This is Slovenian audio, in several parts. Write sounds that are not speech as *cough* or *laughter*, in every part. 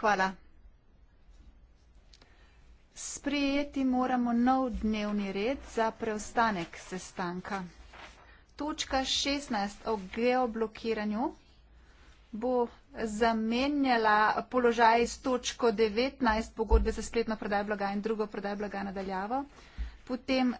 Hvala. Sprejeti moramo nov dnevni red za preostanek sestanka. Točka 16 o geoblokiranju bo zamenjala položaj s točko 19 pogodbe za spletno prodajo blaga in drugo prodajo blaga nadaljavo. Potem eh,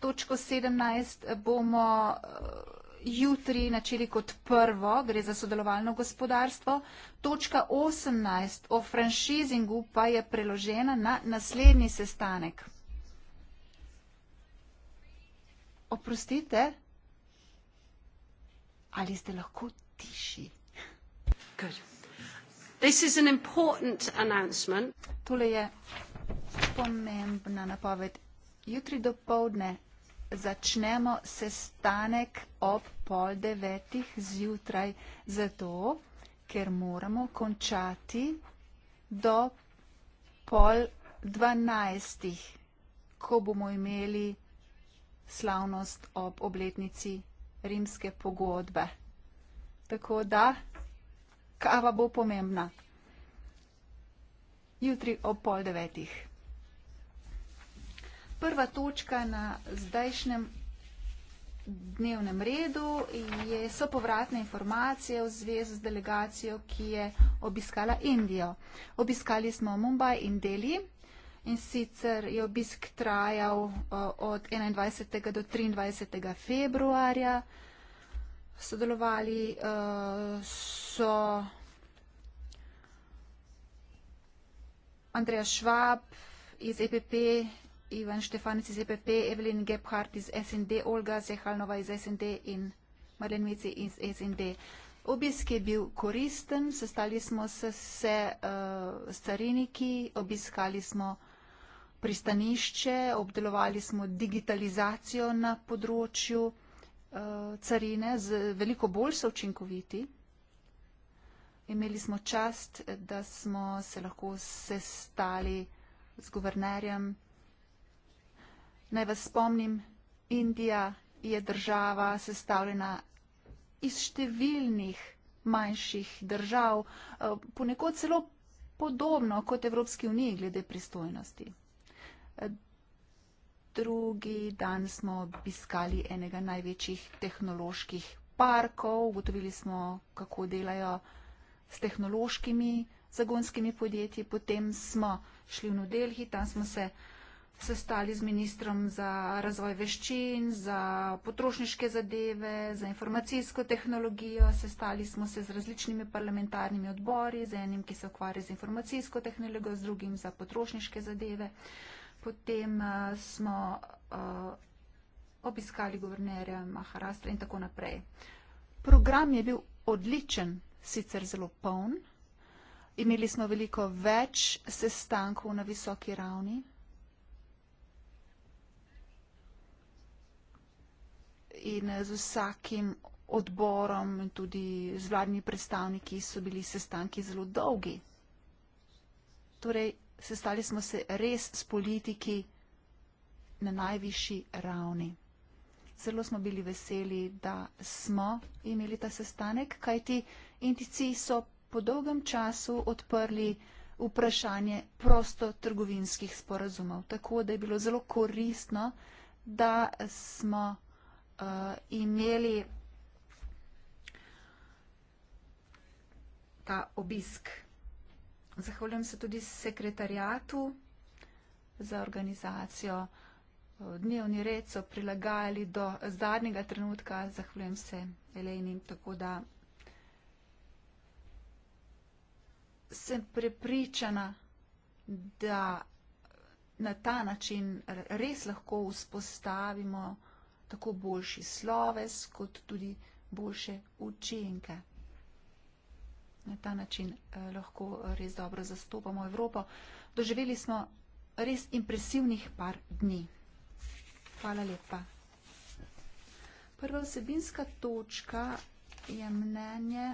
točko 17 bomo eh, jutri načeli kot prvo, gre za sodelovalno gospodarstvo. Točka 18 o franšizingu pa je preložena na naslednji sestanek. Oprostite, ali ste lahko tiši? Good. This is an important announcement. Tole je pomembna napoved. Jutri do povdne začnemo sestanek ob pol devetih zjutraj, zato, ker moramo končati do pol dvanajstih, ko bomo imeli slavnost ob obletnici rimske pogodbe. Tako da, kava bo pomembna. Jutri ob pol devetih. Prva točka na zdajšnjem dnevnem redu je so povratne informacije v zvezi z delegacijo, ki je obiskala Indijo. Obiskali smo Mumbai in Delhi in sicer je obisk trajal od 21. do 23. februarja. Sodelovali so Andreja Švab iz EPP, Ivan Štefanec iz EPP, Evelyn Gebhardt iz SND, Olga Zehalnova iz SND in Marlen Mici iz SND. Obisk je bil koristen, sestali smo se eh, s uh, cariniki, obiskali smo pristanišče, obdelovali smo digitalizacijo na področju uh, carine, z, veliko bolj so učinkoviti. Imeli smo čast, da smo se lahko sestali z guvernerjem Naj vas spomnim, Indija je država sestavljena iz številnih manjših držav, eh, ponekod celo podobno kot Evropski uniji glede pristojnosti. Eh, drugi dan smo obiskali enega največjih tehnoloških parkov, ugotovili smo, kako delajo s tehnološkimi zagonskimi podjetji, potem smo šli v Nodelhi, tam smo se vsega, sestali z ministrom za razvoj veščin, za potrošniške zadeve, za informacijsko tehnologijo, sestali smo se z različnimi parlamentarnimi odbori, z enim, ki se ukvarja z informacijsko tehnologijo, z drugim za potrošniške zadeve. Potem uh, smo uh, obiskali guvernerja Maharastra in tako naprej. Program je bil odličen, sicer zelo poln. Imeli smo veliko več sestankov na visoki ravni. in z vsakim odborom in tudi z vladnimi predstavniki so bili sestanki zelo dolgi. Torej, sestali smo se res s politiki na najvišji ravni. Zelo smo bili veseli, da smo imeli ta sestanek, kajti Indici so po dolgem času odprli vprašanje prostotrgovinskih sporazumov. Tako da je bilo zelo koristno, da smo uh, imeli ta obisk. Zahvaljujem se tudi sekretarijatu za organizacijo. Dnevni red so prilagajali do zadnjega trenutka. Zahvaljujem se Eleni. Tako da sem prepričana, da na ta način res lahko vzpostavimo tako boljši sloves, kot tudi boljše učenke. Na ta način eh, lahko res dobro zastopamo Evropo. Doživeli smo res impresivnih par dni. Hvala lepa. Prva vsebinska točka je mnenje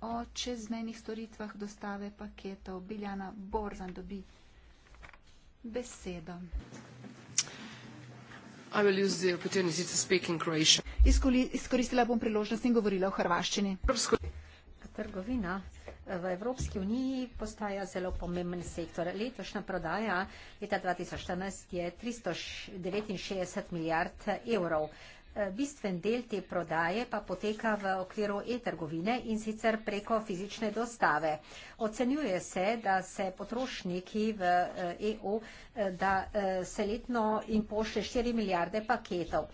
o čezmejnih storitvah dostave paketov. Biljana Borzan dobi besedo. Izkoristila bom priložnost in govorila v hrvaščini. Trgovina eh, v Evropski uniji postaja zelo pomemben sektor. Letošnja prodaja leta 2014 je 369 milijard evrov. Eh, bistven del te prodaje pa poteka v okviru e-trgovine in sicer preko fizične dostave. Ocenjuje se, da se potrošniki v EU, eh, e eh, da se letno jim pošle 4 milijarde paketov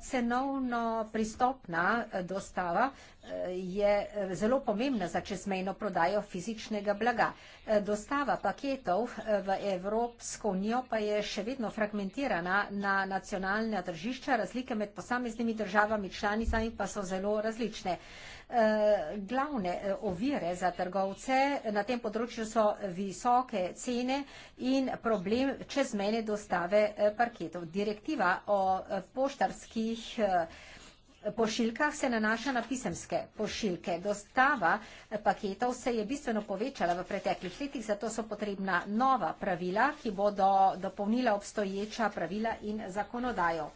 cenovno pristopna eh, dostava eh, je eh, zelo pomembna za čezmejno prodajo fizičnega blaga. Dostava paketov v Evropsko unijo pa je še vedno fragmentirana na nacionalne držišča, razlike med posameznimi državami članicami pa so zelo različne. Eh, glavne eh, ovire za trgovce na tem področju so visoke cene in problem čezmene dostave eh, parketov. Direktiva o poštarskih pošiljkah se nanaša na pisemske pošiljke. Dostava paketov se je bistveno povečala v preteklih letih, zato so potrebna nova pravila, ki bodo dopolnila obstoječa pravila in zakonodajo.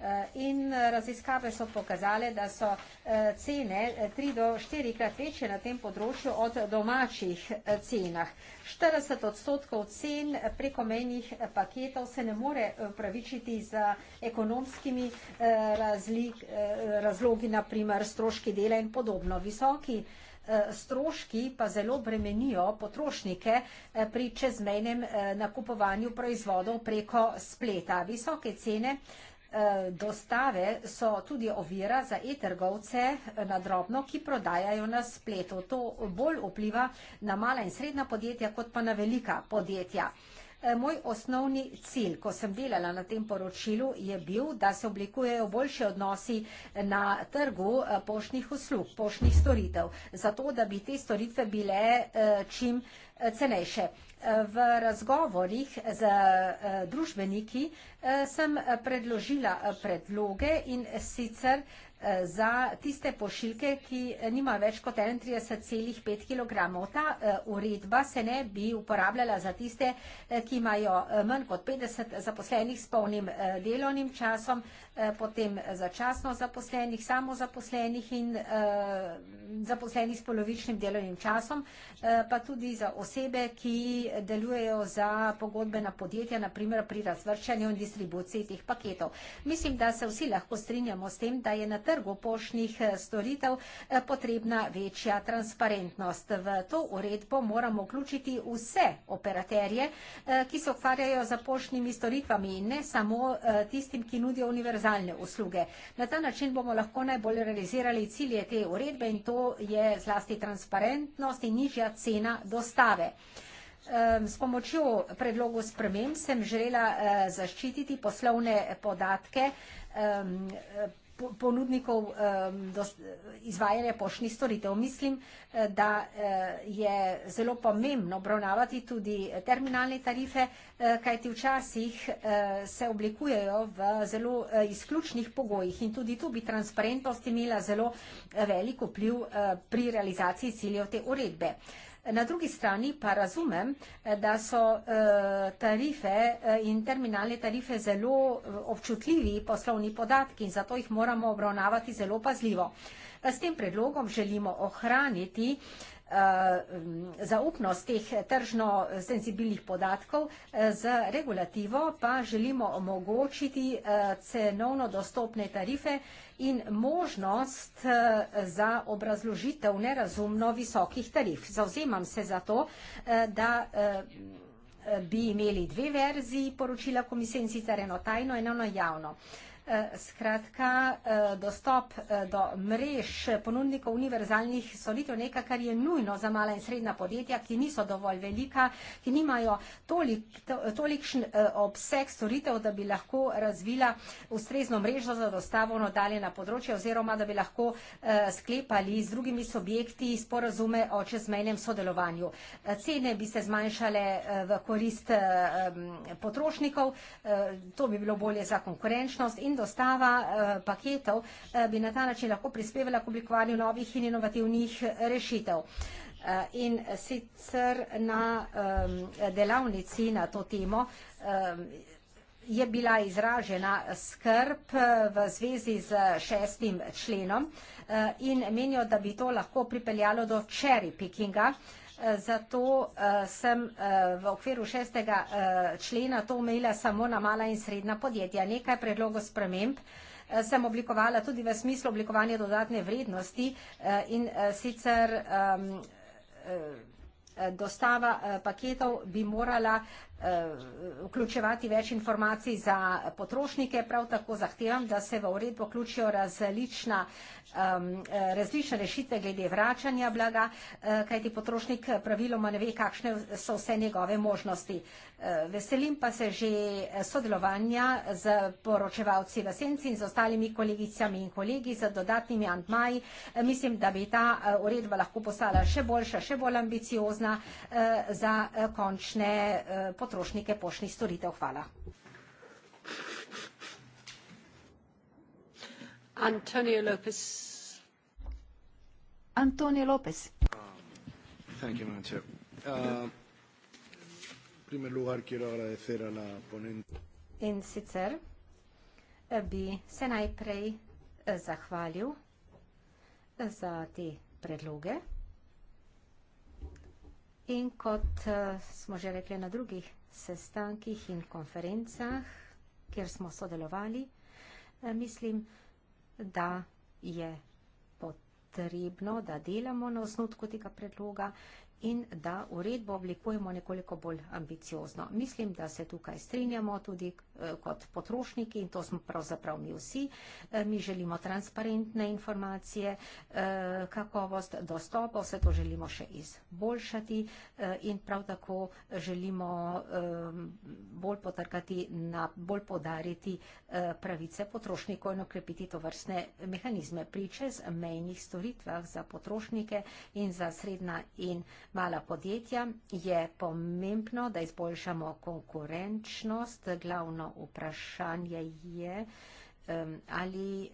Eh, in raziskave so pokazale, da so eh, cene eh, tri do štiri krat večje na tem področju od domačih cenah. 40 odstotkov cen prekomenjih paketov se ne more pravičiti za ekonomskimi razlik, razlogi, naprimer stroški dela in podobno. Visoki stroški pa zelo bremenijo potrošnike pri čezmejnem nakupovanju proizvodov preko spleta. Visoke cene Eh, dostave so tudi ovira za e-trgovce eh, na drobno, ki prodajajo na spletu. To bolj vpliva na mala in srednja podjetja, kot pa na velika podjetja. Eh, moj osnovni cilj, ko sem delala na tem poročilu, je bil, da se oblikujejo boljše odnosi na trgu poštnih uslug, poštnih storitev, zato da bi te storitve bile čim cenejše. V razgovorih z eh, družbeniki eh, sem predložila eh, predloge in sicer za tiste pošiljke, ki nima več kot 31,5 kg. Ta uredba se ne bi uporabljala za tiste, ki imajo manj kot 50 zaposlenih s polnim delovnim časom, Eh, potem začasno zaposlenih, samozaposlenih in eh, zaposlenih s polovičnim delovnim časom, eh, pa tudi za osebe, ki delujejo za pogodbena podjetja, naprimer pri razvrčanju in distribuciji teh paketov. Mislim, da se vsi lahko strinjamo s tem, da je na trgu poštnih storitev potrebna večja transparentnost. V to uredbo moramo vključiti vse operaterje, ki se ukvarjajo za poštnimi storitvami in ne samo tistim, ki nudijo univerzalno univerzalne usluge. Na ta način bomo lahko najbolj realizirali cilje te uredbe in to je zlasti transparentnost in nižja cena dostave. S pomočjo predlogu sprememb sem želela eh, zaščititi poslovne podatke ponudnikov um, dost, izvajanja poštnih storitev. Mislim, eh, da eh, je zelo pomembno obravnavati tudi terminalne tarife, eh, kajti včasih se oblikujejo v zelo izključnih pogojih in tudi tu bi transparentnost imela zelo velik vpliv pri realizaciji ciljev te uredbe. Na drugi strani pa razumem, da so e, tarife e, in terminalne tarife zelo e, občutljivi poslovni podatki in zato jih moramo obravnavati zelo pazljivo. S tem predlogom želimo ohraniti Eh, zaupnost teh tržno senzibilnih podatkov. Eh, z regulativo pa želimo omogočiti eh, cenovno dostopne tarife in možnost za obrazložitev nerazumno visokih tarif. Zauzemam se za to, da bi imeli dve verziji poročila komisije in sicer eno tajno in eno javno. Eh, skratka, eh, dostop eh, do mrež ponudnikov univerzalnih solitev, nekaj, kar je nujno za mala in srednja podjetja, ki niso dovolj velika, ki nimajo tolik, to, tolikšen obseg storitev, da bi lahko razvila ustrezno mrežo za dostavo na daljena področja oziroma da bi lahko sklepali z drugimi subjekti sporazume o čezmejnem sodelovanju. Cene bi se zmanjšale v korist potrošnikov, to bi bilo bolje za konkurenčnost in dostava eh, paketov eh, bi na ta način lahko prispevala k oblikovanju novih in inovativnih eh, rešitev. In sicer na delavnici na to temo je bila izražena skrb v zvezi z šestim členom in menijo, da bi to lahko pripeljalo do cherry pickinga, zato eh, sem eh, v okviru šestega eh, člena to omejila samo na mala in srednja podjetja. Nekaj predlogov sprememb sem oblikovala tudi v smislu oblikovanja dodatne vrednosti in sicer dostava paketov bi morala Eh, vključevati več informacij za potrošnike, prav tako zahtevam, da se v uredbo vključijo različna, um, različne rešitve glede vračanja blaga, eh, kajti potrošnik praviloma ne ve, kakšne so vse njegove možnosti. Veselim pa se že sodelovanja z poročevalci v Senci in z ostalimi kolegicami in kolegi z dodatnimi antmaji. Mislim, da bi ta uredba lahko postala še boljša, še bolj ambiciozna za končne potrošnike potrošnike poštnih storitev. Hvala. Antonio Lopez. Antonio Lopez. Thank you, uh, en primer lugar, quiero agradecer a la ponente. In sicer eh, bi se najprej eh, zahvalil eh, za te predloge. In kot smo že rekli na drugih sestankih in konferencah, kjer smo sodelovali, e, mislim, da je potrebno, da delamo na osnutku tega predloga in da uredbo oblikujemo nekoliko bolj ambiciozno. Mislim, da se tukaj strinjamo tudi eh, kot potrošniki in to smo pravzaprav mi vsi. Eh, mi želimo transparentne informacije, eh, kakovost, dostop, vse to želimo še izboljšati in prav tako želimo bolj potrkati, na, bolj podariti pravice potrošnikov in okrepiti to vrstne mehanizme pri čezmejnih storitvah za potrošnike in za srednja in mala podjetja, je pomembno, da izboljšamo konkurenčnost. Glavno vprašanje je, ali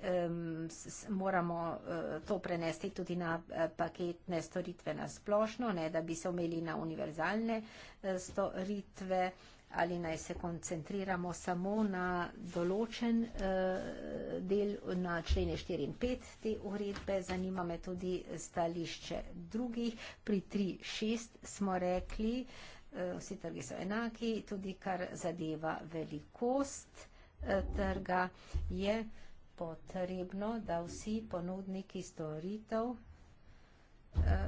moramo eh, to prenesti tudi na eh, paketne storitve na splošno, ne da bi se omeli na univerzalne eh, storitve, ali naj se koncentriramo samo na določen eh, del, na člene 4 in 5 te uredbe. Zanima me tudi stališče drugih. Pri 3.6 smo rekli, eh, vsi trgi so enaki, tudi kar zadeva velikost eh, trga, je potrebno, da vsi ponudniki storitev. Eh,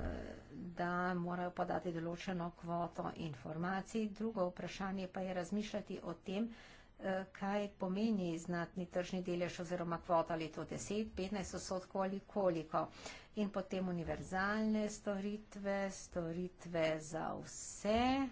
da morajo podati določeno kvoto informacij. Drugo vprašanje pa je razmišljati o tem, eh, kaj pomeni znatni tržni delež oziroma kvota ali to 10, 15 odstotkov ali koliko. In potem univerzalne storitve, storitve za vse.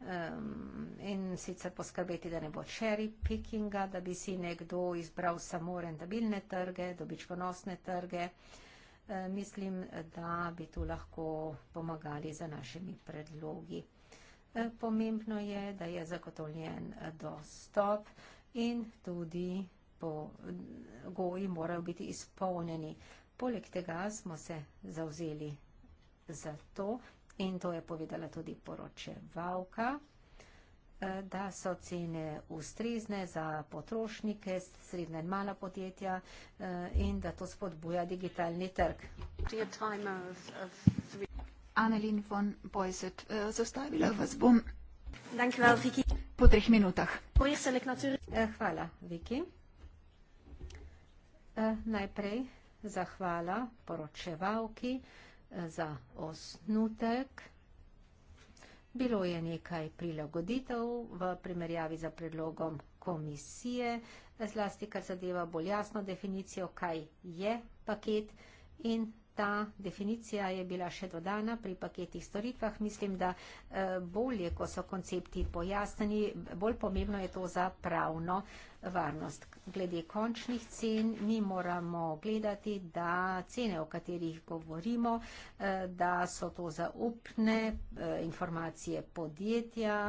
Um, in sicer poskrbeti, da ne bo cherry pickinga, da bi si nekdo izbral samo rentabilne trge, dobičkonosne trge. Uh, Eh, mislim, da bi tu lahko pomagali za našimi predlogi. Eh, pomembno je, da je zagotovljen eh, dostop in tudi pogoji morajo biti izpolnjeni. Poleg tega smo se zauzeli za to in to je povedala tudi poročevalka da so cene ustrezne za potrošnike, srednja in mala podjetja eh, in da to spodbuja digitalni trg. Annelien von Boyset, eh, zastavila vas bom well, po treh minutah. Eh, hvala, Viki. Najprej zahvala poročevalki za osnutek. Bilo je nekaj prilagoditev v primerjavi za predlogom komisije, zlasti kar zadeva bolj jasno definicijo, kaj je paket in ta definicija je bila še dodana pri paketih storitvah. Mislim, da eh, bolje, ko so koncepti pojasnjeni, bolj pomembno je to za pravno varnost. Glede končnih cen, mi moramo gledati, da cene, o katerih govorimo, eh, da so to zaupne eh, informacije podjetja,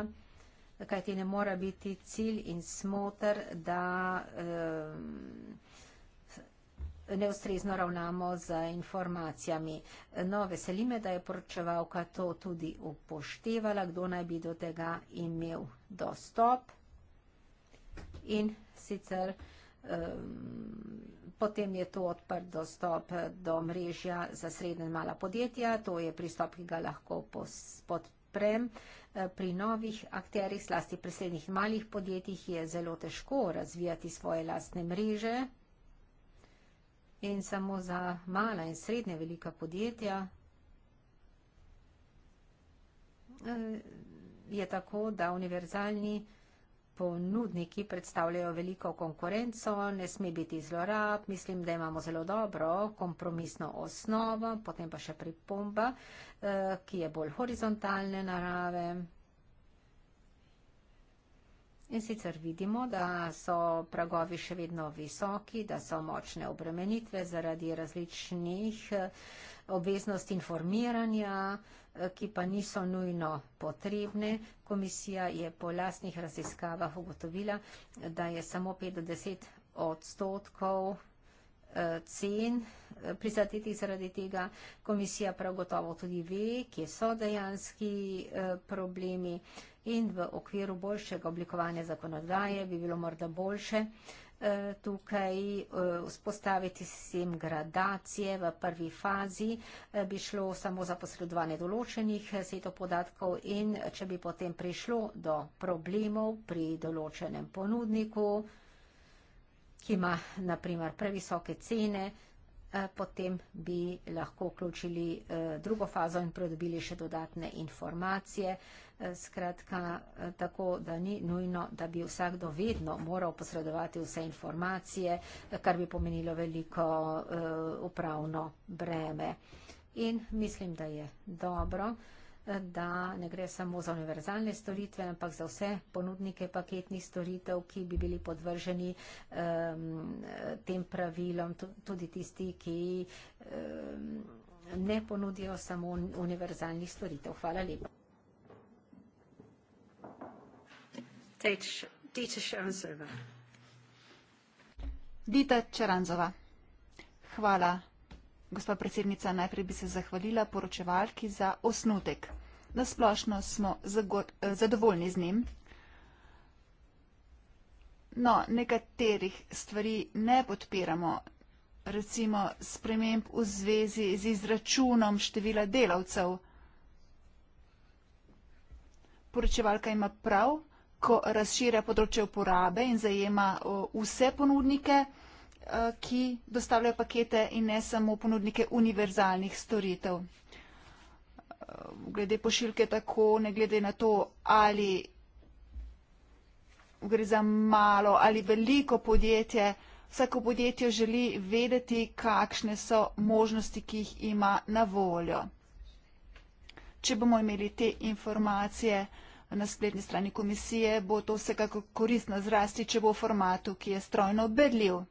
kajti ne mora biti cilj in smotr, da. Um, neustrezno ravnamo z informacijami. No, veselime, da je poročevalka to tudi upoštevala, kdo naj bi do tega imel dostop. In sicer potem je to odprt dostop do mrežja za srednje mala podjetja, to je pristop, ki ga lahko podprem. Eh, pri novih akterjih, slasti pri srednjih malih podjetjih, je zelo težko razvijati svoje lastne mreže, in samo za mala in srednje velika podjetja eh, je tako, da univerzalni ponudniki predstavljajo veliko konkurenco, ne sme biti zlorab, mislim, da imamo zelo dobro kompromisno osnovo, potem pa še pripomba, eh, ki je bolj horizontalne narave. In sicer vidimo, da so pragovi še vedno visoki, da so močne obremenitve zaradi različnih eh, obveznosti informiranja, eh, ki pa niso nujno potrebne. Komisija je po lastnih raziskavah ugotovila, da je samo 50 odstotkov eh, cen prizadetih zaradi tega. Komisija prav gotovo tudi ve, kje so dejanski problemi in v okviru boljšega oblikovanja zakonodaje bi bilo morda boljše eh, tukaj eh, vzpostaviti sistem gradacije v prvi fazi, eh, bi šlo samo za posredovanje določenih setov podatkov in če bi potem prišlo do problemov pri določenem ponudniku, ki ima naprimer previsoke cene, potem bi lahko vključili drugo fazo in pridobili še dodatne informacije skratka tako, da ni nujno, da bi vsakdo vedno moral posredovati vse informacije, kar bi pomenilo veliko eh, upravno breme. In mislim, da je dobro, eh, da ne gre samo za univerzalne storitve, ampak za vse ponudnike paketnih storitev, ki bi bili podvrženi um, tem pravilom, tudi tisti, ki um, ne ponudijo samo univerzalnih storitev. Hvala lepa. Dita Šeranzova. Dita Čeranzova. Hvala, gospod predsednica. Najprej bi se zahvalila poročevalki za osnutek. Nasplošno smo eh, zadovoljni z njim. No, nekaterih stvari ne podpiramo, recimo sprememb v zvezi z izračunom števila delavcev. Poročevalka ima prav, ko razširja področje uporabe in zajema vse ponudnike, ki dostavljajo pakete in ne samo ponudnike univerzalnih storitev. Glede pošiljke tako, ne glede na to, ali gre za malo ali veliko podjetje, vsako podjetje želi vedeti, kakšne so možnosti, ki jih ima na voljo. Če bomo imeli te informacije, na spletni strani komisije, bo to vsekako koristno zrasti, če bo v formatu, ki je strojno obedljiv.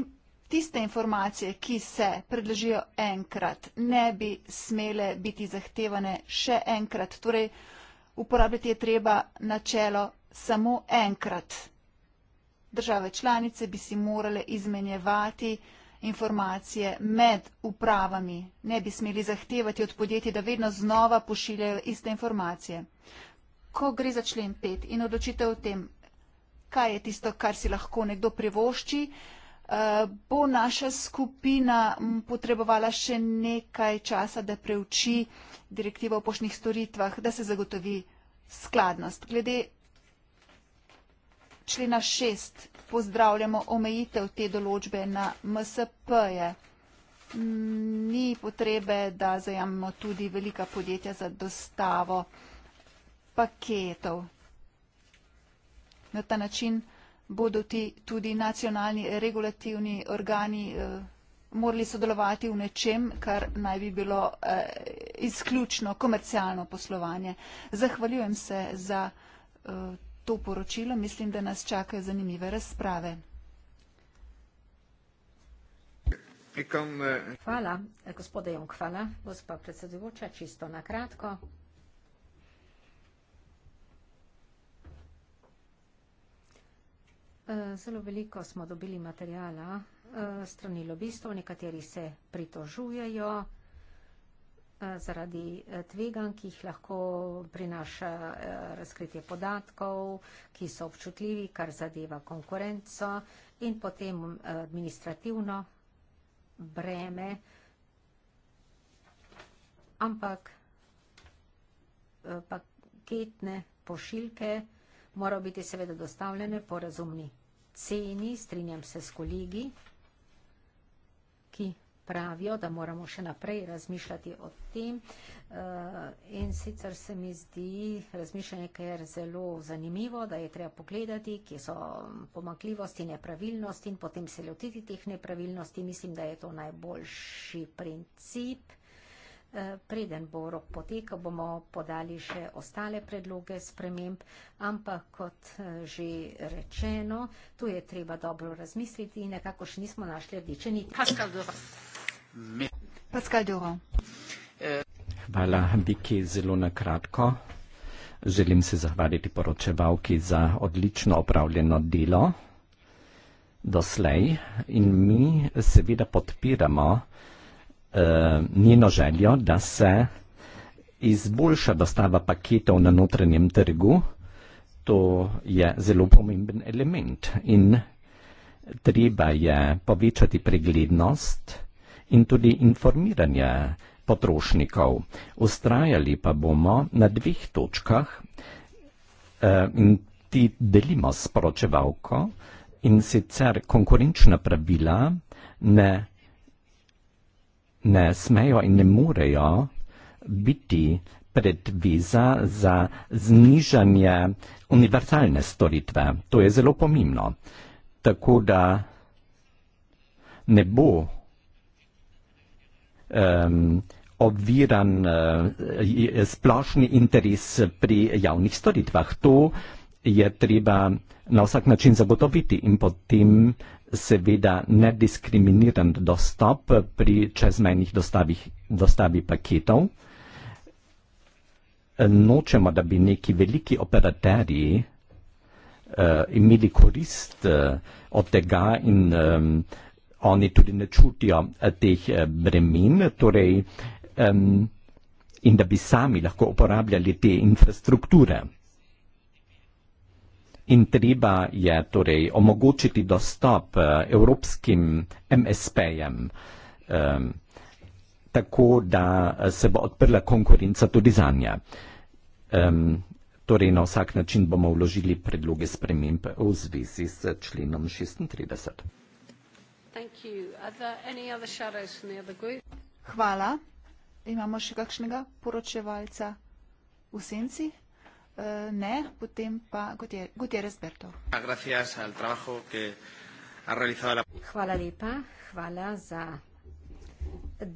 In tiste informacije, ki se predložijo enkrat, ne bi smele biti zahtevane še enkrat. Torej, uporabljati je treba načelo samo enkrat. Države članice bi si morale izmenjevati informacije, informacije med upravami. Ne bi smeli zahtevati od podjetij, da vedno znova pošiljajo iste informacije. Ko gre za člen 5 in odločitev o tem, kaj je tisto, kar si lahko nekdo privošči, eh, bo naša skupina potrebovala še nekaj časa, da preuči direktivo o poštnih storitvah, da se zagotovi skladnost. Glede člena 6 pozdravljamo omejitev te določbe na MSP-je. Ni potrebe, da zajamemo tudi velika podjetja za dostavo paketov. Na ta način bodo ti tudi nacionalni regulativni organi eh, morali sodelovati v nečem, kar naj bi bilo eh, izključno komercialno poslovanje. Zahvaljujem se za eh, to poročilo, mislim, da nas čakajo zanimive razprave. Hvala, eh, gospode Jung, hvala, gospod predsedujoča, čisto na kratko. Eh, zelo veliko smo dobili materijala eh, strani lobistov, nekateri se pritožujejo, Eh, zaradi eh, tvegan, ki jih lahko prinaša eh, razkritje podatkov, ki so občutljivi, kar zadeva konkurenco in potem administrativno breme, ampak paketne pošiljke morajo biti seveda dostavljene po razumni ceni, strinjam se s kolegi, ki pravijo, da moramo še naprej razmišljati o tem. Eh, in sicer se mi zdi razmišljanje, ki je zelo zanimivo, da je treba pogledati, kje so pomakljivosti, nepravilnosti in potem se lotiti teh nepravilnosti. Mislim, da je to najboljši princip. Eh, preden bo rok potekal, bomo podali še ostale predloge sprememb, ampak kot eh, že rečeno, tu je treba dobro razmisliti in nekako še nismo našli rdeče niti. Haskaldor. Pascal Duro. Hvala, Biki, zelo na kratko. Želim se zahvaliti poročevalki za odlično opravljeno delo doslej in mi seveda podpiramo eh, njeno željo, da se izboljša dostava paketov na notranjem trgu. To je zelo pomemben element in treba je povečati preglednost in tudi informiranje potrošnikov. Ustrajali pa bomo na dveh točkah eh, in ti delimo sporočevalko in sicer konkurenčna pravila ne, ne smejo in ne morejo biti predviza za znižanje univerzalne storitve. To je zelo pomembno. Tako da ne bo um, obviran uh, splošni interes pri javnih storitvah. To je treba na vsak način zagotoviti in potem seveda nediskriminiran dostop pri čezmejnih dostavi paketov. Nočemo, da bi neki veliki operaterji uh, imeli korist uh, od tega in um, oni tudi ne čutijo eh, teh eh, bremen, torej, um, in da bi sami lahko uporabljali te infrastrukture. In treba je torej omogočiti dostop eh, evropskim MSP-jem, um, tako da se bo odprla konkurenca tudi za nje. Um, Torej, na vsak način bomo vložili predloge sprememb v zvezi s členom 36. Thank you. Are there any other shadows from the other group? Hvala. Imamo še kakšnega poročevalca v senci? Uh, ne, potem pa Gutierrez Berto. Hvala lepa, hvala za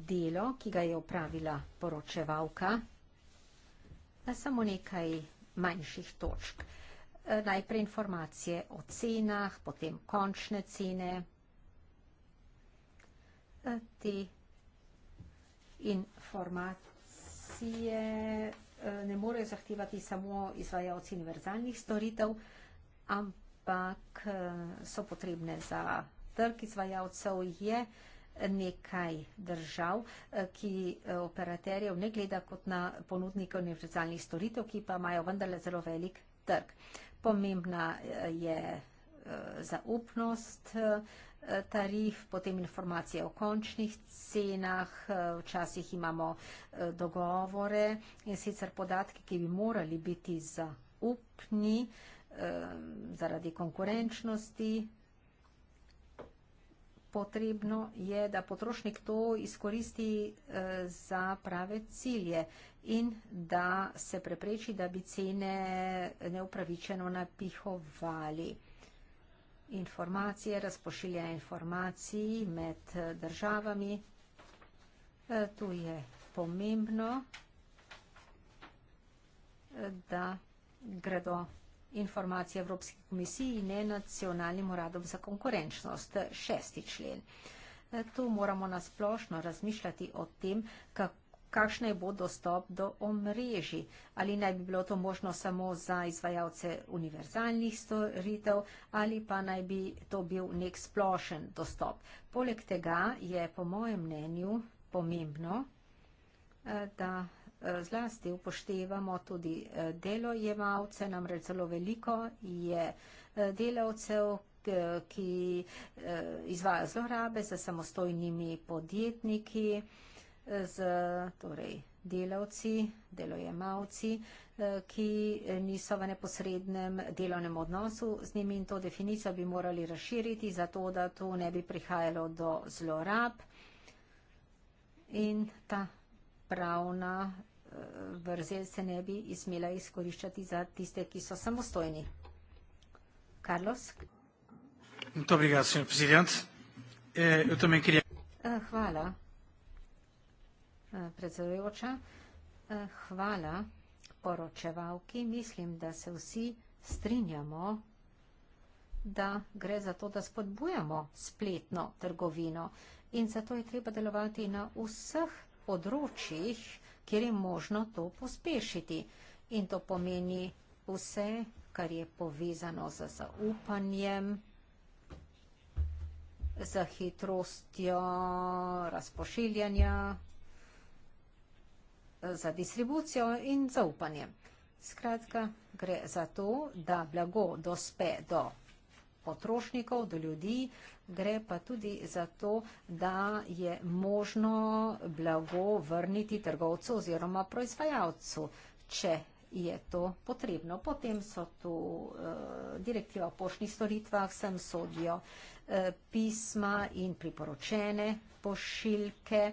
delo, ki ga je opravila poročevalka. Na samo nekaj manjših točk. Eh, najprej informacije o cenah, potem končne cene, te informacije eh, ne morejo zahtevati samo izvajalci univerzalnih storitev, ampak eh, so potrebne za trg izvajalcev. Je nekaj držav, eh, ki operaterjev ne gleda kot na ponudnike univerzalnih storitev, ki pa imajo vendarle zelo velik trg. Pomembna je zaupnost Eh, tarif, potem informacije o končnih cenah, eh, včasih imamo eh, dogovore in sicer podatki, ki bi morali biti zaupni zaradi konkurenčnosti. Potrebno je, da potrošnik to izkoristi za prave cilje in da se prepreči, da bi cene neupravičeno napihovali informacije, razpošilja informacij med eh, državami. Eh, tu je pomembno, eh, da gredo informacije Evropski komisiji in ne nacionalnim uradom za konkurenčnost. Šesti člen. Tu moramo nasplošno razmišljati o tem, kako kakšen je bo dostop do omrežji. Ali naj bi bilo to možno samo za izvajalce univerzalnih storitev ali pa naj bi to bil nek splošen dostop. Poleg tega je po mojem mnenju pomembno, eh, da eh, zlasti upoštevamo tudi eh, delojemalce, namreč zelo veliko je delavcev, ki izvajajo zlorabe za samostojnimi podjetniki z torej, delavci, delojemalci, eh, ki niso v neposrednem delovnem odnosu z njimi in to definicijo bi morali razširiti, zato da tu ne bi prihajalo do zlorab in ta pravna eh, vrzel se ne bi izmela izkoriščati za tiste, ki so samostojni. Carlos? Dobrega, senjor prezident. Hvala predsedujoča. Eh, hvala poročevalki. Mislim, da se vsi strinjamo, da gre za to, da spodbujamo spletno trgovino in zato je treba delovati na vseh področjih, kjer je možno to pospešiti. In to pomeni vse, kar je povezano z zaupanjem, z hitrostjo razpošiljanja za distribucijo in za upanje. Skratka, gre za to, da blago dospe do potrošnikov, do ljudi, gre pa tudi za to, da je možno blago vrniti trgovcu oziroma proizvajalcu, če je to potrebno. Potem so tu eh, direktiva o poštnih storitvah, sem sodijo eh, pisma in priporočene pošiljke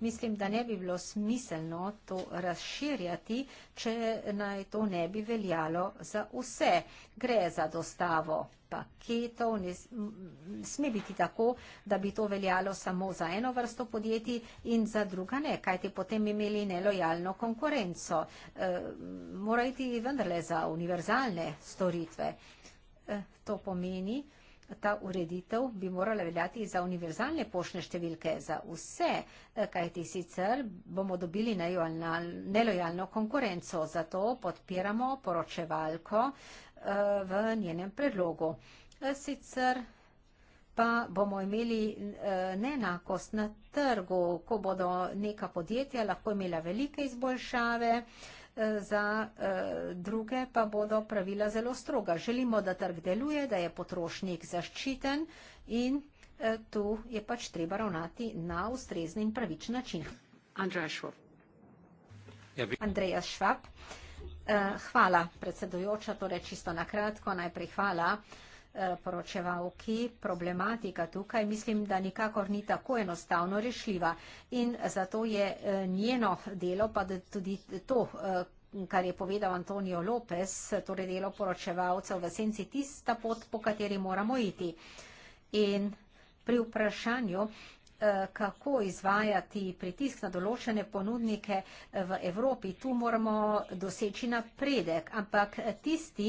mislim, da ne bi bilo smiselno to razširjati, če naj to ne bi veljalo za vse. Gre za dostavo paketov, ne sme biti tako, da bi to veljalo samo za eno vrsto podjetij in za druga ne, kajti potem imeli nelojalno konkurenco. E, Morajo iti vendarle za univerzalne storitve. E, to pomeni, Ta ureditev bi morala veljati za univerzalne poštne številke, za vse, eh, kajti sicer bomo dobili nelojalno konkurenco. Zato podpiramo poročevalko eh, v njenem predlogu. Eh, sicer pa bomo imeli neenakost na trgu, ko bodo neka podjetja lahko imela velike izboljšave, za eh, druge pa bodo pravila zelo stroga. Želimo, da trg deluje, da je potrošnik zaščiten in eh, tu je pač treba ravnati na ustrezni in pravičen način. Andreja Švab. Ja, eh, hvala, predsedujoča, torej čisto na kratko, najprej hvala. Eh, poročevalki problematika tukaj, mislim, da nikakor ni tako enostavno rešljiva in zato je eh, njeno delo, pa tudi to, eh, kar je povedal Antonio Lopez, torej delo poročevalcev v senci tista pot, po kateri moramo iti. In pri vprašanju, Eh, kako izvajati pritisk na določene ponudnike eh, v Evropi. Tu moramo doseči napredek, ampak eh, tisti,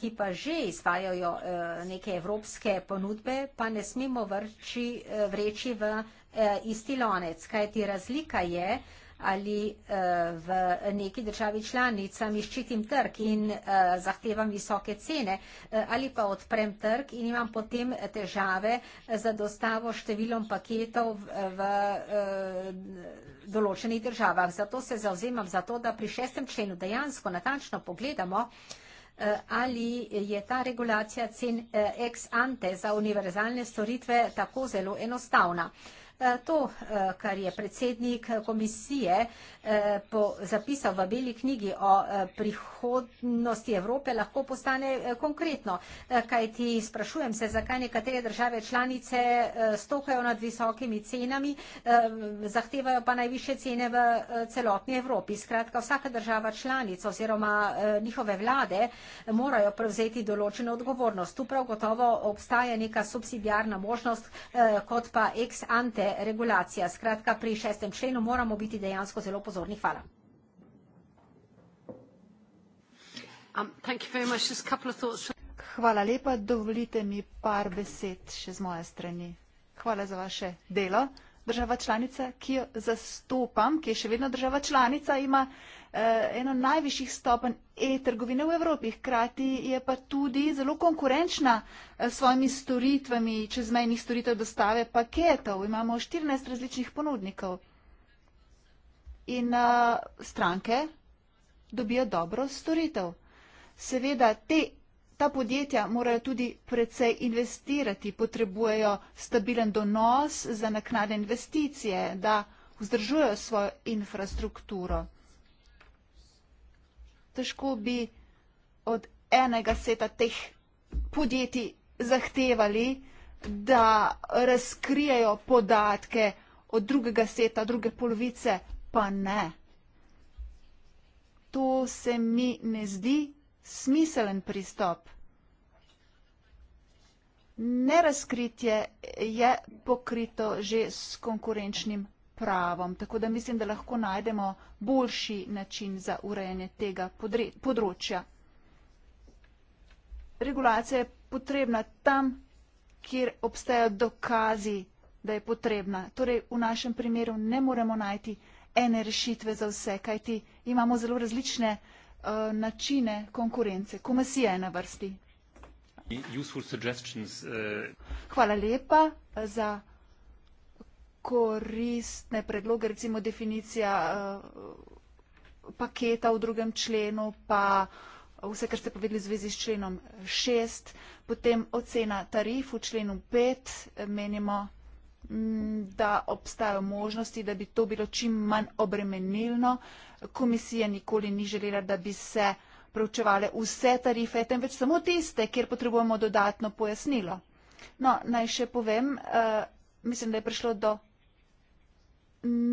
ki pa že izvajajo neke evropske ponudbe, pa ne smemo vrči, vreči v isti lonec, kajti razlika je, ali eh, v neki državi članicami ščitim trg in eh, zahtevam visoke cene eh, ali pa odprem trg in imam potem težave za dostavo številom paketov v določenih državah. Zato se zauzemam za to, da pri šestem členu dejansko natančno pogledamo, ali je ta regulacija cen ex ante za univerzalne storitve tako zelo enostavna. Eh, to, eh, kar je predsednik komisije eh, zapisal v beli knjigi o prihodnosti Evrope, lahko postane konkretno. Kaj ti sprašujem se, zakaj nekatere države članice stokajo nad visokimi cenami, zahtevajo pa najviše cene v celotni Evropi. Skratka, vsaka država članica oziroma njihove vlade morajo prevzeti določeno odgovornost. Tu prav gotovo obstaja neka subsidijarna možnost, kot pa ex ante deregulacija. Skratka, pri šestem členu moramo biti dejansko zelo pozorni. Hvala. Um, Hvala lepa. Dovolite mi par besed še z moje strani. Hvala za vaše delo država članica, ki jo zastopam, ki je še vedno država članica, ima eh, eno najvišjih stopen e-trgovine v Evropi. Hkrati je pa tudi zelo konkurenčna eh, s eh, svojimi storitvami, čezmejnih storitev dostave paketov. Imamo 14 različnih ponudnikov. In eh, stranke dobijo dobro storitev. Seveda te Ta podjetja morajo tudi precej investirati, potrebujejo stabilen donos za naknade investicije, da vzdržujejo svojo infrastrukturo. Težko bi od enega seta teh podjetij zahtevali, da razkrijajo podatke od drugega seta, druge polovice, pa ne. To se mi ne zdi smiselen pristop nerazkritje je pokrito že s konkurenčnim pravom. Tako da mislim, da lahko najdemo boljši način za urejanje tega področja. Regulacija je potrebna tam, kjer obstajajo dokazi, da je potrebna. Torej v našem primeru ne moremo najti ene rešitve za vse, kajti imamo zelo različne uh, načine konkurence. Komisija je na vrsti. Uh, Hvala lepa za koristne predloge, recimo definicija uh, paketa v drugem členu, pa vse, kar ste povedali v zvezi s členom 6, potem ocena tarif v členu 5, menimo, mm, da obstajajo možnosti, da bi to bilo čim manj obremenilno. Komisija nikoli ni želela, da bi se preučevale vse tarife, temveč samo tiste, kjer potrebujemo dodatno pojasnilo. No, naj še povem, eh, mislim, da je prišlo do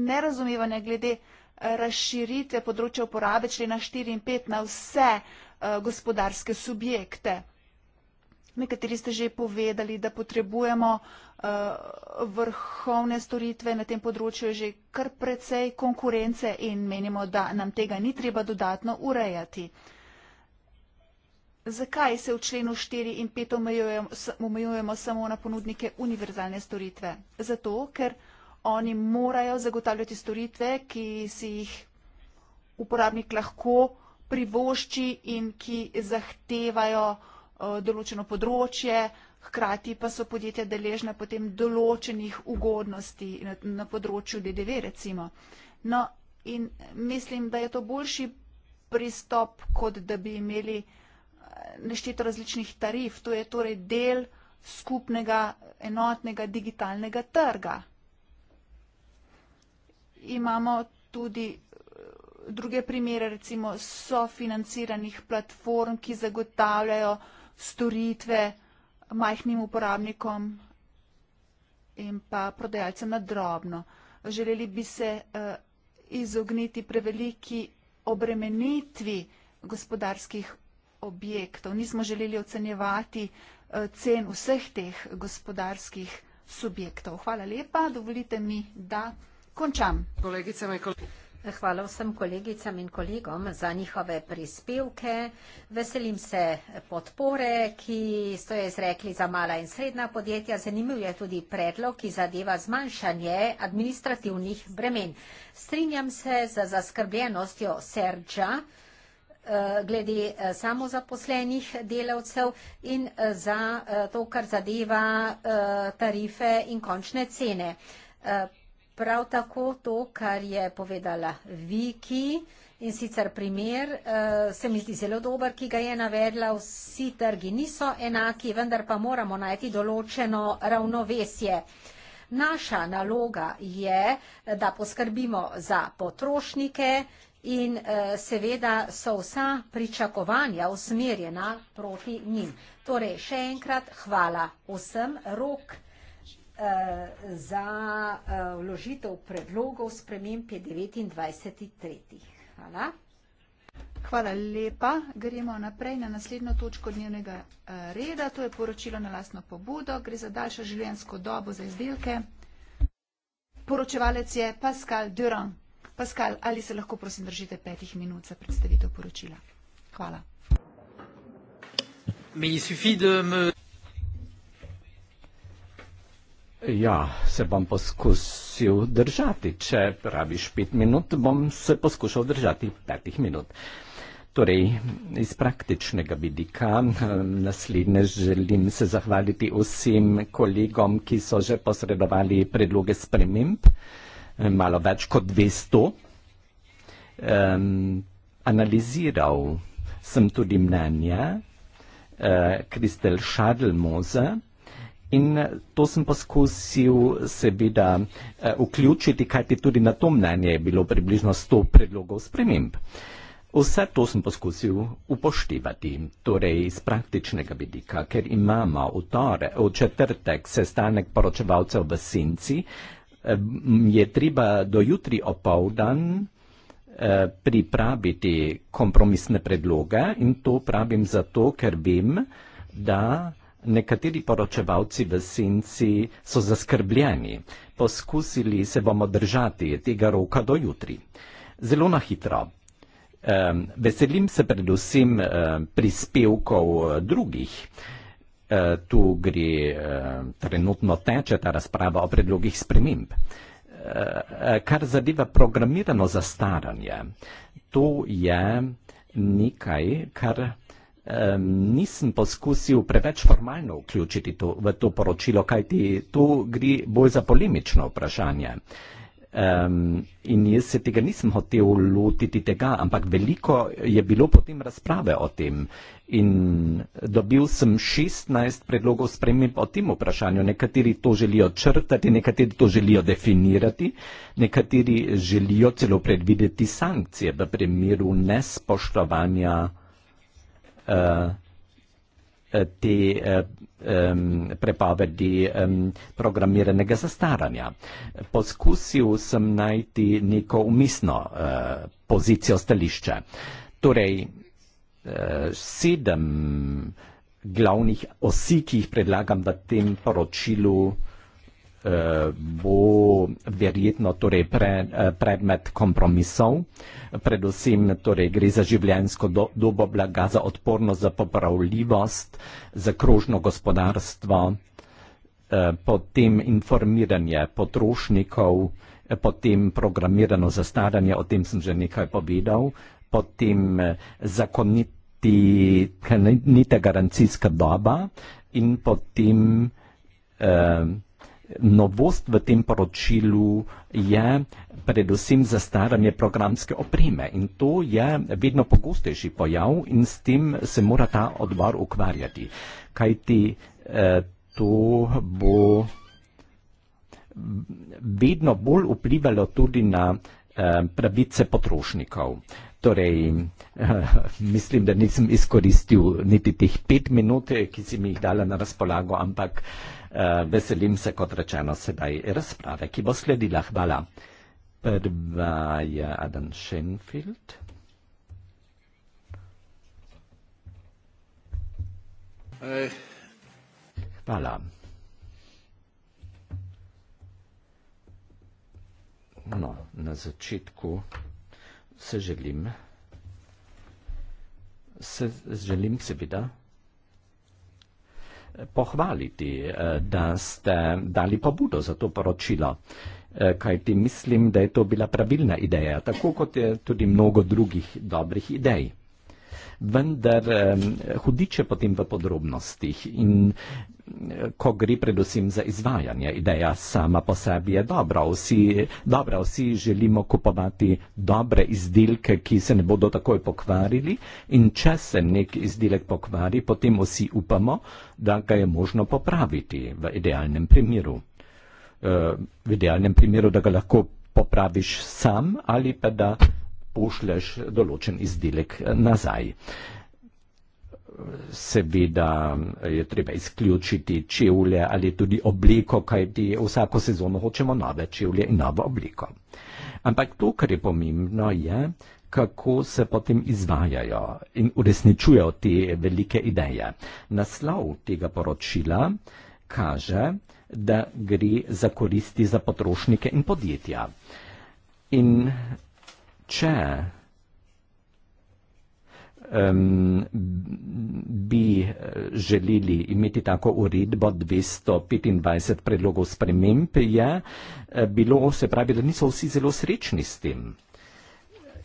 nerazumevanja glede eh, razširitve področja uporabe člena 4 in 5 na vse eh, gospodarske subjekte. Nekateri ste že povedali, da potrebujemo vrhovne storitve na tem področju že kar precej konkurence in menimo, da nam tega ni treba dodatno urejati. Zakaj se v členu 4 in 5 omejujemo samo na ponudnike univerzalne storitve? Zato, ker oni morajo zagotavljati storitve, ki si jih uporabnik lahko privošči in ki zahtevajo eh, določeno področje, hkrati pa so podjetja deležna potem določenih ugodnosti na področju DDV recimo. No in mislim, da je to boljši pristop, kot da bi imeli vsega, nešteto različnih tarif. To je torej del skupnega enotnega digitalnega trga. Imamo tudi eh, druge primere, recimo sofinanciranih platform, ki zagotavljajo storitve majhnim uporabnikom in pa prodajalcem na drobno. Želeli bi se eh, izogniti preveliki obremenitvi gospodarskih objektov. Nismo želeli ocenjevati eh, cen vseh teh gospodarskih subjektov. Hvala lepa, dovolite mi, da končam. Eh, hvala vsem kolegicam in kolegom za njihove prispevke. Veselim se eh, podpore, ki ste jo izrekli za mala in srednja podjetja. Zanimiv je tudi predlog, ki zadeva zmanjšanje administrativnih bremen. Strinjam se za zaskrbljenostjo Serča. Eh, glede eh, samozaposlenih delavcev in eh, za to, kar zadeva tarife in končne cene. Prav tako to, kar je povedala Viki in sicer primer, se mi zdi zelo dober, ki ga je navedla, vsi trgi niso enaki, vendar pa moramo najti določeno ravnovesje. Naša naloga je, da poskrbimo za potrošnike, in uh, seveda so vsa pričakovanja usmerjena proti njim. Torej, še enkrat hvala vsem. Rok uh, za uh, vložitev predlogov sprememb je 29.3. Hvala. Hvala lepa. Gremo naprej na naslednjo točko dnevnega reda. To je poročilo na lastno pobudo. Gre za daljšo življenjsko dobo za izdelke. Poročevalec je Pascal Durand. Paskal, ali se lahko prosim držite petih minut za predstavitev poročila? Hvala. Ja, se bom poskusil držati. Če praviš pet minut, bom se poskušal držati petih minut. Torej, iz praktičnega vidika eh, naslednje želim se zahvaliti vsem kolegom, ki so že posredovali predloge sprememb malo več kot 200, um, analiziral sem tudi mnenje eh, Kristel uh, Šadlmoze in eh, to sem poskusil seveda uh, vključiti, kajti tudi na to mnenje je bilo približno 100 predlogov sprememb. Vse to sem poskusil upoštevati, torej iz praktičnega vidika, ker imamo v, tore, v četrtek sestanek poročevalcev v Sinci, je treba do jutri opoldan eh, pripraviti kompromisne predloge in to pravim zato, ker vem, da nekateri poročevalci v senci so zaskrbljeni. Poskusili se bomo držati tega roka do jutri. Zelo na hitro. Veselim se predvsem eh, prispevkov eh, drugih. Eh, tu gre, eh, trenutno teče ta razprava o predlogih sprememb. Eh, kar zadeva programirano zastaranje, to je nekaj, kar nisem poskusil preveč formalno vključiti to, v to poročilo, kajti tu gre bolj za polemično vprašanje um, in jaz se tega nisem hotel lotiti tega, ampak veliko je bilo potem razprave o tem in dobil sem 16 predlogov sprememb o tem vprašanju. Nekateri to želijo črtati, nekateri to želijo definirati, nekateri želijo celo predvideti sankcije v primeru nespoštovanja. Uh, te um, eh, prepovedi um, programiranega zastaranja. Poskusil sem najti neko umisno uh, eh, pozicijo stališče. Torej, uh, sedem glavnih osi, ki jih predlagam v tem poročilu, uh, bo verjetno torej pre, eh, predmet kompromisov, predvsem torej gre za življenjsko do, dobo blaga, za odpornost, za popravljivost, za krožno gospodarstvo, eh, potem informiranje potrošnikov, eh, potem programirano zastaranje, o tem sem že nekaj povedal, potem zakoniti, ni ta garancijska doba in potem eh, novost v tem poročilu je predvsem zastaranje programske opreme in to je vedno pogostejši pojav in s tem se mora ta odbor ukvarjati. Kaj ti eh, to bo vedno bolj vplivalo tudi na eh, pravice potrošnikov. Torej, eh, mislim, da nisem izkoristil niti teh pet minut, eh, ki si mi jih dala na razpolago, ampak Eh, veselim se, kot rečeno, sedaj razprave, ki bo sledila. Hvala. Prva je Adam Schenfield. Hvala. No, na začetku se želim, se želim seveda pohvaliti, eh, da ste dali pobudo za to poročilo, eh, kajti mislim, da je to bila pravilna ideja, tako kot je tudi mnogo drugih dobrih idej vendar hudič je potem v podrobnostih in ko gre predvsem za izvajanje. Ideja sama po sebi je dobra. Vsi, dobra, vsi želimo kupovati dobre izdelke, ki se ne bodo takoj pokvarili in če se nek izdelek pokvari, potem vsi upamo, da ga je možno popraviti v idealnem primeru. Eh, v idealnem primeru, da ga lahko popraviš sam ali pa da pošleš določen izdelek nazaj. Seveda je treba izključiti čevlje ali tudi obliko, kajti vsako sezono hočemo nove čevlje in novo obliko. Ampak to, kar je pomembno, je, kako se potem izvajajo in uresničujejo te velike ideje. Naslov tega poročila kaže, da gre za koristi za potrošnike in podjetja. In chair. Um, bi želeli imeti tako uredbo 225 predlogov sprememb, je eh, bilo, se pravi, da niso vsi zelo srečni s tem.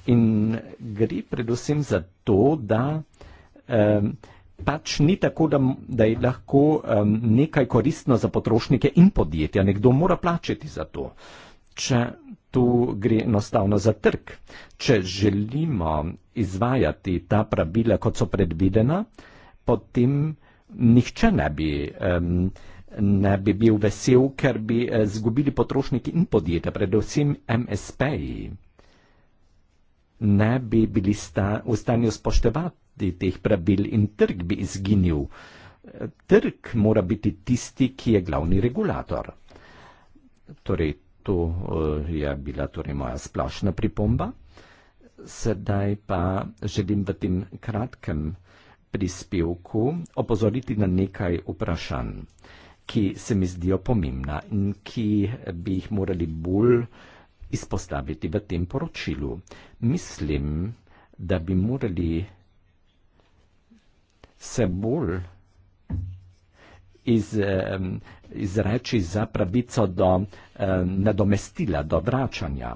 In gre predvsem za to, da um, pač ni tako, da, da je lahko um, nekaj koristno za potrošnike in podjetja. Nekdo mora plačati za to. Če tu gre enostavno za trg. Če želimo izvajati ta pravila, kot so predvidena, potem nihče ne bi, um, ne bi bil vesel, ker bi eh, zgubili potrošniki in podjetja, predvsem MSP-ji. Ne bi bili sta, v stanju spoštevati teh pravil in trg bi izginil. Trg mora biti tisti, ki je glavni regulator. Torej, To eh, je bila torej moja splošna pripomba. Sedaj pa želim v tem kratkem prispevku opozoriti na nekaj vprašanj, ki se mi zdijo pomembna in ki bi jih morali bolj izpostaviti v tem poročilu. Mislim, da bi morali se bolj iz, izreči za pravico do eh, nadomestila, do vračanja,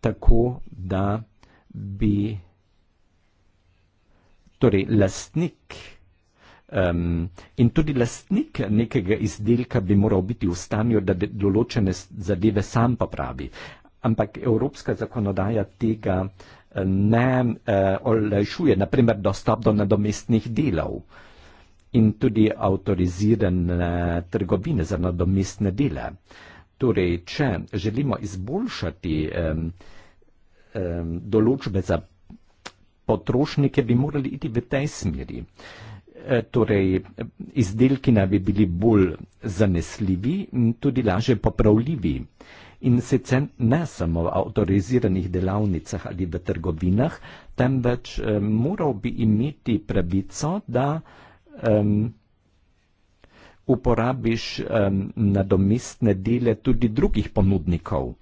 tako da bi torej lastnik Um, in tudi lastnik nekega izdelka bi moral biti v stanju, da določene zadeve sam popravi. Ampak evropska zakonodaja tega ne uh, olajšuje, naprimer dostop do nadomestnih delov. Uh, in tudi avtorizirane trgovine za nadomestne dele. Torej, če želimo izboljšati um, um, določbe za potrošnike, bi morali iti v tej smeri. E, torej, izdelki naj bi bili bolj zanesljivi in tudi laže popravljivi. In sicer ne samo v avtoriziranih delavnicah ali v trgovinah, temveč e, moral bi imeti pravico, da um, uporabiš um, nadomestne dele tudi drugih ponudnikov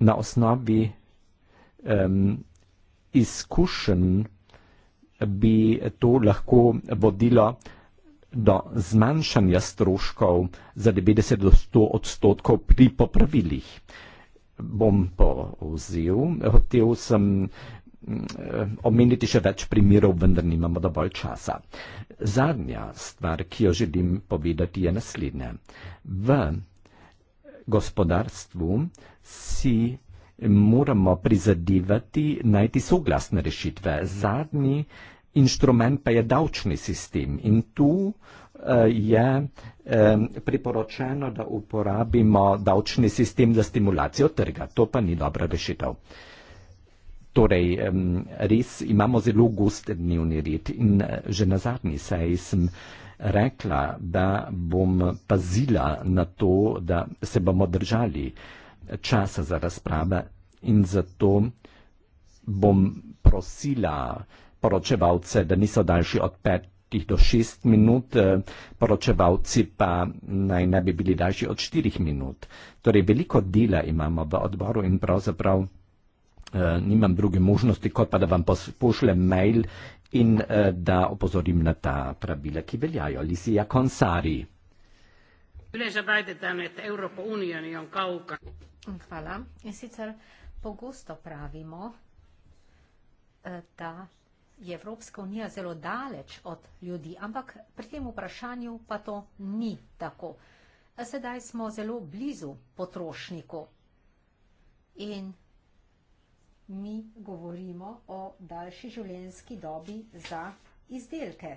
na osnovi um, izkušenj bi to lahko vodilo do zmanjšanja stroškov za 90 do 100 odstotkov pri popravilih. Bom pa vzel, hotel sem Eh, omeniti še več primerov, vendar nimamo dovolj časa. Zadnja stvar, ki jo želim povedati, je naslednja. V gospodarstvu si moramo prizadevati najti soglasne rešitve. Zadnji inštrument pa je davčni sistem in tu eh, je eh, priporočeno, da uporabimo davčni sistem za stimulacijo trga. To pa ni dobra rešitev. Torej, res imamo zelo gost dnevni red in eh, že na zadnji seji sem rekla, da bom pazila na to, da se bomo držali časa za razprave in zato bom prosila poročevalce, da niso daljši od pet do šest minut, eh, poročevalci pa naj ne bi bili daljši od štirih minut. Torej, veliko dela imamo v odboru in pravzaprav uh, nimam druge možnosti, kot pa da vam pos, pošljem mail in uh, da opozorim na ta pravila, ki veljajo. Lisija Konsari. Mm, hvala. In sicer pogosto pravimo, eh, da je Evropska unija zelo daleč od ljudi, ampak pri tem vprašanju pa to ni tako. Sedaj smo zelo blizu potrošniku in mi govorimo o daljši življenjski dobi za izdelke.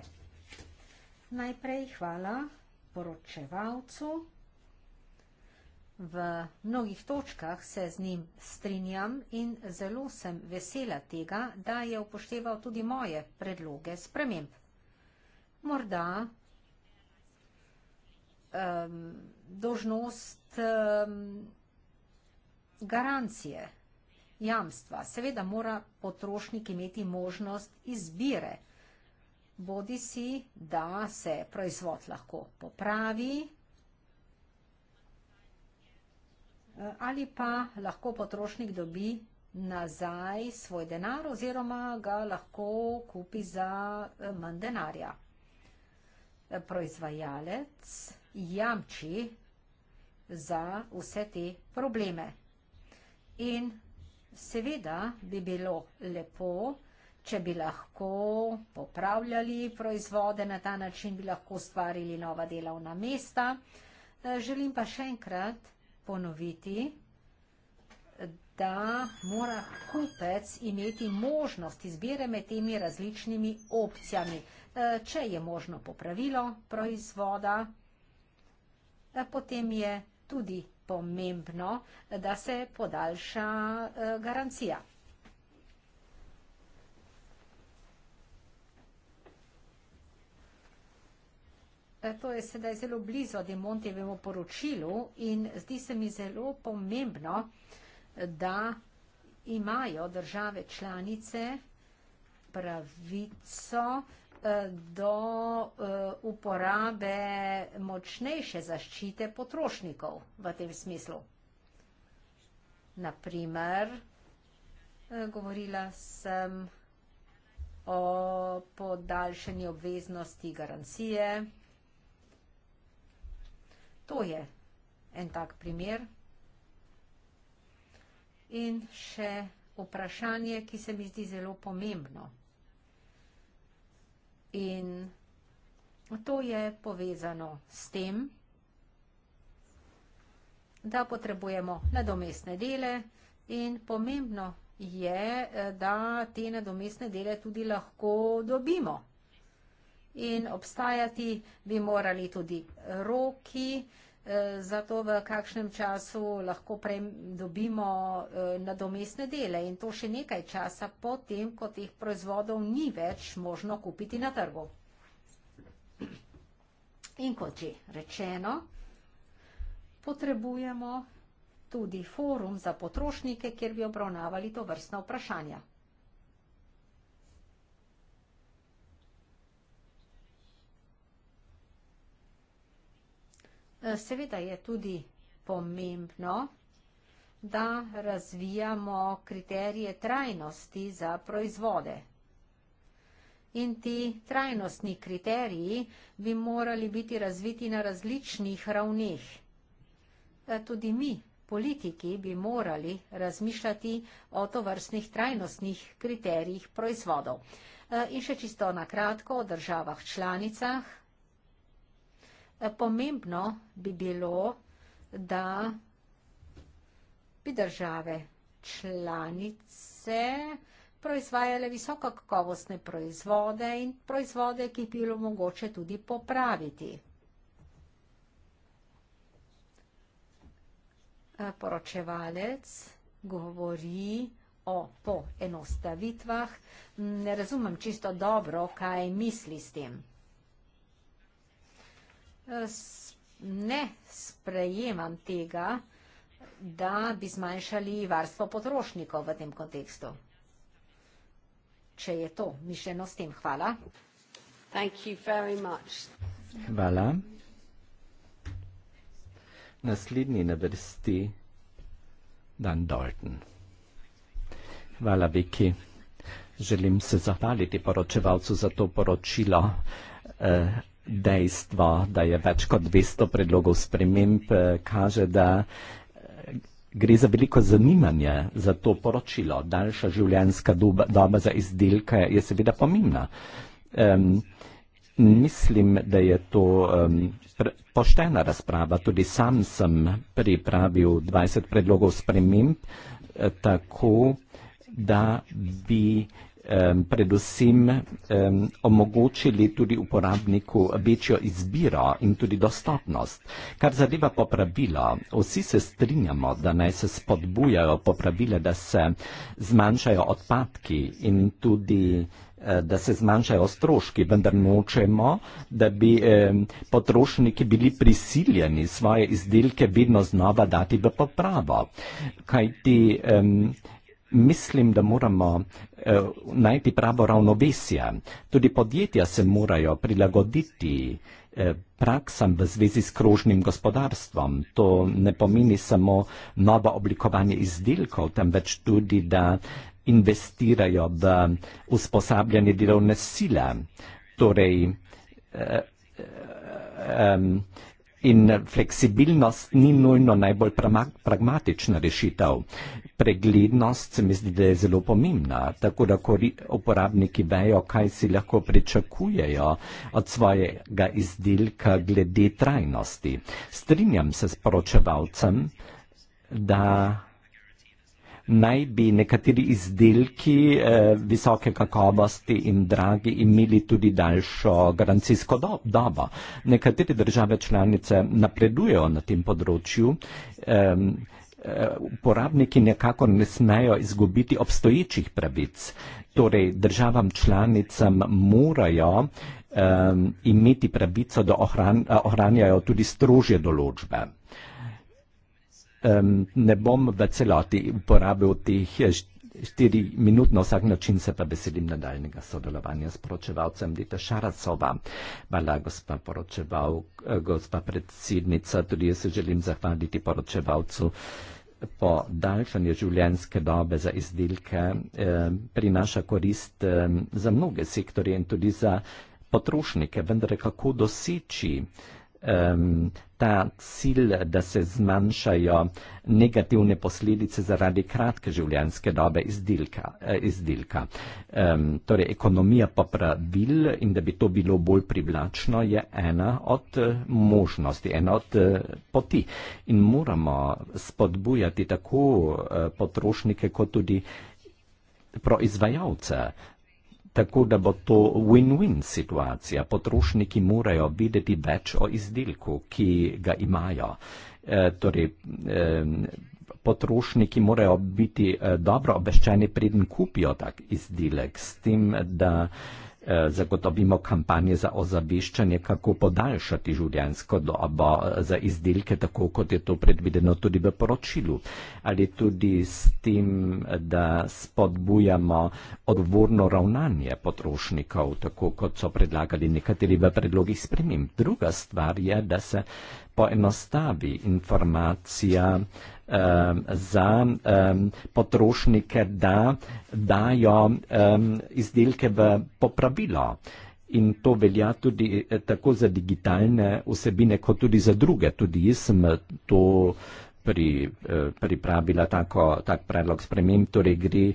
Najprej hvala poročevalcu. V mnogih točkah se z njim strinjam in zelo sem vesela tega, da je upošteval tudi moje predloge sprememb. Morda um, ehm, dožnost um, ehm, garancije jamstva. Seveda mora potrošnik imeti možnost izbire. Bodi si, da se proizvod lahko popravi eh, ali pa lahko potrošnik dobi nazaj svoj denar oziroma ga lahko kupi za eh, manj denarja. Eh, proizvajalec jamči za vse te probleme. In Seveda bi bilo lepo, če bi lahko popravljali proizvode, na ta način bi lahko ustvarili nova delovna mesta. Eh, želim pa še enkrat ponoviti, da mora kupec imeti možnost izbire med temi različnimi opcijami, eh, če je možno popravilo proizvoda, eh, potem je tudi pomembno, da se podaljša eh, garancija. Eh, to je sedaj zelo blizu Demontjevemu poročilu in zdi se mi zelo pomembno, da imajo države članice pravico Eh, do eh, uporabe močnejše zaščite potrošnikov v tem smislu. Naprimer, eh, govorila sem o podaljšanju obveznosti garancije. To je en tak primer. In še vprašanje, ki se mi zdi zelo pomembno. In to je povezano s tem, da potrebujemo nadomestne dele in pomembno je, eh, da te nadomestne dele tudi lahko dobimo. In obstajati bi morali tudi roki, Eh, za to, v kakšnem času lahko dobimo eh, nadomestne dele in to še nekaj časa potem, ko teh proizvodov ni več možno kupiti na trgu. In kot že rečeno, potrebujemo tudi forum za potrošnike, kjer bi obravnavali to vrstno vprašanje. Eh, seveda je tudi pomembno, da razvijamo kriterije trajnosti za proizvode. In ti trajnostni kriteriji bi morali biti razviti na različnih ravneh. Eh, tudi mi, politiki, bi morali razmišljati o tovrstnih trajnostnih kriterijih proizvodov. Eh, in še čisto na kratko o državah članicah pomembno bi bilo, da bi države članice proizvajale visoko kakovostne proizvode in proizvode, ki bi bilo mogoče tudi popraviti. Poročevalec govori o poenostavitvah. Ne razumem čisto dobro, kaj misli s tem ne sprejemam tega, da bi zmanjšali varstvo potrošnikov v tem kontekstu. Če je to mišljeno s tem, hvala. Hvala. Naslednji na vrsti Dan Dalton. Hvala, Viki. Želim se zahvaliti poročevalcu za to poročilo. Eh, dejstvo, da je več kot 200 predlogov sprememb, eh, kaže, da eh, gre za veliko zanimanje za to poročilo. Daljša življenjska doba, doba za izdelke je seveda pomembna. Um, mislim, da je to um, poštena razprava. Tudi sam sem pripravil 20 predlogov sprememb eh, tako, da bi um, predvsem um, omogočili tudi uporabniku večjo izbiro in tudi dostopnost. Kar zadeva popravilo, vsi se strinjamo, da naj se spodbujajo popravile, da se zmanjšajo odpadki in tudi eh, da se zmanjšajo stroški, vendar nočemo, da bi eh, potrošniki bili prisiljeni svoje izdelke vedno znova dati v popravo. Kajti eh, mislim, da moramo Eh, najti pravo ravnovesje. Tudi podjetja se morajo prilagoditi eh, praksam v zvezi s krožnim gospodarstvom. To ne pomeni samo novo oblikovanje izdelkov, temveč tudi, da investirajo v usposabljanje delovne sile. Torej, eh, eh, eh, eh, In fleksibilnost ni nujno najbolj pragmatična rešitev. Preglednost se mi zdi, da je zelo pomembna, tako da uporabniki vejo, kaj si lahko pričakujejo od svojega izdelka glede trajnosti. Strinjam se s poročevalcem, da naj bi nekateri izdelki eh, visoke kakovosti in dragi imeli tudi daljšo garancijsko do dobo. Nekatere države članice napredujejo na tem področju. Eh, uporabniki nekako ne smejo izgubiti obstoječih pravic. Torej, državam članicam morajo um, imeti pravico, da ohran, eh, ohranjajo tudi strožje določbe um, ne bom več celoti uporabil teh eh, štiri minut na vsak način, se pa veselim nadaljnega sodelovanja s poročevalcem Dita Šaracova. Hvala, gospa poročeval, eh, gospa predsednica, tudi jaz se želim zahvaliti poročevalcu po daljšanje življenjske dobe za izdelke, eh, prinaša korist eh, za mnoge sektorje in tudi za potrošnike, vendar kako doseči eh, ta cilj, da se zmanjšajo negativne posledice zaradi kratke življenjske dobe izdelka. Eh, izdelka. Um, torej, ekonomija popravil in da bi to bilo bolj privlačno, je ena od eh, možnosti, ena od eh, poti. In moramo spodbujati tako potrošnike, kot tudi proizvajalce, tako da bo to win-win situacija. Potrošniki morajo videti več o izdelku, ki ga imajo. E, torej, e, potrošniki morajo biti e, dobro obveščeni, preden kupijo tak izdelek, s tem, da. Eh, zagotovimo kampanje za ozaveščanje, kako podaljšati življenjsko dobo eh, za izdelke, tako kot je to predvideno tudi v poročilu. Ali tudi s tem, da spodbujamo odvorno ravnanje potrošnikov, tako kot so predlagali nekateri v predlogih spremim. Druga stvar je, da se poenostavi informacija, um, za um, potrošnike, da dajo um, izdelke v popravilo. In to velja tudi eh, tako za digitalne osebine, kot tudi za druge. Tudi jaz sem eh, to uh, pri, eh, pripravila tako, tak predlog sprememb. Torej gre eh,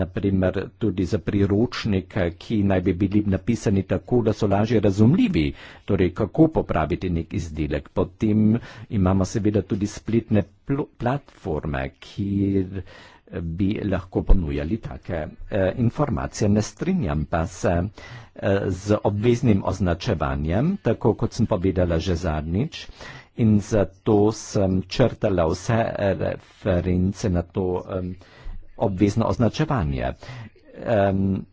naprimer tudi za priročnik, ki naj bi bili napisani tako, da so lažje razumljivi, torej kako popraviti nek izdelek. Potem imamo seveda tudi spletne pl platforme, ki eh, bi lahko ponujali take e, informacije. Ne strinjam pa se e, z obveznim označevanjem, tako kot sem povedala že zadnjič in zato sem črtala vse reference na to um, obvezno označevanje. Um,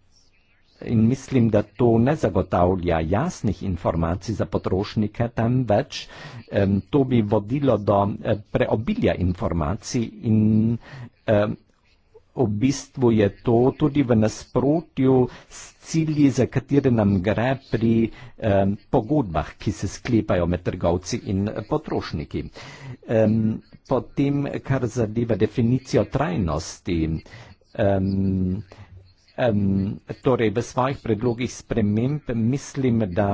in mislim, da to ne zagotavlja jasnih informacij za potrošnike, temveč um, to bi vodilo do um, preobilja informacij in um, v bistvu je to tudi v nasprotju s cilji, za katere nam gre pri um, pogodbah, ki se sklepajo med trgovci in potrošniki. Um, potem, kar zadeva definicijo trajnosti, um, um, torej v svojih predlogih sprememb mislim, da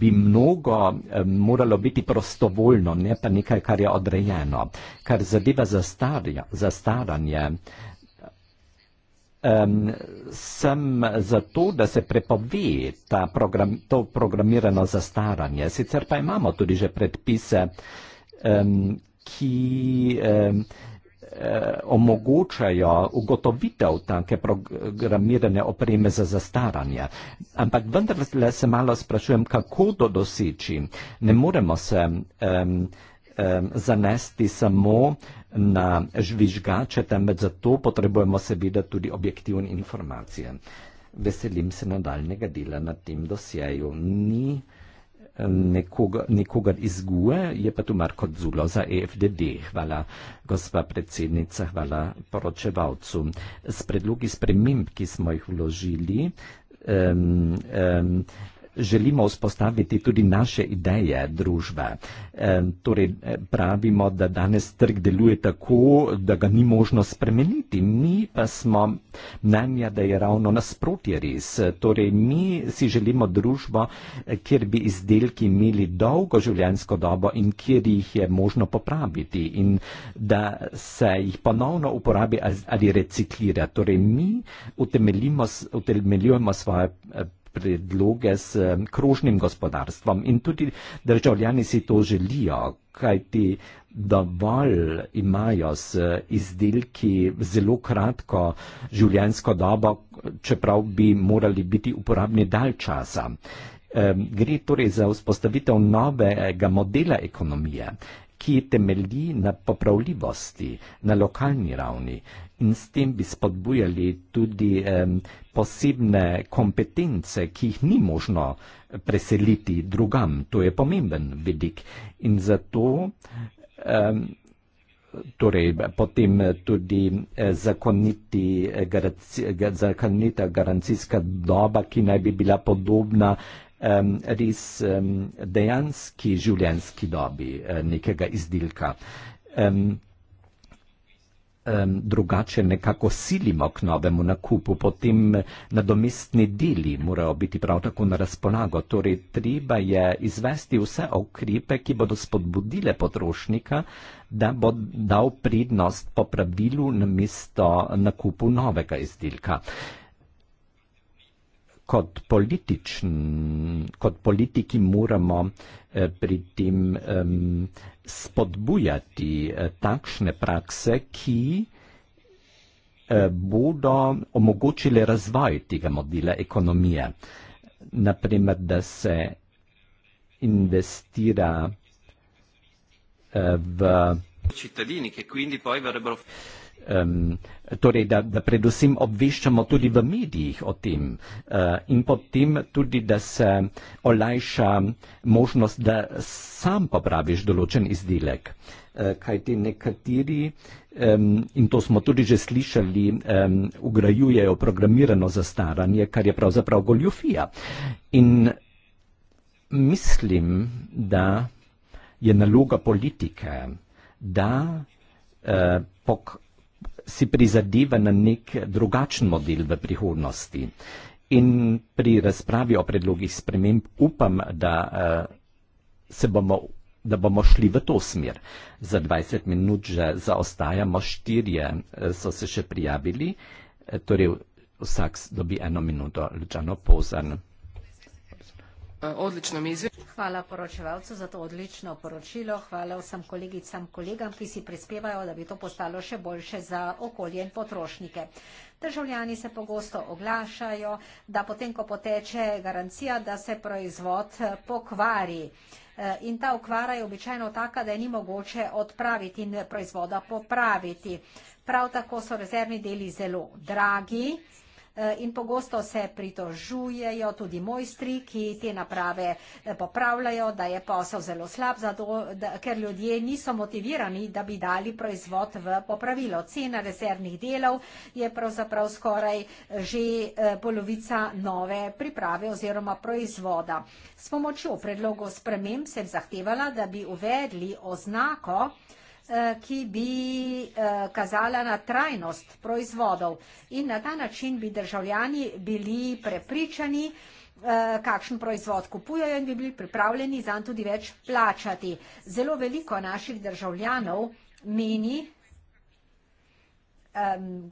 bi mnogo um, moralo biti prostovoljno, ne pa nekaj, kar je odrejeno. Kar zadeva zastarja, zastaranje, um, sem za to, da se prepove program, to programirano zastaranje. Sicer pa imamo tudi že predpise, um, ki um, omogočajo ugotovitev take programirane opreme za zastaranje. Ampak vendar se malo sprašujem, kako to doseči. Ne moremo se. Um, eh, zanesti samo na žvižgače, temveč za to potrebujemo seveda tudi objektivne informacije. Veselim se nadaljnega dela na tem dosjeju. Ni nekoga, nekoga izgube, je pa tu Marko Zulo za EFDD. Hvala, gospa predsednica, hvala poročevalcu. S predlogi sprememb, ki smo jih vložili, um, um, želimo vzpostaviti tudi naše ideje družbe. Torej e, pravimo, da danes trg deluje tako, da ga ni možno spremeniti. Mi pa smo mnenja, da je ravno nasprotje res. Torej mi si želimo družbo, e, kjer bi izdelki imeli dolgo življenjsko dobo in kjer jih je možno popraviti in da se jih ponovno uporabi ali reciklira. Torej mi utemeljujemo svoje e, predloge s eh, krožnim gospodarstvom in tudi državljani si to želijo, kajti dovolj imajo z eh, izdelki zelo kratko življenjsko dobo, čeprav bi morali biti uporabni dalj časa. Gre torej za vzpostavitev novega modela ekonomije ki temelji na popravljivosti na lokalni ravni in s tem bi spodbujali tudi um, posebne kompetence, ki jih ni možno preseliti drugam. To je pomemben vidik in zato. Um, Torej, potem tudi e, e, zakonita garancijska doba, ki naj bi bila podobna um, res um, dejanski življenjski dobi uh, nekega izdelka. Um, Um, drugače nekako silimo k novemu nakupu, potem nadomestni deli morajo biti prav tako na razpolago. Torej, treba je izvesti vse okrepe, ki bodo spodbudile potrošnika, da bo dal prednost popravilu namesto nakupu novega izdelka. Uh, kot, političn, kot politiki moramo eh, pri tem spodbujati eh, takšne prakse, ki eh, bodo omogočile razvoj tega modela ekonomije. Naprimer, da se investira v. Cittadini, che quindi poi verrebbero. Um, torej, da, da predvsem obveščamo tudi v medijih o tem uh, in potem tudi, da se olajša možnost, da sam popraviš določen izdelek. Uh, eh, kaj ti nekateri, um, in to smo tudi že slišali, um, ugrajujejo programirano zastaranje, kar je pravzaprav goljofija. In mislim, da je naloga politike, da uh, eh, pokrepi si prizadeva na nek drugačen model v prihodnosti. In pri razpravi o predlogih sprememb upam, da, uh, bomo, da bomo šli v to smer. Za 20 minut že zaostajamo, štirje eh, so se še prijavili, eh, torej vsak dobi eno minuto, Ljučano Pozan odličnem izvedu. Hvala poročevalcu za to odlično poročilo. Hvala vsem kolegicam, kolegam, ki si prispevajo, da bi to postalo še boljše za okolje in potrošnike. Državljani se pogosto oglašajo, da potem, ko poteče garancija, da se proizvod pokvari. E, in ta okvara je običajno taka, da je ni mogoče odpraviti in proizvoda popraviti. Prav tako so rezervni deli zelo dragi. Eh, in pogosto se pritožujejo tudi mojstri, ki te naprave eh, popravljajo, da je posel zelo slab, zato, da, ker ljudje niso motivirani, da bi dali proizvod v popravilo. Cena rezervnih delov je pravzaprav skoraj eh, že polovica nove priprave oziroma proizvoda. S pomočjo predlogov sprememb sem zahtevala, da bi uvedli oznako, Eh, ki bi eh, kazala na trajnost proizvodov in na ta način bi državljani bili prepričani, eh, kakšen proizvod kupujejo in bi bili pripravljeni zanj tudi več plačati. Zelo veliko naših državljanov meni,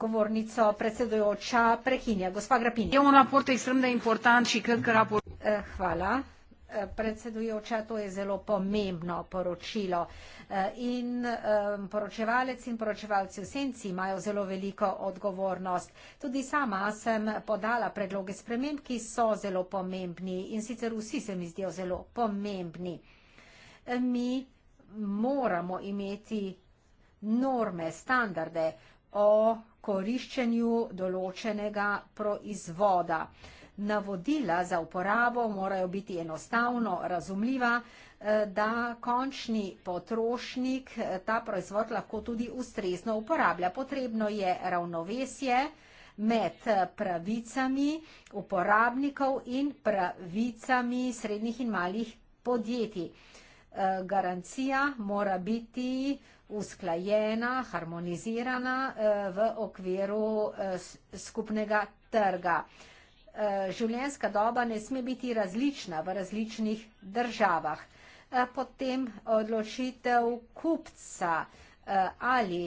govornico predsedojoča prekinja. Gospa Grapini. E hvala predsedujoča, to je zelo pomembno poročilo. Eh, in poročevalec in poročevalci v senci imajo zelo veliko odgovornost. Tudi sama sem podala predloge sprememb, ki so zelo pomembni in sicer vsi se mi zdijo zelo pomembni. Eh, mi moramo imeti norme, standarde o koriščenju določenega proizvoda navodila za uporabo morajo biti enostavno razumljiva, eh, da končni potrošnik eh, ta proizvod lahko tudi ustrezno uporablja. Potrebno je ravnovesje med eh, pravicami uporabnikov in pravicami srednjih in malih podjetij. Garancija mora biti usklajena, harmonizirana v okviru skupnega trga. Eh, življenjska doba ne sme biti različna v različnih državah. Eh, potem odločitev kupca, eh, ali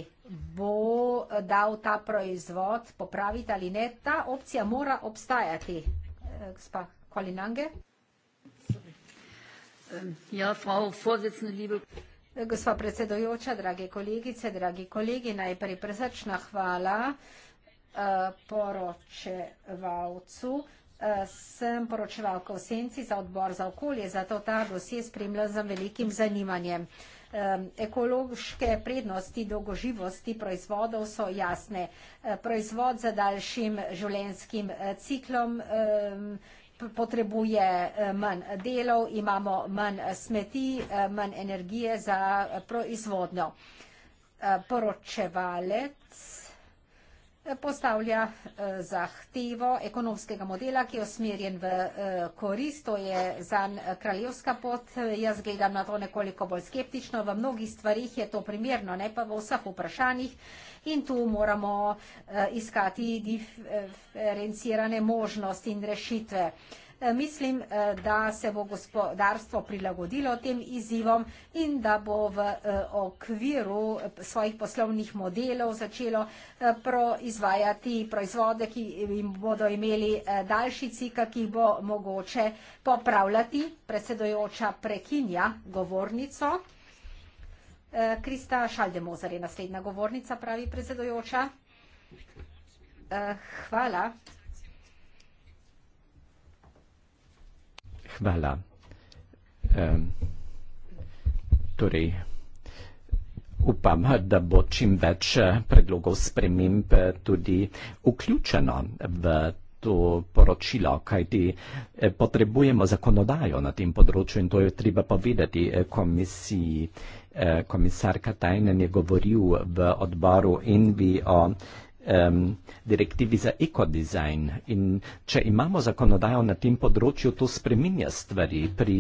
bo dal ta proizvod popraviti ali ne, ta opcija mora obstajati. Gospa Kolinange? Ja, frau vorsitzende, liebe... Gospa predsedojoča, drage kolegice, dragi kolegi, najprej prezačna hvala. Hvala. Eh, poročevalcu. Eh, sem poročevalka v Senci za odbor za okolje, zato ta dosje spremlja z velikim zanimanjem. Ekološke prednosti dolgoživosti proizvodov so jasne. Eh, proizvod za daljšim življenjskim ciklom potrebuje manj delov, imamo manj smeti, manj energije za proizvodno. Poročevalec postavlja eh, zahtevo ekonomskega modela, ki je osmerjen v eh, korist, to je za eh, kraljevska pot. Jaz gledam na to nekoliko bolj skeptično, v mnogih stvarih je to primerno, ne pa v vseh vprašanjih in tu moramo iskati diferencirane možnosti in rešitve. Eh, mislim, eh, da se bo gospodarstvo prilagodilo tem izzivom in da bo v eh, okviru svojih poslovnih modelov začelo proizvajati proizvode, ki jim bodo imeli daljši cikl, ki jih bo mogoče popravljati. Predsedojoča prekinja govornico. Krista Šaldemozer je naslednja govornica, pravi predsedojoča. Hvala. Hvala. Um, torej, upam, da bo čim več eh, predlogov sprememb eh, tudi vključeno v to poročilo, kajti eh, potrebujemo zakonodajo na tem področju in to je treba povedati komisiji. Komisarka Tajnen je govoril v odboru Envi o um, direktivi za ekodizajn. In če imamo zakonodajo na tem področju, to spreminja stvari. Pri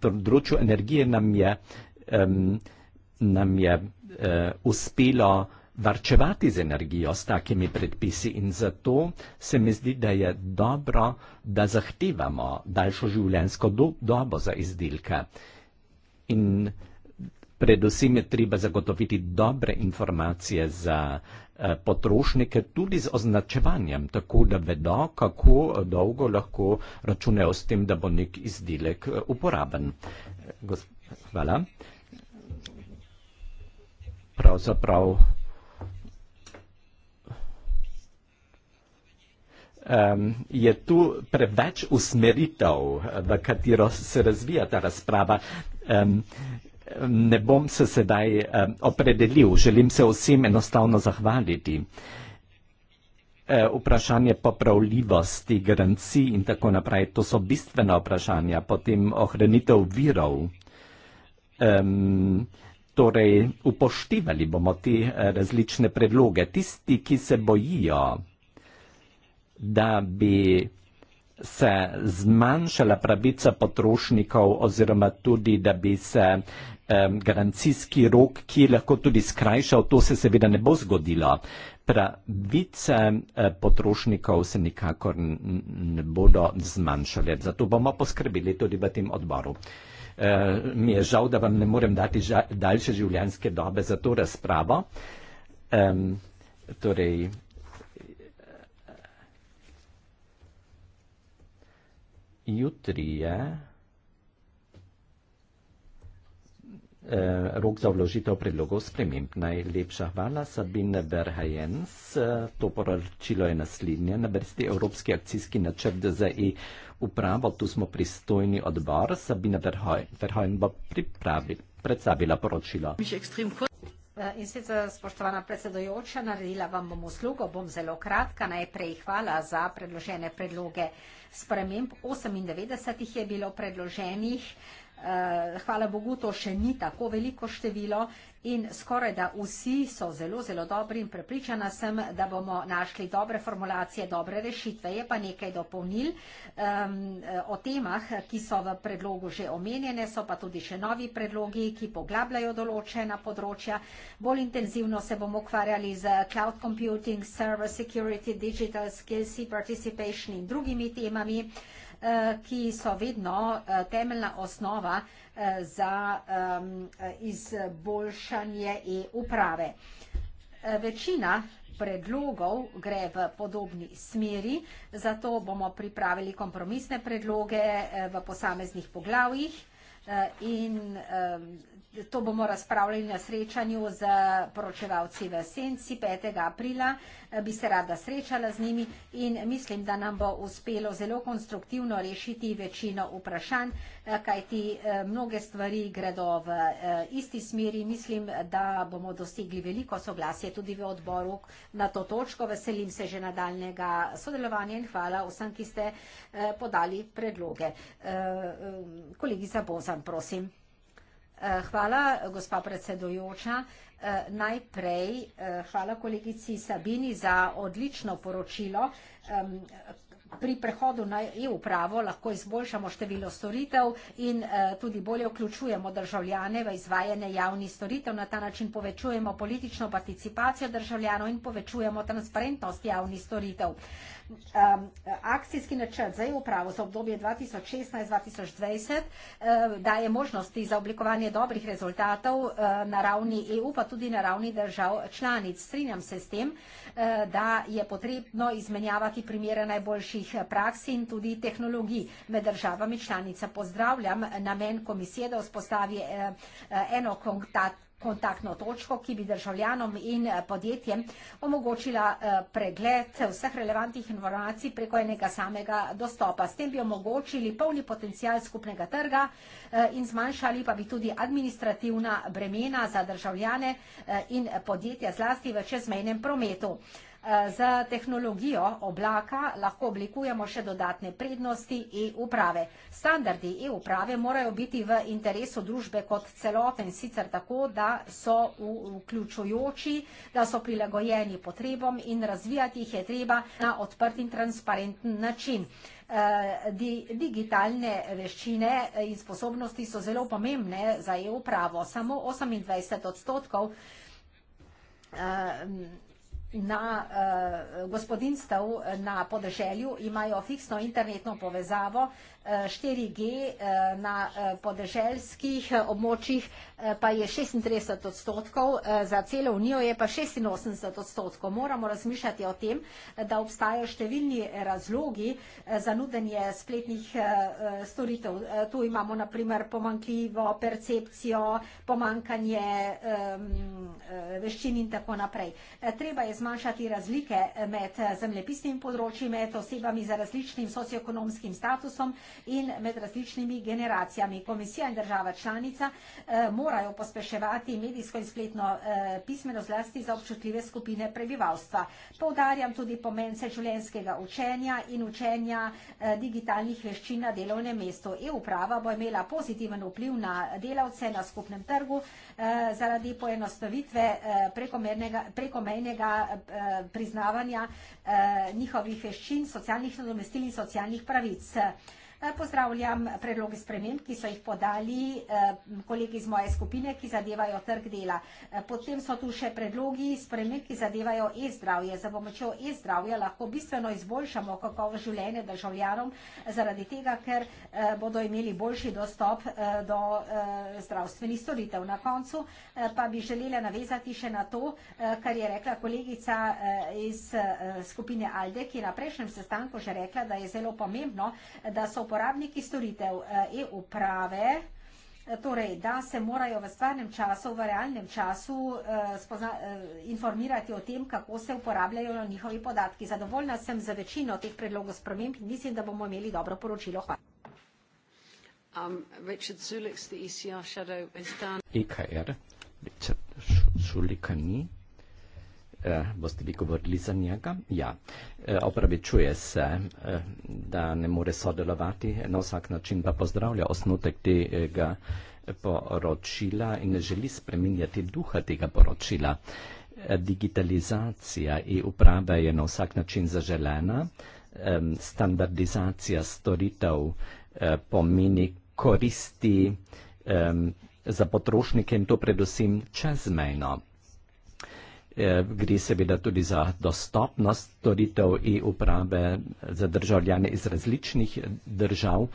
področju um, energije nam je, um, nam je uh, uspelo varčevati z energijo s takimi predpisi in zato se mi zdi, da je dobro, da zahtevamo daljšo življenjsko do dobo za izdelke. In Predvsem je treba zagotoviti dobre informacije za eh, potrošnike tudi z označevanjem, tako da vedo, kako eh, dolgo lahko računajo s tem, da bo nek izdelek eh, uporaben. Hvala. Pravzaprav. Um, je tu preveč usmeritev, v katero se razvija ta razprava. Um, ne bom se sedaj eh, opredelil, želim se vsem enostavno zahvaliti. Eh, vprašanje popravljivosti, garanci in tako naprej, to so bistvena vprašanja, potem ohranitev virov. Torej, upoštivali bomo te eh, različne predloge. Tisti, ki se bojijo, da bi se zmanjšala pravica potrošnikov oziroma tudi, da bi se garancijski rok, ki je lahko tudi skrajšal, to se seveda ne bo zgodilo. Pravice potrošnikov se nikakor ne bodo zmanjšale, zato bomo poskrbeli tudi v tem odboru. E, mi je žal, da vam ne morem dati daljše življenjske dobe za to razpravo. Torej, jutri je. Eh, rok za vložitev predlogov sprememb. Najlepša hvala, Sabine Berhajens. Eh, to poročilo je naslednje. Na vrsti Evropski akcijski načrt za e-upravo, tu smo pristojni odbor. Sabine Berhajen bo predstavila poročilo. Eh, in sicer, spoštovana predsedojoča, naredila vam bom uslugo, bom zelo kratka. Najprej hvala za predložene predloge sprememb. 98 jih je bilo predloženih. Eh, hvala Bogu, to še ni tako veliko število in skoraj da vsi so zelo, zelo dobri in prepričana sem, da bomo našli dobre formulacije, dobre rešitve. Je pa nekaj dopolnil um, o temah, ki so v predlogu že omenjene, so pa tudi še novi predlogi, ki poglabljajo določena področja. Bolj intenzivno se bomo ukvarjali z cloud computing, server security, digital skills, participation in drugimi temami. Eh, ki so vedno eh, temeljna osnova eh, za izboljšanje e-uprave. Večina predlogov gre v podobni smeri, zato bomo pripravili kompromisne predloge v posameznih poglavjih in To bomo razpravljali na srečanju z poročevalci v Senci 5. aprila. E, bi se rada srečala z njimi in mislim, da nam bo uspelo zelo konstruktivno rešiti večino vprašanj, e, kajti e, mnoge stvari gredo v isti smeri. Mislim, da bomo dosegli veliko soglasje tudi v odboru na to točko. Veselim se že nadaljnega sodelovanja in hvala vsem, ki ste podali predloge. Kolegica Bozan, prosim. Eh, hvala, gospa predsedujoča. Eh, najprej eh, hvala kolegici Sabini za odlično poročilo. Pri prehodu na e-upravo lahko izboljšamo število storitev in tudi bolje vključujemo državljane v izvajanje javnih storitev. Na ta način povečujemo politično participacijo državljanov in povečujemo transparentnost javnih storitev. Um, akcijski načrt za upravo za obdobje 2016-2020 um, daje možnosti za oblikovanje dobrih rezultatov um, na ravni EU, pa tudi na ravni držav članic. Strinjam se s tem, da je potrebno izmenjavati primere najboljših praks in tudi tehnologij med državami članica. Pozdravljam namen komisije, da vzpostavi eno kontakt kontaktno točko, ki bi državljanom in eh, podjetjem omogočila eh, pregled vseh relevantnih informacij preko enega samega dostopa. S tem bi omogočili polni potencial skupnega trga eh, in zmanjšali pa bi tudi administrativna bremena za državljane in podjetja zlasti v čezmejnem prometu. Eh, z tehnologijo oblaka lahko oblikujemo še dodatne prednosti e-uprave. Standardi e-uprave morajo biti v interesu družbe kot celote in sicer tako, da so vključujoči, da so prilagojeni potrebom in razvijati jih je treba na odprt in transparenten način. Eh, digitalne veščine in sposobnosti so zelo pomembne za e-upravo. Samo 28 odstotkov eh, na eh, gospodinstv na podeželju imajo fiksno internetno povezavo, 4G eh, na eh, podeželskih eh, območjih pa je 36 odstotkov, za celo unijo je pa 86 odstotkov. Moramo razmišljati o tem, da obstajajo številni razlogi za nudenje spletnih storitev. Tu imamo naprimer pomankljivo percepcijo, pomankanje veščin in tako naprej. Treba je zmanjšati razlike med zemljepisnimi področji, med osebami za različnim socioekonomskim statusom, in med različnimi generacijami. Komisija in država članica eh, morajo pospeševati medijsko in spletno eh, pismeno zlasti za občutljive skupine prebivalstva. Povdarjam tudi pomen seživljenjskega učenja in učenja eh, digitalnih veščin na delovnem mestu. EU-prava bo imela pozitiven vpliv na delavce na skupnem trgu zaradi poenostavitve prekomenjega priznavanja njihovih veščin, socialnih nadomestil in socialnih pravic. Eh, pozdravljam predloge sprememb, ki so jih podali eh, kolegi iz moje skupine, ki zadevajo trg dela. Eh, potem so tu še predlogi sprememb, ki zadevajo e-zdravje. Za pomočjo e-zdravja lahko bistveno izboljšamo kakovost življenja državljanom zaradi tega, ker bodo imeli boljši dostop do zdravstvenih storitev. Na koncu pa bi želela navezati še na to, kar je rekla kolegica iz skupine ALDE, ki je na prejšnjem sestanku že rekla, da je zelo pomembno, da so uporabniki storitev eh, e-uprave, eh, torej, da se morajo v stvarnem času, v realnem času eh, spozna, informirati o tem, kako se uporabljajo njihovi podatki. Zadovoljna sem za večino teh predlogov sprememb in mislim, da bomo imeli dobro poročilo. Hvala. Um, Richard Zulik, the ECR shadow, is done. EKR, Richard Zulik, ni. Eh, boste vi govorili za njega. Ja, eh, opravičuje se, eh, da ne more sodelovati na vsak način, pa pozdravlja osnutek tega poročila in ne želi spreminjati duha tega poročila. Digitalizacija in uprava je na vsak način zaželena, standardizacija storitev pomeni koristi za potrošnike in to predvsem čezmejno. Eh, gre seveda tudi za dostopnost storitev e-uprave za državljane iz različnih držav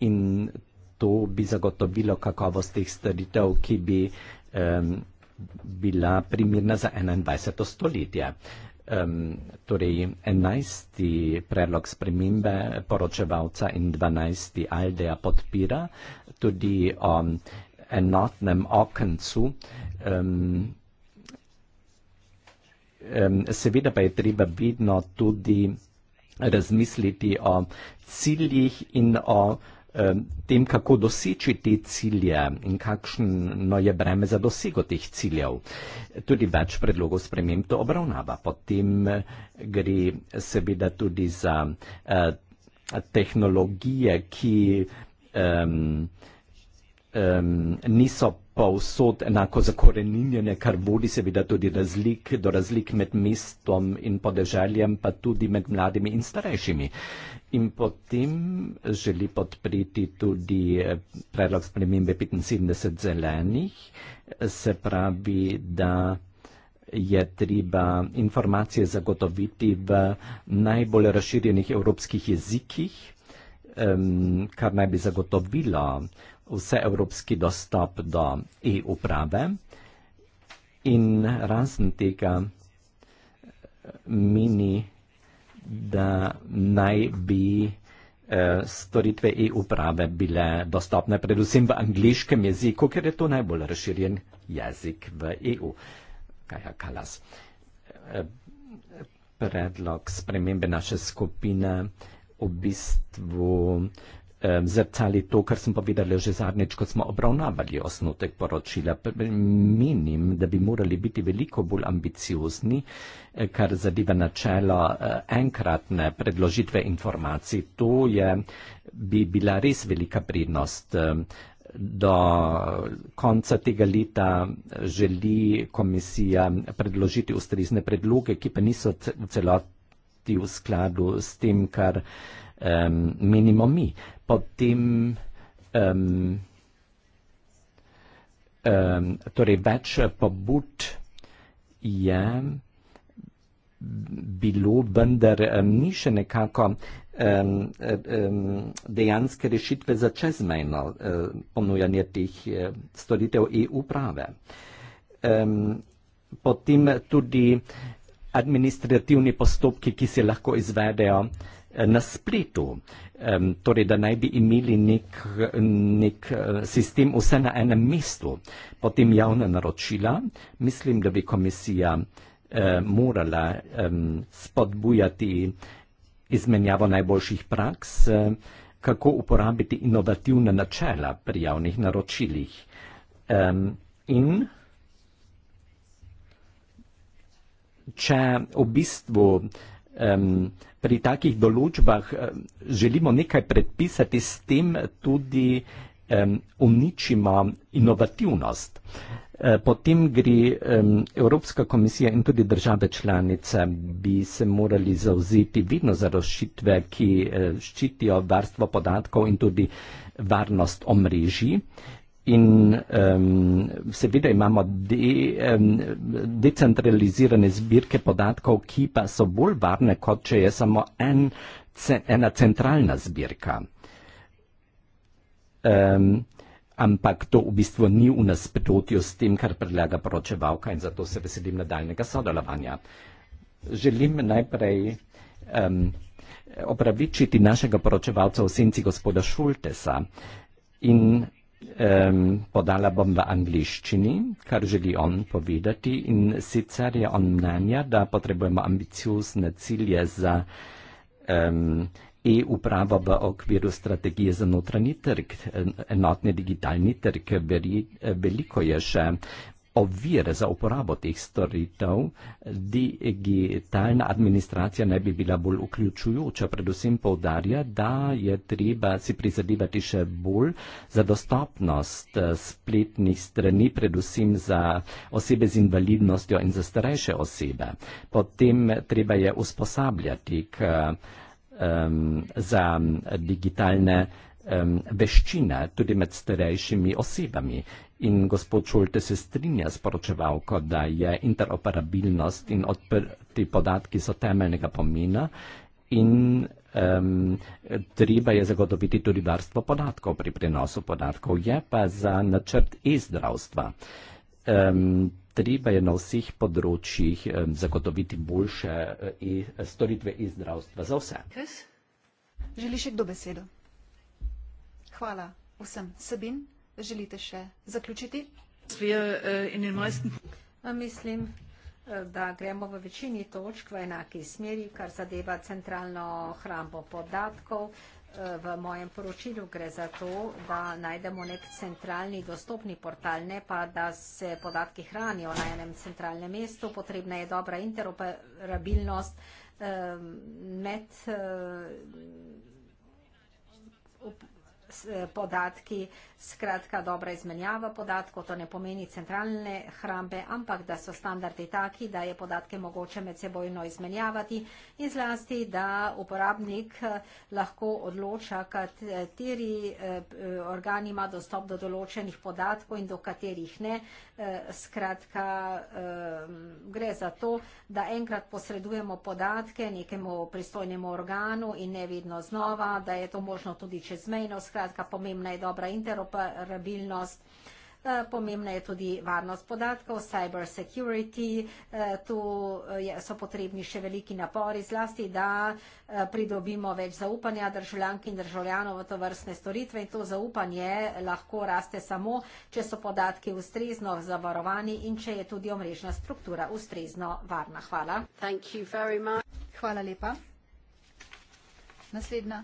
in to bi zagotovilo kakovost teh storitev, ki bi um, bila primirna za 21. stoletje. Um, torej, 11. predlog spremembe poročevalca in 12. Aldeja podpira tudi o enotnem okencu. Um, seveda pa je treba vidno tudi razmisliti o ciljih in o tem, kako doseči te cilje in kakšno je breme za dosego teh ciljev. Tudi več predlogov sprememb to obravnava. Potem gre seveda tudi za e, tehnologije, ki niso pa vsod enako zakoreninjene, kar vodi seveda tudi razlik, do razlik med mestom in podeželjem, pa tudi med mladimi in starejšimi. In potem želi podpreti tudi eh, predlog spremembe 75 zelenih, se pravi, da je treba informacije zagotoviti v najbolj razširjenih evropskih jezikih, ehm, kar naj bi zagotovilo vseevropski dostop do e-uprave in razen tega meni, da naj bi eh, storitve e-uprave bile dostopne predvsem v angliškem jeziku, ker je to najbolj razširjen jezik v EU. Kaja Kalas. Eh, predlog spremembe naše skupine v bistvu zrcali to, kar sem povedala že zadnjič, ko smo obravnavali osnotek poročila. Menim, da bi morali biti veliko bolj ambiciozni, eh, kar zadeva načelo eh, enkratne predložitve informacij. To je, bi bila res velika prednost. Do konca tega leta eh, želi komisija predložiti ustrezne predloge, ki pa niso v celoti v skladu s tem, kar um, menimo mi. Potem um, um, torej več pobud je bilo, vendar um, ni še nekako um, um, dejanske rešitve za čezmejno uh, ponujanje teh uh, storitev e-uprave. Um, potem tudi administrativni postopki, ki se lahko izvedejo, Eh, na spletu. Um, torej, da naj bi imeli nek, nek eh, sistem vse na enem mestu. Potem javna naročila. Mislim, da bi komisija uh, morala um, spodbujati izmenjavo najboljših praks, uh, kako uporabiti inovativna načela pri javnih naročilih. Um, in če v bistvu um, pri takih določbah um, želimo nekaj predpisati, s tem tudi um, uničimo inovativnost. Eh, potem gre um, Evropska komisija in tudi države članice bi se morali zauzeti vedno za rošitve, ki uh, ščitijo varstvo podatkov in tudi varnost omrežji. Uh, In um, seveda imamo de, um, decentralizirane zbirke podatkov, ki pa so bolj varne, kot če je samo en, ena centralna zbirka. Um, ampak to v bistvu ni v nasprotju s tem, kar predlaga poročevalka in zato se veselim nadaljnega sodelovanja. Želim najprej um, opravičiti našega poročevalca v senci gospoda Šultesa. In podala bom v angliščini, kar želi on povedati. In sicer je on mnenja, da potrebujemo ambiciozne cilje za um, e-upravo v okviru strategije za notranji trg, enotni digitalni trg. Veri, veliko je še ovire za uporabo teh storitev digitalna administracija ne bi bila bolj vključujoča. Predvsem povdarja, da je treba si prizadevati še bolj za dostopnost eh, spletnih strani, predvsem za osebe z invalidnostjo in za starejše osebe. Potem treba je usposabljati k, um, za digitalne veščine tudi med starejšimi osebami In gospod Šulte se strinja s poročevalko, da je interoperabilnost in odprti podatki so temeljnega pomena in um, treba je zagotoviti tudi varstvo podatkov pri prenosu podatkov. Je pa za načrt e-zdravstva. Um, treba je na vseh področjih um, zagotoviti boljše uh, storitve e-zdravstva za vse. Želi še kdo besedo? Hvala vsem. Sabin? želite še zaključiti? Eh, mislim, eh, da gremo v večini točk v enaki smeri, kar zadeva centralno hrambo podatkov. Eh, v mojem poročilu gre za to, da najdemo nek centralni dostopni portal, ne pa, da se podatki hranijo na enem centralnem mestu. Potrebna je dobra interoperabilnost med Eh, podatki, skratka dobra izmenjava podatkov, to ne pomeni centralne hrambe, ampak da so standardi taki, da je podatke mogoče med sebojno izmenjavati in zlasti, da uporabnik eh, lahko odloča, kateri eh, organ ima dostop do določenih podatkov in do katerih ne, Eh, skratka, gre za to, da enkrat posredujemo podatke nekemu pristojnemu organu in ne vedno znova, da je to možno tudi čezmejno. Skratka, pomembna je dobra interoperabilnost. Eh, pomembna je tudi varnost podatkov, cyber security, eh, tu eh, so potrebni še veliki napori zlasti, da pridobimo več zaupanja državljank in državljanov v to vrstne storitve in to zaupanje lahko raste samo, če so podatki ustrezno zavarovani in če je tudi omrežna struktura ustrezno varna. Hvala. Hvala lepa. Naslednja.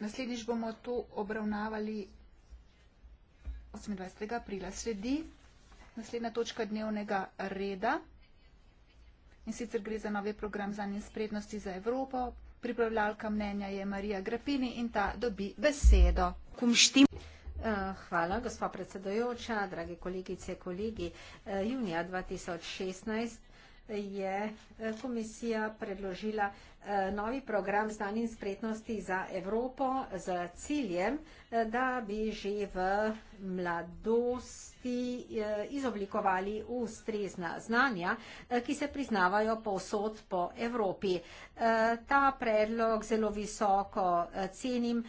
Naslednjič bomo to obravnavali 28. aprila. Sledi naslednja točka dnevnega reda in sicer gre za novi program Zanje sprednosti za Evropo. Pripravljalka mnenja je Marija Grapini in ta dobi besedo. Kumštim. Eh, hvala, gospod predsedojoča, dragi kolegice, kolegi. Eh, junija 2016 je eh, komisija predložila eh, novi program znanja in spretnosti za Evropo z ciljem, eh, da bi že v mladosti izoblikovali ustrezna znanja, ki se priznavajo povsod po Evropi. Ta predlog zelo visoko cenim.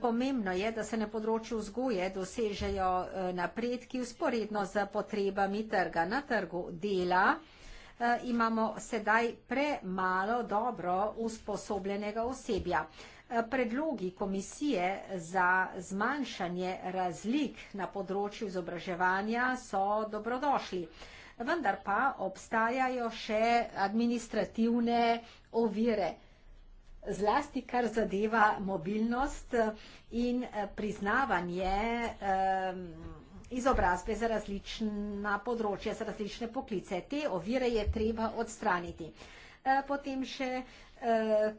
Pomembno je, da se na področju vzgoje dosežejo napredki usporedno z potrebami trga na trgu dela. Eh, imamo sedaj premalo dobro usposobljenega osebja. Eh, predlogi komisije za zmanjšanje razlik na področju izobraževanja so dobrodošli. Vendar pa obstajajo še administrativne ovire, zlasti kar zadeva mobilnost eh, in priznavanje um, izobrazbe za različna področja, za različne poklice. Te ovire je treba odstraniti. E, potem še e,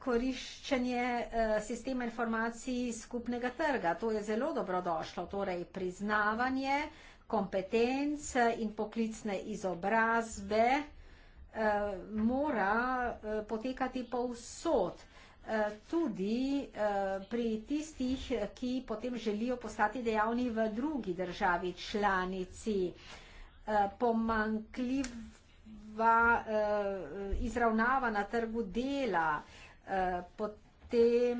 koriščenje e, sistema informacij skupnega trga. To je zelo dobrodošlo, torej priznavanje kompetenc in poklicne izobrazbe mora potekati povsod. Eh, tudi eh, pri tistih, ki potem želijo postati dejavni v drugi državi članici. Eh, Pomankljiva izravnava na trgu dela, potem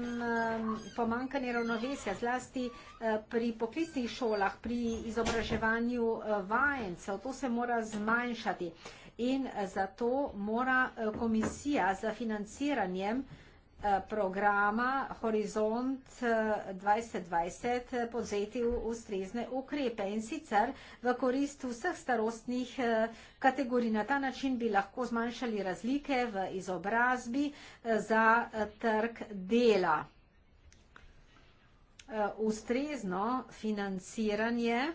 pomankanje ravnovesja zlasti pri poklicnih šolah, pri izobraževanju vajencev, to se mora zmanjšati. In zato mora komisija za financiranjem Eh, programa Horizont 2020 eh, eh, podzeti ustrezne ukrepe in sicer v korist vseh starostnih kategorij. Na ta način bi lahko zmanjšali razlike v izobrazbi za trg dela. Ustrezno financiranje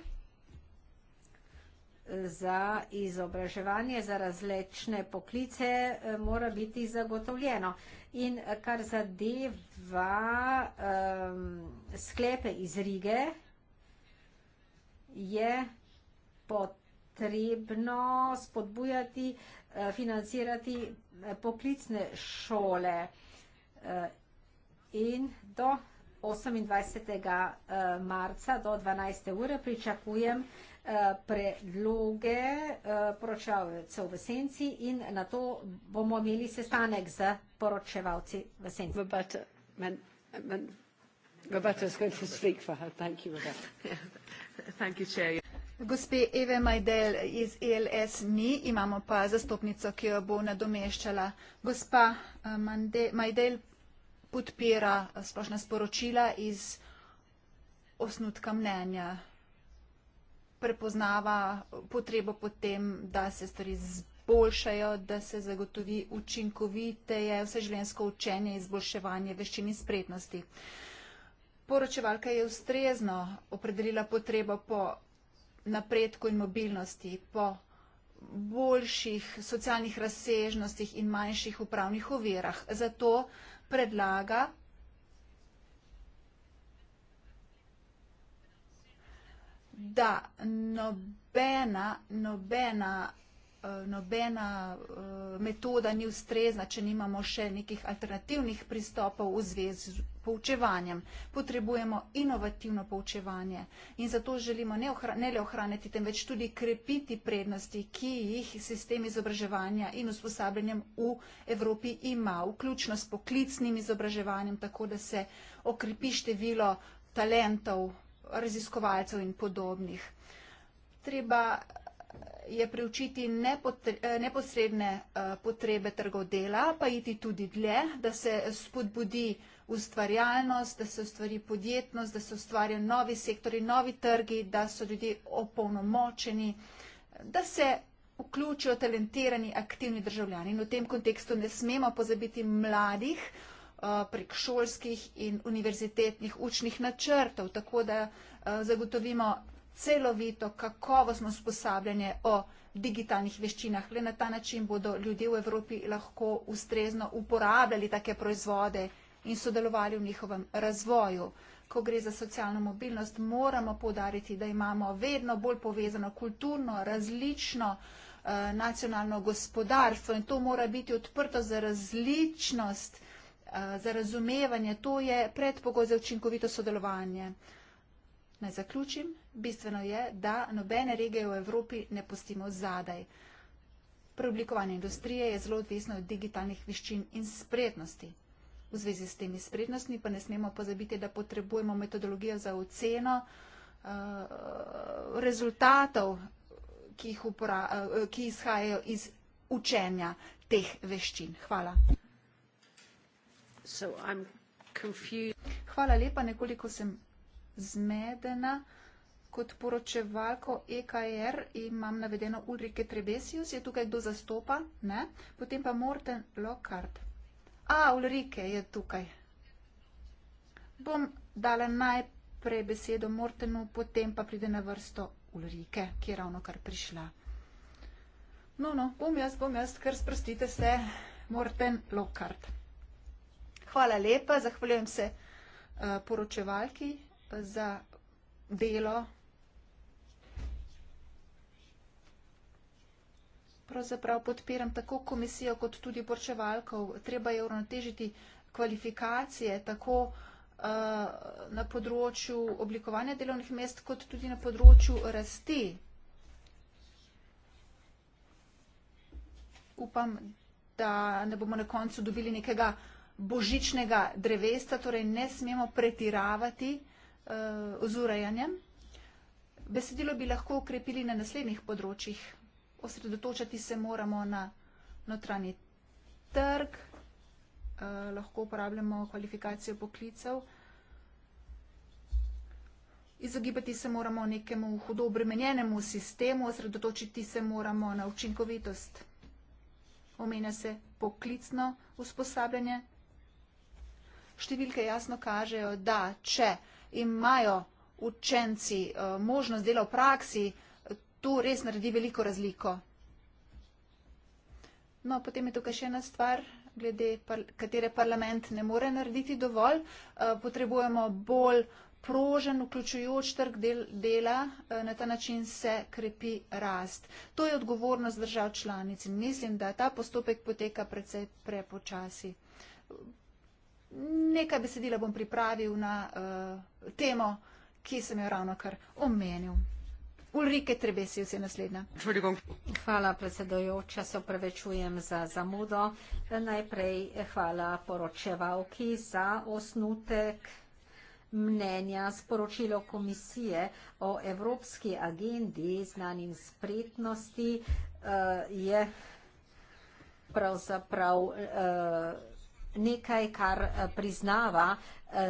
za izobraževanje, za različne poklice eh, mora biti zagotovljeno. In eh, kar zadeva um, sklepe iz Rige, je potrebno spodbujati, eh, financirati poklicne šole in do 28. marca do 12. ure pričakujem, Eh, predloge eh, poročevalcev v senci in na to bomo imeli sestanek z poročevalci v senci. Roberta bo govorila za njo. Hvala, Roberta. *laughs* Gospe Eve Majdel iz ELS ni, imamo pa zastopnico, ki jo bo nadomeščala. Gospa eh, Majdel podpira splošna sporočila iz osnutka mnenja prepoznava potrebo potem, da se stvari zboljšajo, da se zagotovi učinkoviteje vseživljenjsko učenje, izboljševanje veščin in spretnosti. Poročevalka je ustrezno opredelila potrebo po napredku in mobilnosti, po boljših socialnih razsežnostih in manjših upravnih ovirah. Zato predlaga da nobena, nobena, eh, nobena eh, metoda ni ustrezna, če nimamo še nekih alternativnih pristopov v zvezi z poučevanjem. Potrebujemo inovativno poučevanje in zato želimo ne, ohra, ne le ohraniti, temveč tudi krepiti prednosti, ki jih sistem izobraževanja in usposabljanjem v Evropi ima, vključno s poklicnim izobraževanjem, tako da se okrepi število talentov raziskovalcev in podobnih. Treba eh, je preučiti eh, neposredne eh, potrebe trgov dela, pa iti tudi dlje, da se spodbudi ustvarjalnost, da se ustvari podjetnost, da se ustvarjajo novi sektori, novi trgi, da so ljudje opolnomočeni, da se vključijo talentirani, aktivni državljani. In v tem kontekstu ne smemo pozabiti mladih, Eh, prek šolskih in univerzitetnih učnih načrtov, tako da eh, zagotovimo celovito kakovostno usposabljanje o digitalnih veščinah. Le na ta način bodo ljudje v Evropi lahko ustrezno uporabljali take proizvode in sodelovali v njihovem razvoju. Ko gre za socialno mobilnost, moramo podariti, da imamo vedno bolj povezano kulturno, različno eh, nacionalno gospodarstvo in to mora biti odprto za različnost eh, Eh, za razumevanje, to je predpogoj za učinkovito sodelovanje. Naj zaključim, bistveno je, da nobene regije v Evropi ne pustimo zadaj. Preoblikovanje industrije je zelo odvisno od digitalnih veščin in spretnosti. V zvezi s temi spretnostmi pa ne smemo pozabiti, da potrebujemo metodologijo za oceno uh, rezultatov, ki, upora, uh, ki izhajajo iz učenja teh veščin. Hvala. So I'm Hvala lepa, nekoliko sem zmedena. Kot poročevalko EKR imam navedeno Ulrike Trebesius, je tukaj kdo zastopa? Ne? Potem pa Morten Lockhart. A, Ulrike je tukaj. Bom dala najprej besedo Mortenu, potem pa pride na vrsto Ulrike, ki je ravno kar prišla. No, no, bom jaz, bom jaz, ker sprostite se, Morten Lockhart. Hvala lepa, zahvaljujem se eh, poročevalki eh, za delo. Pravzaprav podpiram tako komisijo, kot tudi poročevalkov. Treba je uravnotežiti kvalifikacije tako eh, na področju oblikovanja delovnih mest, kot tudi na področju rasti. Upam, da ne bomo na koncu dobili nekega božičnega drevesa, torej ne smemo pretiravati uh, z urejanjem. Besedilo bi lahko ukrepili na naslednjih področjih. Osredotočati se moramo na notranji trg, uh, lahko uporabljamo kvalifikacijo poklicev, izogibati se moramo nekemu hudo obremenjenemu sistemu, osredotočiti se moramo na učinkovitost. Omenja se poklicno usposabljanje, številke jasno kažejo, da če imajo učenci eh, možnost dela v praksi, to res naredi veliko razliko. No, potem je tukaj še ena stvar, glede par, katere parlament ne more narediti dovolj. Eh, potrebujemo bolj prožen, vključujoč trg del, dela, eh, na ta način se krepi rast. To je odgovornost držav članic in mislim, da ta postopek poteka precej prepočasi nekaj besedila bom pripravil na uh, temo, ki sem jo ravno kar omenil. Ulrike Trebesi, vse naslednja. Hvala, predsedojoča, se opravečujem za zamudo. Najprej eh, hvala poročevalki za osnutek mnenja sporočilo komisije o evropski agendi znanim spretnosti uh, je pravzaprav uh, nekaj, kar eh, priznava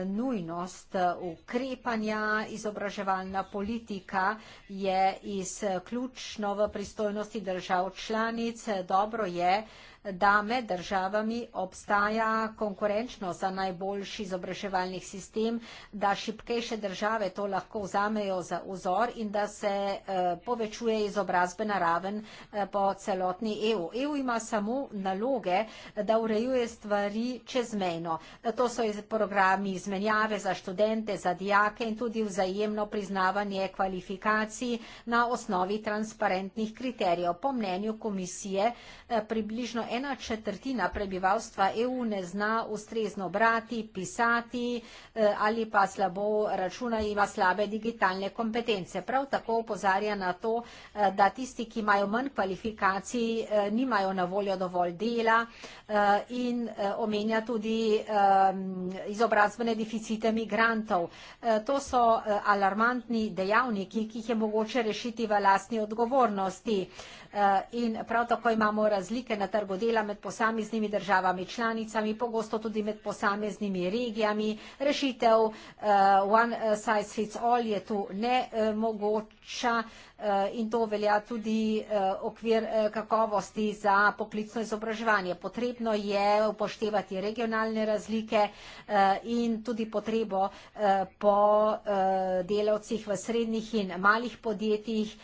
nujnost ukrepanja, izobraževalna politika je izključno v pristojnosti držav članic. Dobro je, da med državami obstaja konkurenčno za najboljši izobraževalni sistem, da šipkejše države to lahko vzamejo za vzor in da se eh, povečuje izobrazbena raven eh, po celotni EU. EU ima samo naloge, da urejuje stvari čezmejno. To so programi izmenjave za študente, za dijake in tudi vzajemno priznavanje kvalifikacij na osnovi transparentnih kriterijev. Po mnenju komisije eh, približno ena četrtina prebivalstva EU ne zna ustrezno brati, pisati eh, ali pa slabo računa in ima slabe digitalne kompetence. Prav tako opozarja na to, eh, da tisti, ki imajo manj kvalifikacij, nimajo na voljo dovolj dela in omenja tudi ehm, izobrazbe zdravstvene deficite migrantov. E, to so e, alarmantni dejavniki, ki jih je mogoče rešiti v lastni odgovornosti. Eh, in prav tako imamo razlike na trgu dela med posameznimi državami članicami, pogosto tudi med posameznimi regijami. Rešitev eh, one size fits all je tu nemogoča eh, in to velja tudi okvir kakovosti za poklicno izobraževanje. Potrebno je upoštevati regionalne razlike in tudi potrebo po delavcih v srednjih in malih podjetjih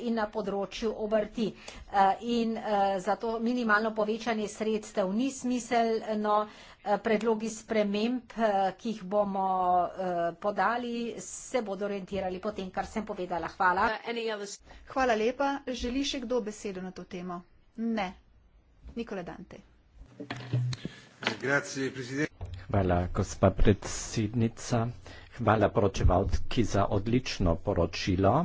in na področju obrti. Eh, in eh, zato minimalno povečanje sredstev ni smiselno. Eh, predlogi sprememb, ki jih bomo podali, se bodo orientirali potem, kar sem povedala. Hvala. Uh, Hvala lepa. Želi še kdo besedo na to temo? Ne. Nikola Dante. Hvala, gospa predsednica. Hvala poročevalki za odlično poročilo.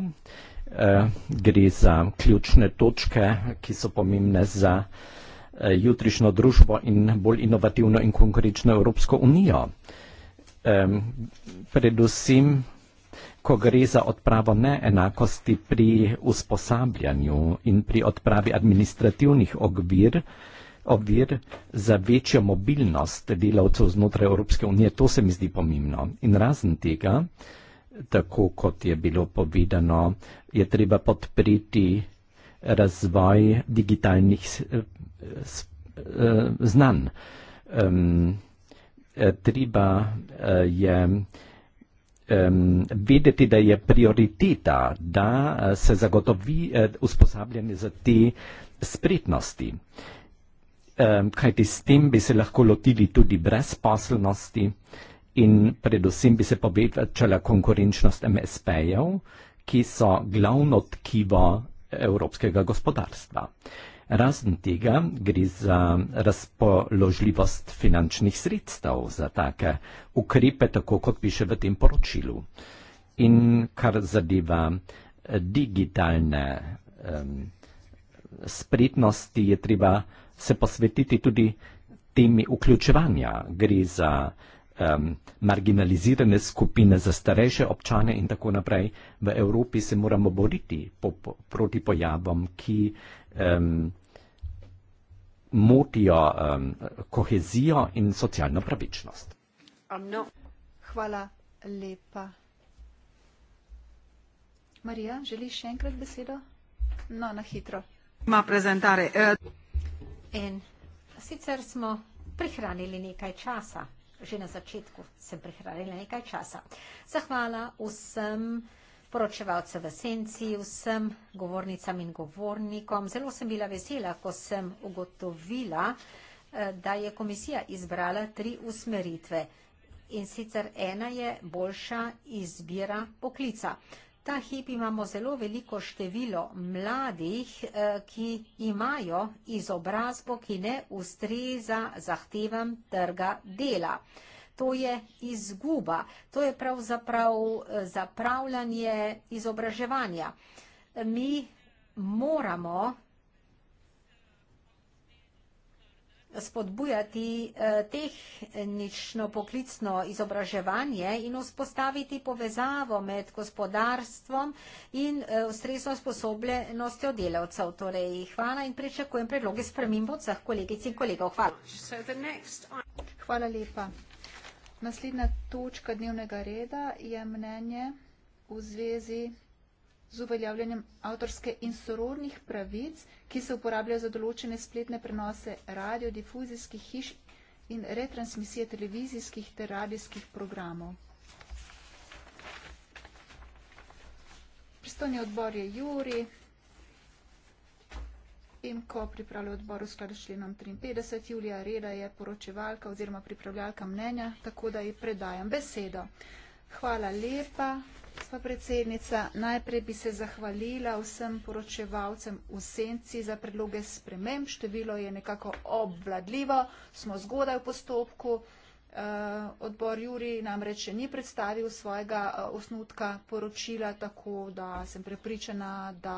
Eh, gre za ključne točke, ki so pomembne za eh, jutrišnjo družbo in bolj inovativno in konkurenčno Evropsko unijo. Predvsem, ko gre za odpravo neenakosti pri usposabljanju in pri odpravi administrativnih ogvir, ovir za večjo mobilnost delavcev znotraj Evropske unije, to se mi zdi pomembno. In razen tega, tako kot je bilo povedano, je treba podpriti razvoj digitalnih eh, eh, znanj. Um, treba je um, vedeti, da je prioriteta, da se zagotovi usposabljanje za te spretnosti. Um, kajti s tem bi se lahko lotili tudi brezposelnosti in predvsem bi se povečala konkurenčnost MSP-jev, ki so glavno tkivo evropskega gospodarstva. Razen tega gre za razpoložljivost finančnih sredstev za take ukrepe, tako kot piše v tem poročilu. In kar zadeva eh, digitalne um, spretnosti, je treba se posvetiti tudi temi vključevanja. Gre za um, marginalizirane skupine, za starejše občane in tako naprej. V Evropi se moramo boriti po, po, proti pojavom, ki um, motijo um, kohezijo in socialno pravičnost. Um, no. Hvala lepa. Marija, želiš še enkrat besedo? No, na hitro. Ma prezentare. Uh. Eh. In sicer smo prihranili nekaj časa že na začetku sem prihranila nekaj časa. Zahvala vsem poročevalcem v senci, vsem govornicam in govornikom. Zelo sem bila vesela, ko sem ugotovila, eh, da je komisija izbrala tri usmeritve. In sicer ena je boljša izbira poklica. Ta hip imamo zelo veliko število mladih, eh, ki imajo izobrazbo, ki ne ustreza zahtevam trga dela. To je izguba, to je pravzaprav eh, zapravljanje izobraževanja. Mi moramo spodbujati eh, tehnično poklicno izobraževanje in vzpostaviti povezavo med gospodarstvom in eh, ustrezno sposobljenostjo delavcev. Torej, hvala in pričakujem predloge spremimb od vseh kolegic in kolegov. Hvala. Hvala lepa. Naslednja točka dnevnega reda je mnenje v zvezi z uveljavljanjem avtorske in sorodnih pravic, ki se uporabljajo za določene spletne prenose radiodifuzijskih hiš in retransmisije televizijskih ter radijskih programov. Pristojni odbor je Juri, IMKO pripravlja odbor v skladu s členom 53, Julija Reda je poročevalka oziroma pripravljalka mnenja, tako da ji predajam besedo. Hvala lepa. Gospa predsednica, najprej bi se zahvalila vsem poročevalcem v senci za predloge sprememb. Število je nekako obvladljivo, smo zgodaj v postopku. Eh, odbor Juri namreč ni predstavil svojega eh, osnutka poročila, tako da sem prepričana, da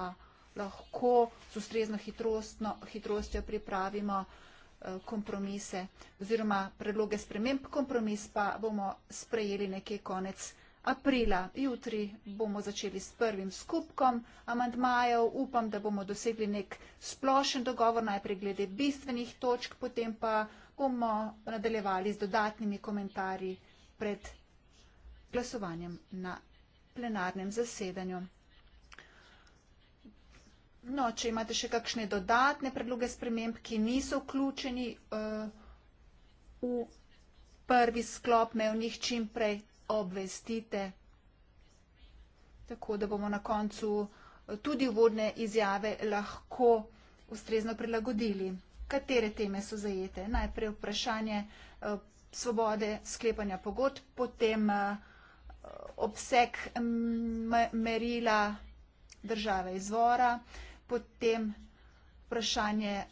lahko z ustrezno hitrostjo pripravimo eh, kompromise oziroma predloge sprememb. Kompromis pa bomo sprejeli nekje konec aprila. Jutri bomo začeli s prvim skupkom amantmajev. Upam, da bomo dosegli nek splošen dogovor, najprej glede bistvenih točk, potem pa bomo nadaljevali z dodatnimi komentarji pred glasovanjem na plenarnem zasedanju. No, če imate še kakšne dodatne predloge sprememb, ki niso vključeni uh, v prvi sklop, me v njih čim prej obvestite. Tako da bomo na koncu tudi vodne izjave lahko ustrezno prilagodili. Katere teme so zajete? Najprej vprašanje eh, svobode sklepanja pogod, potem eh, obseg merila države izvora, potem vprašanje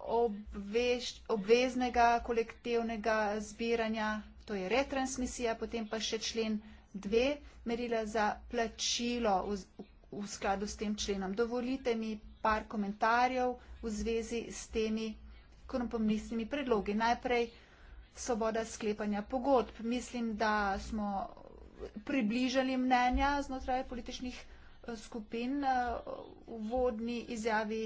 obveš, obveznega kolektivnega zbiranja to je retransmisija, potem pa še člen 2, merila za plačilo v, v skladu s tem členom. Dovolite mi par komentarjev v zvezi s temi krompomnistnimi predlogi. Najprej svoboda sklepanja pogodb. Mislim, da smo približali mnenja znotraj političnih eh, skupin eh, v vodni izjavi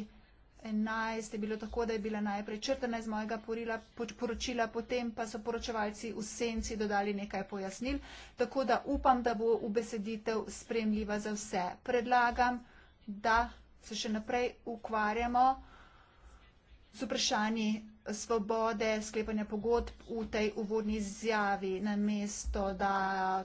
2011 je bilo tako, da je bila najprej črtana iz mojega porila, poročila, potem pa so poročevalci v senci dodali nekaj pojasnil, tako da upam, da bo ubeseditev spremljiva za vse. Predlagam, da se še naprej ukvarjamo z vprašanji svobode sklepanja pogodb v tej uvodni izjavi, na mesto, da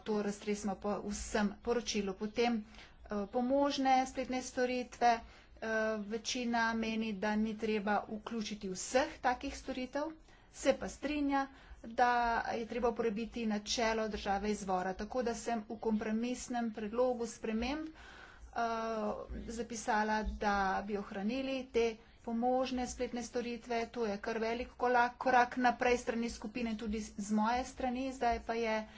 to raztresimo po vsem poročilu. Potem eh, pomožne spletne storitve. Eh, večina meni, da ni treba vključiti vseh takih storitev, se pa strinja, da je treba uporabiti načelo države izvora. Tako da sem v kompromisnem predlogu sprememb eh, zapisala, da bi ohranili te pomožne spletne storitve. To je kar velik korak naprej strani skupine, tudi z moje strani. Zdaj pa je uh,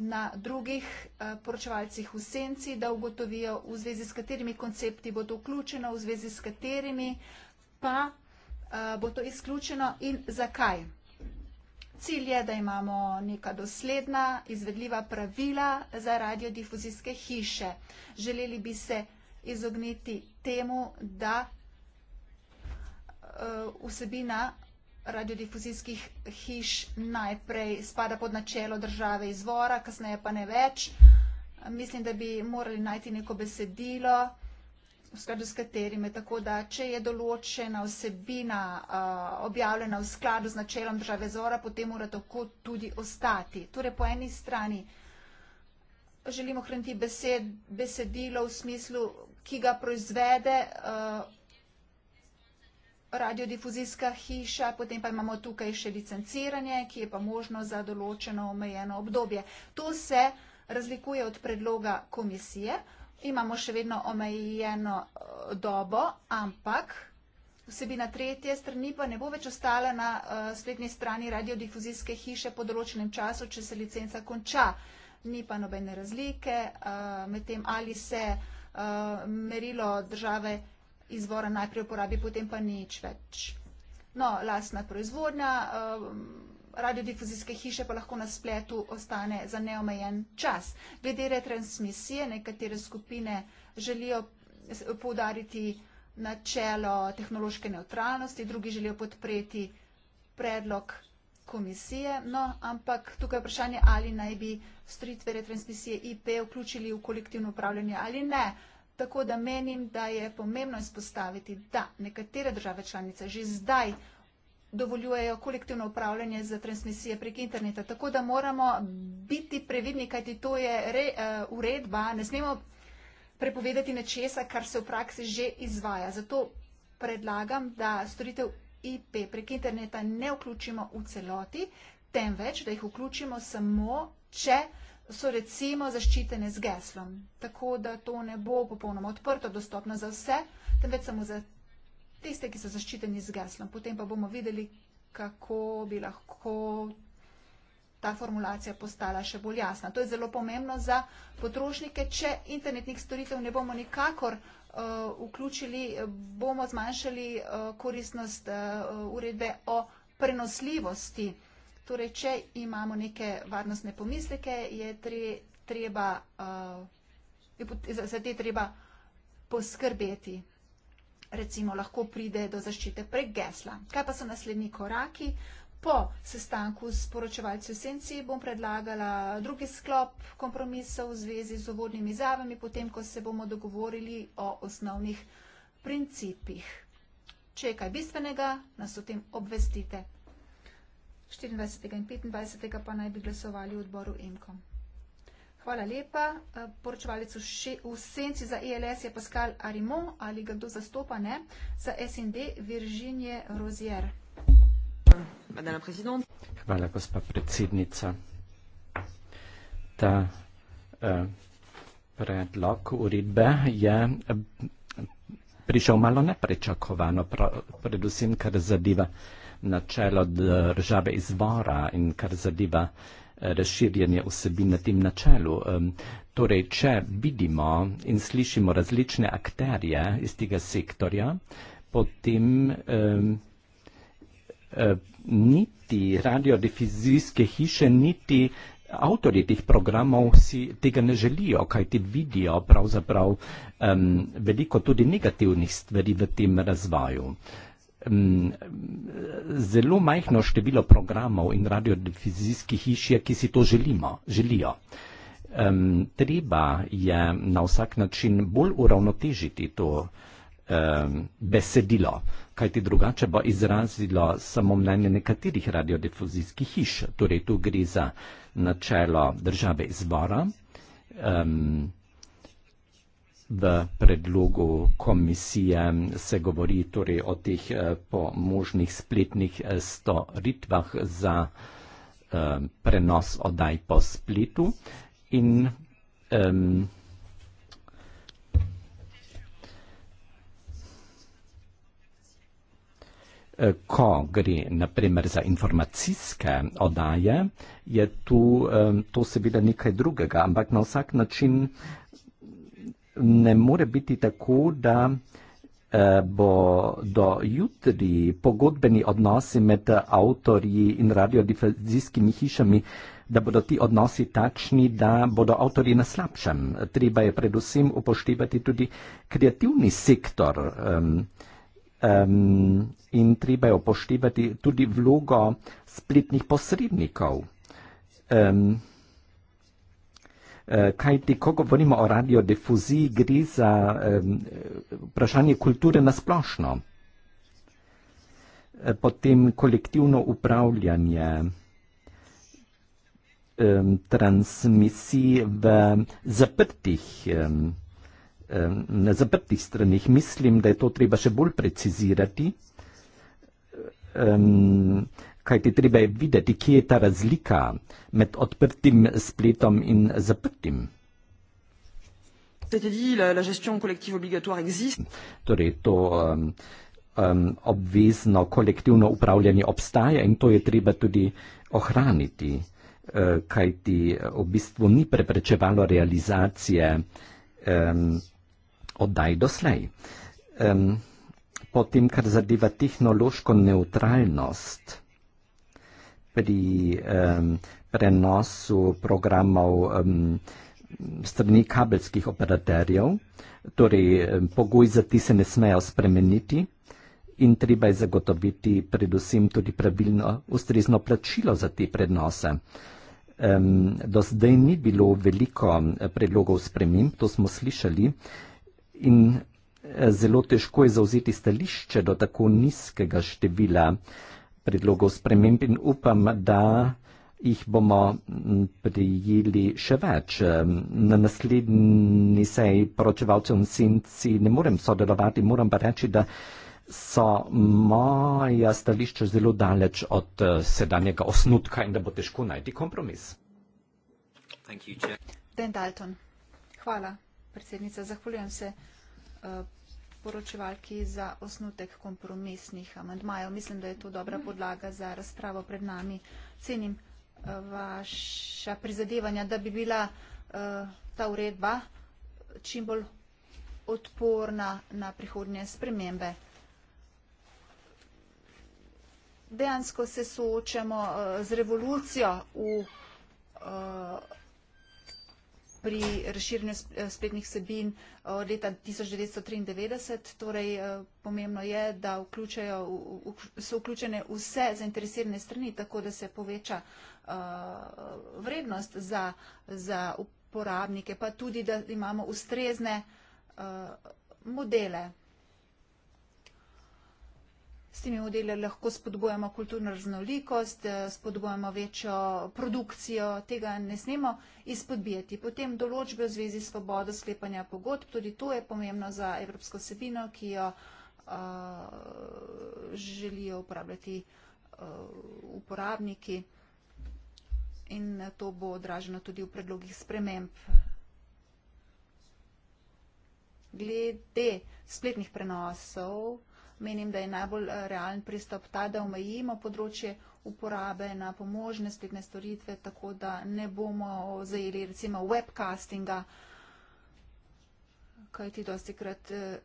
na drugih eh, poročevalcih v senci, da ugotovijo v zvezi s katerimi koncepti bo to vključeno, v zvezi s katerimi pa eh, bo to izključeno in zakaj. Cilj je, da imamo neka dosledna, izvedljiva pravila za radiodifuzijske hiše. Želeli bi se izogniti temu, da eh, vsebina radiodifuzijskih hiš najprej spada pod načelo države izvora, kasneje pa ne več. Mislim, da bi morali najti neko besedilo, v skladu s katerim je tako, da če je določena vsebina uh, objavljena v skladu z načelom države izvora, potem mora tako tudi ostati. Torej, po eni strani želimo hraniti besed, besedilo v smislu, ki ga proizvede. Uh, radiodifuzijska hiša, potem pa imamo tukaj še licenciranje, ki je pa možno za določeno omejeno obdobje. To se razlikuje od predloga komisije. Imamo še vedno omejeno eh, dobo, ampak vsebina tretje strani pa ne bo več ostala na uh, spletni strani radiodifuzijske hiše po določenem času, če se licenca konča. Ni pa nobene razlike uh, med tem, ali se uh, merilo države izvora najprej uporabi, potem pa nič več. No, lastna proizvodnja, um, radiodifuzijske hiše pa lahko na spletu ostane za neomejen čas. Glede retransmisije, nekatere skupine želijo poudariti načelo tehnološke neutralnosti, drugi želijo podpreti predlog komisije, no, ampak tukaj je vprašanje, ali naj bi stritve retransmisije IP vključili v kolektivno upravljanje ali ne. Tako da menim, da je pomembno izpostaviti, da nekatere države članice že zdaj dovoljujejo kolektivno upravljanje za transmisije prek interneta. Tako da moramo biti previdni, kajti to je re, uh, uredba. Ne smemo prepovedati nečesa, kar se v praksi že izvaja. Zato predlagam, da storitev IP prek interneta ne vključimo v celoti, temveč, da jih vključimo samo, če so recimo zaščitene z geslom, tako da to ne bo popolnoma odprto, dostopno za vse, temveč samo za tiste, ki so zaščiteni z geslom. Potem pa bomo videli, kako bi lahko ta formulacija postala še bolj jasna. To je zelo pomembno za potrošnike, če internetnih storitev ne bomo nikakor uh, vključili, bomo zmanjšali uh, koristnost uh, uredbe o prenosljivosti. Torej, če imamo neke varnostne pomisleke, je tre, treba, uh, je pot, za, za te treba poskrbeti. Recimo, lahko pride do zaščite prek gesla. Kaj pa so naslednji koraki? Po sestanku s poročevalci v senci bom predlagala drugi sklop kompromisov v zvezi z uvodnimi izjavami, potem, ko se bomo dogovorili o osnovnih principih. Če je kaj bistvenega, nas o tem obvestite. 24. in 25. pa naj bi glasovali v odboru EMKO. Hvala lepa. Eh, poročevalec v senci za ELS je Pascal Arimon ali ga kdo zastopa, ne? Za SND Virginije Rozier. Hvala, gospa predsednica. Ta eh, predlog uredbe je eh, prišel malo neprečakovano, predvsem kar zadeva načelo države izvora in kar zadeva eh, razširjanje vsebin na tem načelu. Torej, če vidimo in slišimo različne akterje iz tega sektorja, potem e, niti radiodifizijske hiše, niti avtori teh programov si tega ne želijo, kaj ti vidijo pravzaprav veliko tudi negativnih stvari v tem razvoju um, zelo majhno število programov in radiodifizijskih hiš je, ki si to želimo, želijo. Um, treba je na vsak način bolj uravnotežiti to um, besedilo, kajti drugače bo izrazilo samo mnenje nekaterih radiodifuzijskih hiš. Torej, tu gre za načelo države izvora. Um, v predlogu komisije se govori torej o teh eh, po možnih spletnih eh, storitvah za eh, prenos odaj po spletu in um, Ko gre naprimer za informacijske odaje, je tu, to seveda nekaj drugega, ampak na vsak način ne more biti tako, da eh, bo do jutri pogodbeni odnosi med avtorji in radiodifuzijskimi hišami, da bodo ti odnosi takšni, da bodo avtorji na slabšem. Treba je predvsem upoštevati tudi kreativni sektor um, um, in treba je upoštevati tudi vlogo spletnih posrednikov. Um, Eh, kajti, ko govorimo o radiodifuziji, gre za vprašanje kulture nasplošno, eh, potem kolektivno upravljanje transmisij v zaprtih, na zaprtih stranih. Mislim, da je to treba še bolj precizirati kajti treba je videti, kje je ta razlika med odprtim spletom in zaprtim. Torej, to um, um, obvezno kolektivno upravljanje obstaja in to je treba tudi ohraniti, uh, kajti uh, v bistvu ni preprečevalo realizacije um, oddaj doslej. Um, potem, kar zadeva tehnološko neutralnost pri um, prenosu programov um, strani kabelskih operaterjev, torej um, pogoj za ti se ne smejo spremeniti in treba je zagotoviti predvsem tudi pravilno ustrezno plačilo za te prenose. Um, do zdaj ni bilo veliko eh, predlogov sprememb, to smo slišali in eh, zelo težko je zauzeti stališče do tako nizkega števila predlogov sprememb in upam, da jih bomo prijeli še več. Na naslednji seji poročevalcev in senci ne morem sodelovati, moram pa reči, da so moja stališča zelo daleč od eh, sedanjega osnutka in da bo težko najti kompromis. Dan Dalton. Hvala, predsednica. Zahvaljujem se. Uh, poročevalki za osnutek kompromisnih amandmajev. Mislim, da je to dobra podlaga za razpravo pred nami. Cenim eh, vaša prizadevanja, da bi bila eh, ta uredba čim bolj odporna na prihodnje spremembe. Dejansko se soočamo eh, z revolucijo v pri razširjanju eh, spletnih sebin eh, od leta 1993. Torej, eh, pomembno je, da so vključene vse zainteresirane strani, tako da se poveča vrednost za, za uporabnike, pa tudi, da imamo ustrezne modele. S temi modeli lahko spodbujamo kulturno raznolikost, eh, spodbujamo večjo produkcijo, tega ne smemo izpodbijati. Potem določbe v zvezi s svobodo sklepanja pogodb, tudi to je pomembno za evropsko sebino, ki jo uh, želijo uporabljati uh, uporabniki in to bo odraženo tudi v predlogih sprememb. Glede spletnih prenosov, menim, da je najbolj eh, realen pristop ta, da omejimo področje uporabe na pomožne spletne storitve, tako da ne bomo zajeli recimo webcastinga, kajti dosti krat eh,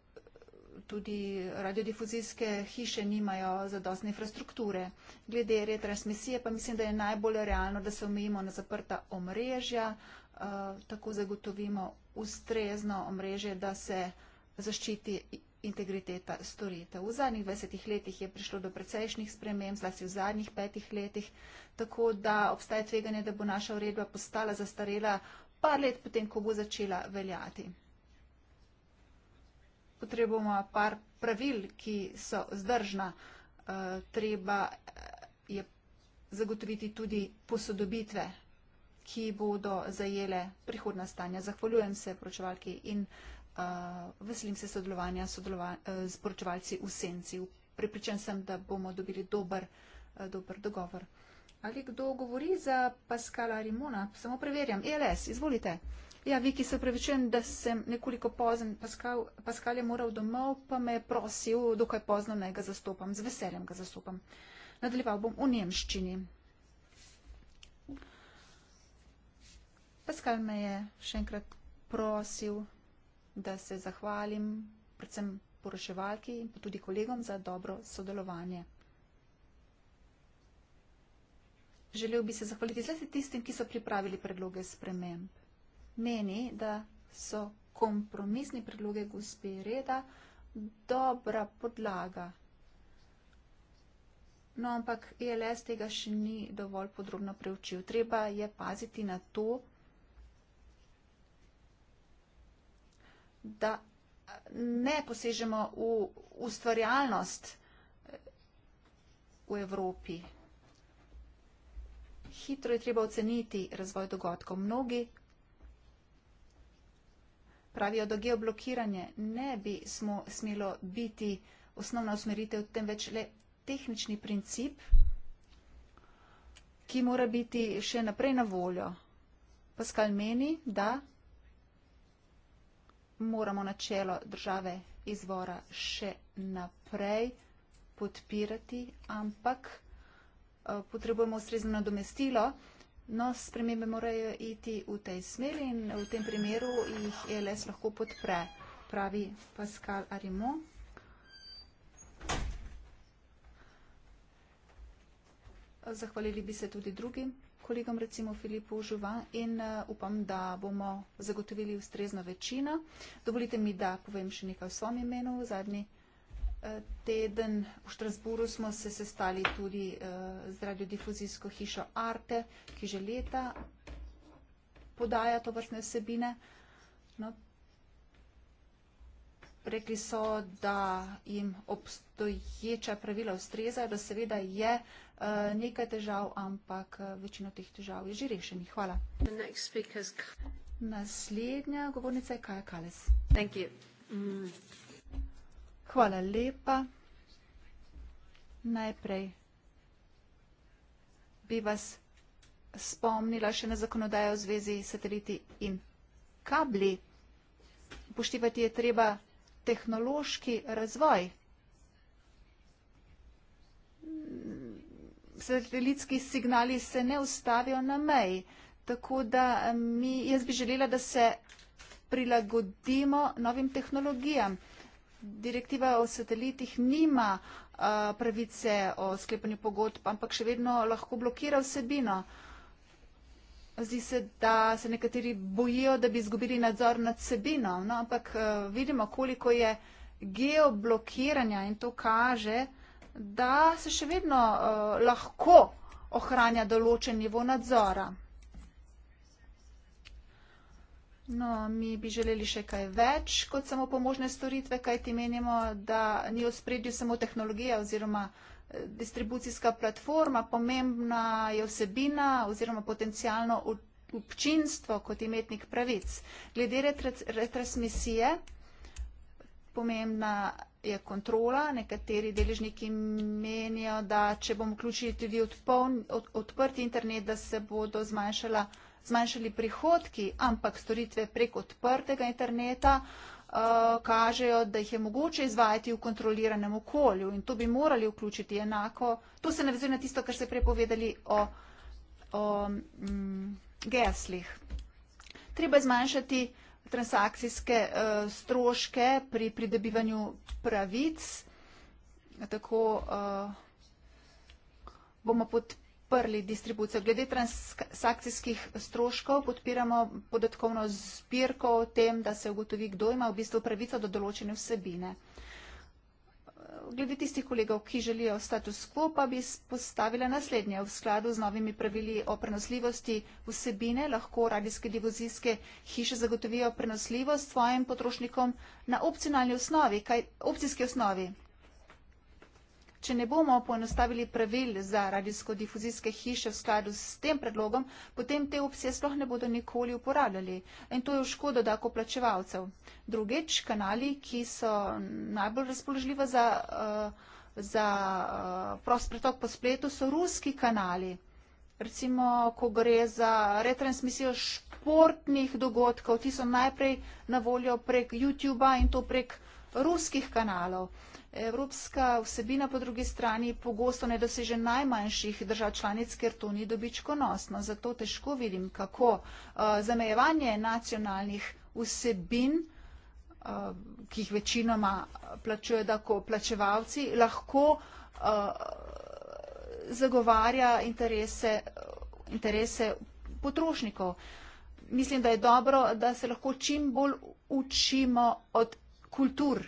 tudi radiodifuzijske hiše nimajo zadostne infrastrukture. Glede retransmisije pa mislim, da je najbolj realno, da se omejimo na zaprta omrežja, eh, tako zagotovimo ustrezno omrežje, da se zaščiti integriteta storitev. V zadnjih 20 letih je prišlo do precejšnjih sprememb, zlasti v zadnjih petih letih, tako da obstaja tveganje, da bo naša uredba postala zastarela par let potem, ko bo začela veljati. Potrebujemo par pravil, ki so zdržna. Eh, treba je zagotoviti tudi posodobitve, ki bodo zajele prihodna stanja. Zahvaljujem se pročevalki in uh, veselim se sodelovanja sodelova, uh, e, z poročevalci v senci. Pripričan sem, da bomo dobili dober, uh, dober dogovor. Ali kdo govori za Paskala Rimona? Samo preverjam. ELS, izvolite. Ja, vi, ki se upravičujem, da sem nekoliko pozen. Paskal, Paskal je moral domov, pa me je prosil, dokaj pozno naj ga zastopam. Z veseljem ga zastopam. Nadaljeval bom v Nemščini. Paskal me je še enkrat prosil, da se zahvalim predvsem poroševalki in pa tudi kolegom za dobro sodelovanje. Želel bi se zahvaliti zlasti tistim, ki so pripravili predloge sprememb. Meni, da so kompromisni predloge gospe Reda dobra podlaga. No, ampak ELS tega še ni dovolj podrobno preučil. Treba je paziti na to, da ne posežemo v ustvarjalnost v Evropi. Hitro je treba oceniti razvoj dogodkov. Mnogi pravijo, da geoblokiranje ne bi smo smelo biti osnovna usmeritev, temveč le tehnični princip, ki mora biti še naprej na voljo. Pascal meni, da moramo načelo države izvora še naprej podpirati, ampak eh, potrebujemo ustrezno nadomestilo, no spremembe morajo iti v tej smeri in v tem primeru jih ELS lahko podpre, pravi Pascal Arimont. Zahvalili bi se tudi drugim kolegom, recimo Filipu Žuvan in eh, upam, da bomo zagotovili ustrezno večino. Dovolite mi, da povem še nekaj o svom imenu. Zadnji eh, teden v Štrasburu smo se sestali tudi eh, z radiodifuzijsko hišo Arte, ki že leta podaja to vrstne vsebine. No, rekli so, da jim obstoječa pravila ustrezajo, da seveda je uh, Eh, nekaj težav, ampak eh, večino teh težav je že rešenih. Hvala. Naslednja govornica je Kaja Kales. Mm. Hvala lepa. Najprej bi vas spomnila še na zakonodajo v zvezi sateliti in kabli. Upoštivati je treba tehnološki razvoj. satelitski signali se ne ustavijo na meji. Tako da mi, jaz bi želela, da se prilagodimo novim tehnologijam. Direktiva o satelitih nima uh, pravice o sklepanju pogodb, ampak še vedno lahko blokira vsebino. Zdi se, da se nekateri bojijo, da bi izgubili nadzor nad vsebino, no, ampak uh, vidimo, koliko je geoblokiranja in to kaže, uh, da se še vedno uh, lahko ohranja določen nivo nadzora. No, mi bi želeli še kaj več kot samo pomožne storitve, kaj ti menimo, da ni v spredju samo tehnologija oziroma eh, distribucijska platforma, pomembna je osebina oziroma potencijalno občinstvo kot imetnik pravic. Glede retransmisije. Retr retr pomembna je kontrola. Nekateri deležniki menijo, da če bomo vključili tudi odpoln, od, odprti internet, da se bodo zmanjšala, zmanjšali prihodki, ampak storitve prek odprtega interneta eh, kažejo, da jih je mogoče izvajati v kontroliranem okolju in to bi morali vključiti enako. To se navezuje na tisto, kar ste prepovedali o, o mm, geslih. Treba je zmanjšati uh, transakcijske uh, stroške pri pridobivanju pravic. Tako uh, bomo podprli distribucijo. Glede transakcijskih stroškov podpiramo podatkovno zbirko o tem, da se ugotovi, kdo ima v bistvu pravico do določene vsebine. Uh, glede tistih kolegov, ki želijo status quo, pa bi postavila naslednje. V skladu z novimi pravili o prenosljivosti vsebine lahko radijske divozijske hiše zagotovijo prenosljivost svojim potrošnikom na opcionalni osnovi, kaj opcijski osnovi. Če ne bomo poenostavili pravil za radijsko-difuzijske hiše v skladu s tem predlogom, potem te opcije sploh ne bodo nikoli uporabljali in to je v škodo dako plačevalcev. Drugič, kanali, ki so najbolj razpoložljiva za, uh, za uh, prost pretok po spletu, so ruski kanali. Recimo, ko gre za retransmisijo športnih dogodkov, ti so najprej na voljo prek YouTube-a in to prek ruskih kanalov. Evropska vsebina po drugi strani pogosto ne doseže najmanjših držav članic, ker to ni dobičkonosno. Zato težko vidim, kako eh, zamejevanje nacionalnih vsebin, eh, ki jih večinoma plačujejo tako plačevalci, lahko eh, zagovarja interese, interese potrošnikov. Mislim, da je dobro, da se lahko čim bolj učimo od kultur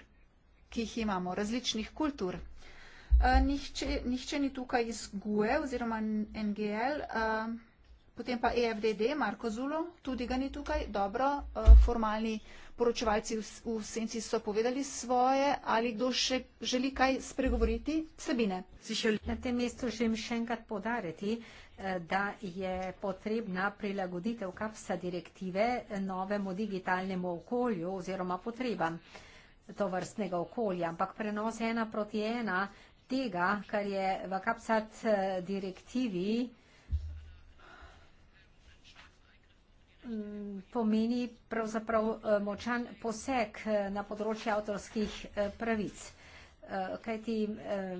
ki jih imamo, različnih kultur. Eh, nihče, nihče ni tukaj iz GUE oziroma NGL, eh, potem pa EFDD, Marko Zulo, tudi ga ni tukaj, dobro, eh, formalni poročevalci v senci so povedali svoje, ali kdo še želi kaj spregovoriti? Sabine. Na tem mestu želim še enkrat podariti, da je potrebna prilagoditev kapsa direktive novemu digitalnemu okolju oziroma potrebam to vrstnega okolja, ampak prenos ena proti ena tega, kar je v kapsat eh, direktivi, mm, pomeni pravzaprav eh, močan poseg eh, na področje avtorskih pravic. Eh, kajti eh,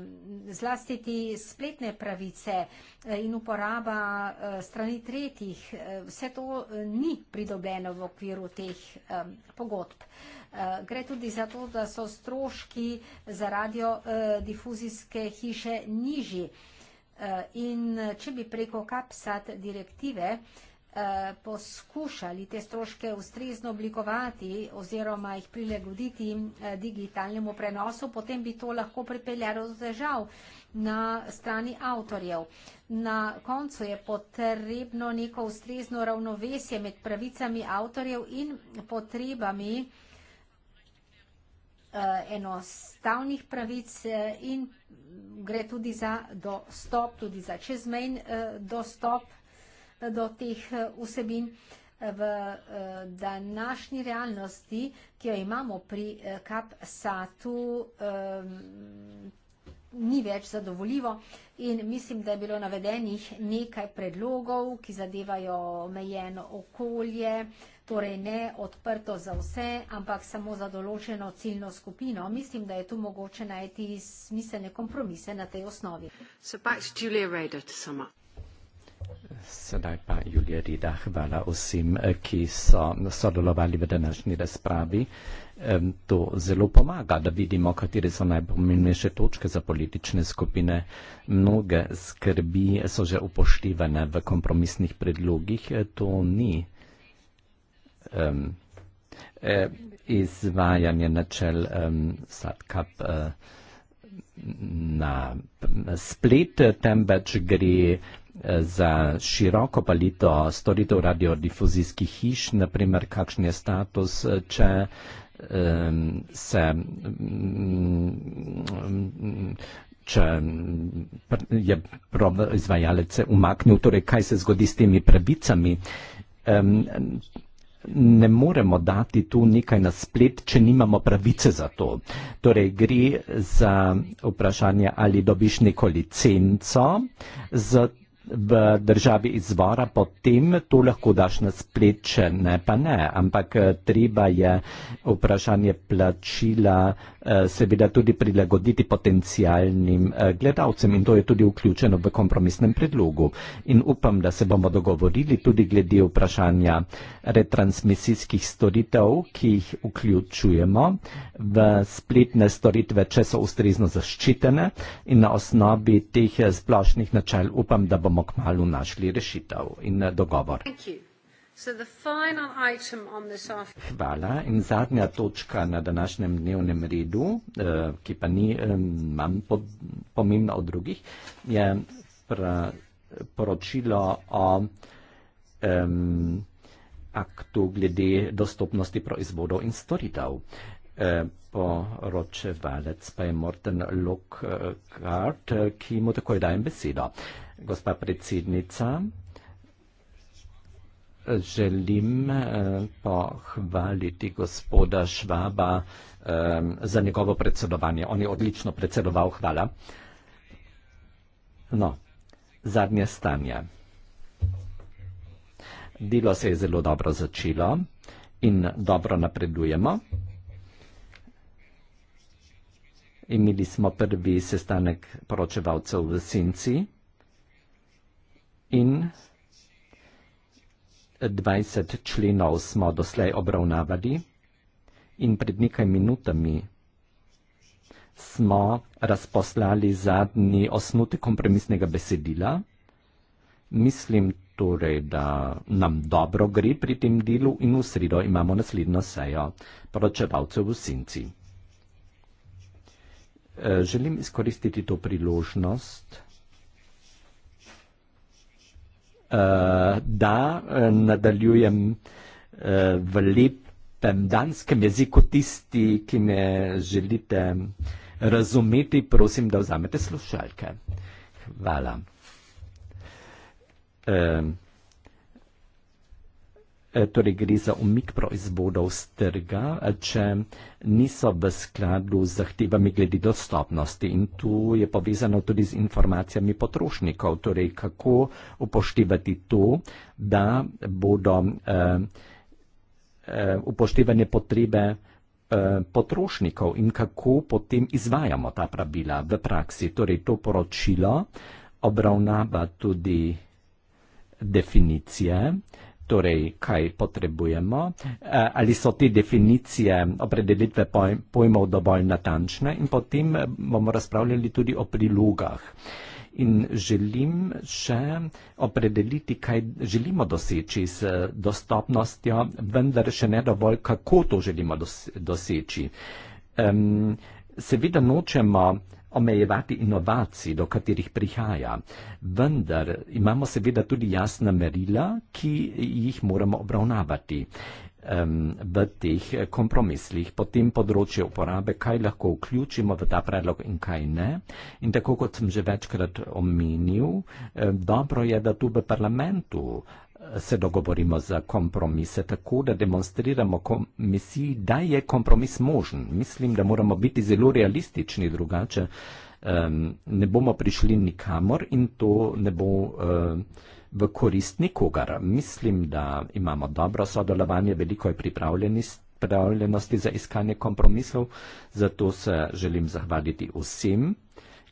zlasti ti spletne pravice eh, in uporaba strani tretjih, vse to ni pridobljeno v okviru teh pogodb. Gre tudi za to, da so stroški za radiodifuzijske hiše nižji in če bi preko kapsat direktive vsega, Eh, poskušali te stroške ustrezno oblikovati oziroma jih prilagoditi eh, digitalnemu prenosu, potem bi to lahko pripeljalo do težav na strani avtorjev. Na koncu je potrebno neko ustrezno ravnovesje med pravicami avtorjev in potrebami eh, enostavnih pravic in gre tudi za dostop, tudi za čezmejn dostop do teh eh, vsebin. Eh, v eh, današnji realnosti, ki jo imamo pri Kapsatu, ehm, ni več zadovoljivo in mislim, da je bilo navedenih nekaj predlogov, ki zadevajo omejeno okolje, torej ne odprto za vse, ampak samo za določeno ciljno skupino. Mislim, da je tu mogoče najti smiselne kompromise na tej osnovi. So back to Julia Rader to sum up. Sedaj pa Julija Rida, hvala vsem, ki so sodelovali v današnji razpravi. To zelo pomaga, da vidimo, katere so najpomembnejše točke za politične skupine. Mnoge skrbi so že upoštevane v kompromisnih predlogih. E, to ni e, izvajanje načel SATKAP na splet, temveč gre za široko palito storitev radiodifuzijskih hiš, naprimer kakšen je status, če se mm, če mm, je izvajalec umaknil, torej kaj se zgodi s temi prebicami. Ne moremo dati tu nekaj na splet, če nimamo pravice za to. Torej gre za vprašanje, ali dobiš neko licenco za to, v državi izvora, potem to lahko daš na splet, če ne pa ne. Ampak eh, treba je vprašanje plačila Eh, seveda tudi prilagoditi potencijalnim eh, gledalcem in to je tudi vključeno v kompromisnem predlogu. In upam, da se bomo dogovorili tudi glede vprašanja retransmisijskih storitev, ki jih vključujemo v spletne storitve, če so ustrezno zaščitene in na osnovi teh eh, splošnih načel upam, da bomo kmalo našli rešitev in dogovor. Thank you. Hvala. In zadnja točka na današnjem dnevnem redu, eh, ki pa ni eh, manj pomembna od drugih, je poročilo o um, aktu glede dostopnosti proizvodov in storitev. Eh, poročevalec pa je Morten Lockhart, ki mu takoj dajem besedo. Gospa predsednica, želim eh, pohvaliti gospoda Švaba eh, za njegovo predsedovanje. On je odlično predsedoval, hvala. No, zadnje stanje. Delo se je zelo dobro začelo in dobro napredujemo. Imeli smo prvi sestanek poročevalcev v Sinci in 20 členov smo doslej obravnavali in pred nekaj minutami smo razposlali zadnji osnutek kompromisnega besedila. Mislim torej, da nam dobro gre pri tem delu in v sredo imamo naslednjo sejo poročevalcev v Sinci. Eh, želim izkoristiti to priložnost Uh, da, eh, nadaljujem uh, v lepem danskem jeziku. Tisti, ki me želite razumeti, prosim, da vzamete slušalke. Hvala. Uh, Eh, torej gre za umik proizvodov z trga, eh, če niso v skladu z zahtevami glede dostopnosti. In tu je povezano tudi z informacijami potrošnikov, torej kako upoštevati to, da bodo uh, uh, upoštevane potrebe potrošnikov in kako potem izvajamo ta pravila v praksi. Torej, to poročilo obravnava tudi definicije, torej kaj potrebujemo, e, ali so te definicije opredelitve pojmov dovolj natančne in potem e, bomo razpravljali tudi o prilogah. In želim še opredeliti, kaj želimo doseči z e, dostopnostjo, vendar še ne dovolj, kako to želimo doseči. Seveda nočemo omejevati inovacij, do katerih prihaja, vendar imamo seveda tudi jasna merila, ki jih moramo obravnavati v teh kompromislih, potem področje uporabe, kaj lahko vključimo v ta predlog in kaj ne. In tako kot sem že večkrat omenil, dobro je, da tu v parlamentu se dogovorimo za kompromise, tako da demonstriramo komisiji, da je kompromis možen. Mislim, da moramo biti zelo realistični, drugače um, ne bomo prišli nikamor in to ne bo um, v korist nikogar. Mislim, da imamo dobro sodelovanje, veliko je pripravljenosti za iskanje kompromisov, zato se želim zahvaliti vsem,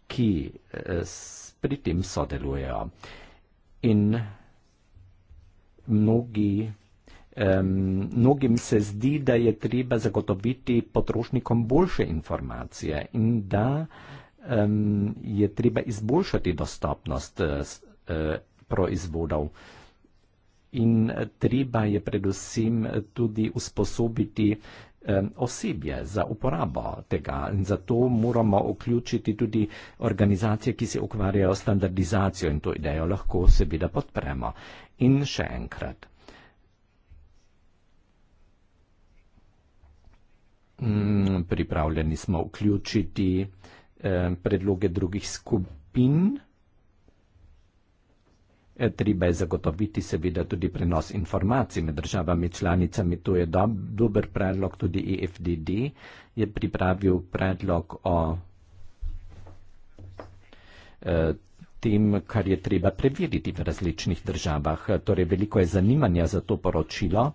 ki uh, s, pri tem sodelujejo. In mnogi, um, mnogim se zdi, da je treba zagotoviti potrošnikom boljše informacije in da um, je treba izboljšati dostopnost uh, proizvodov. In eh, treba je predvsem tudi usposobiti osebje za uporabo tega. In zato moramo vključiti tudi organizacije, ki se ukvarjajo s standardizacijo in to idejo lahko seveda podpremo. In še enkrat. Mm, pripravljeni smo vključiti eh, predloge drugih skupin. Eh, treba je zagotoviti seveda tudi prenos informacij med državami članicami. To je dober predlog, tudi EFDD je pripravil predlog o eh, tem, kar je treba preveriti v različnih državah. Torej, veliko je zanimanja za to poročilo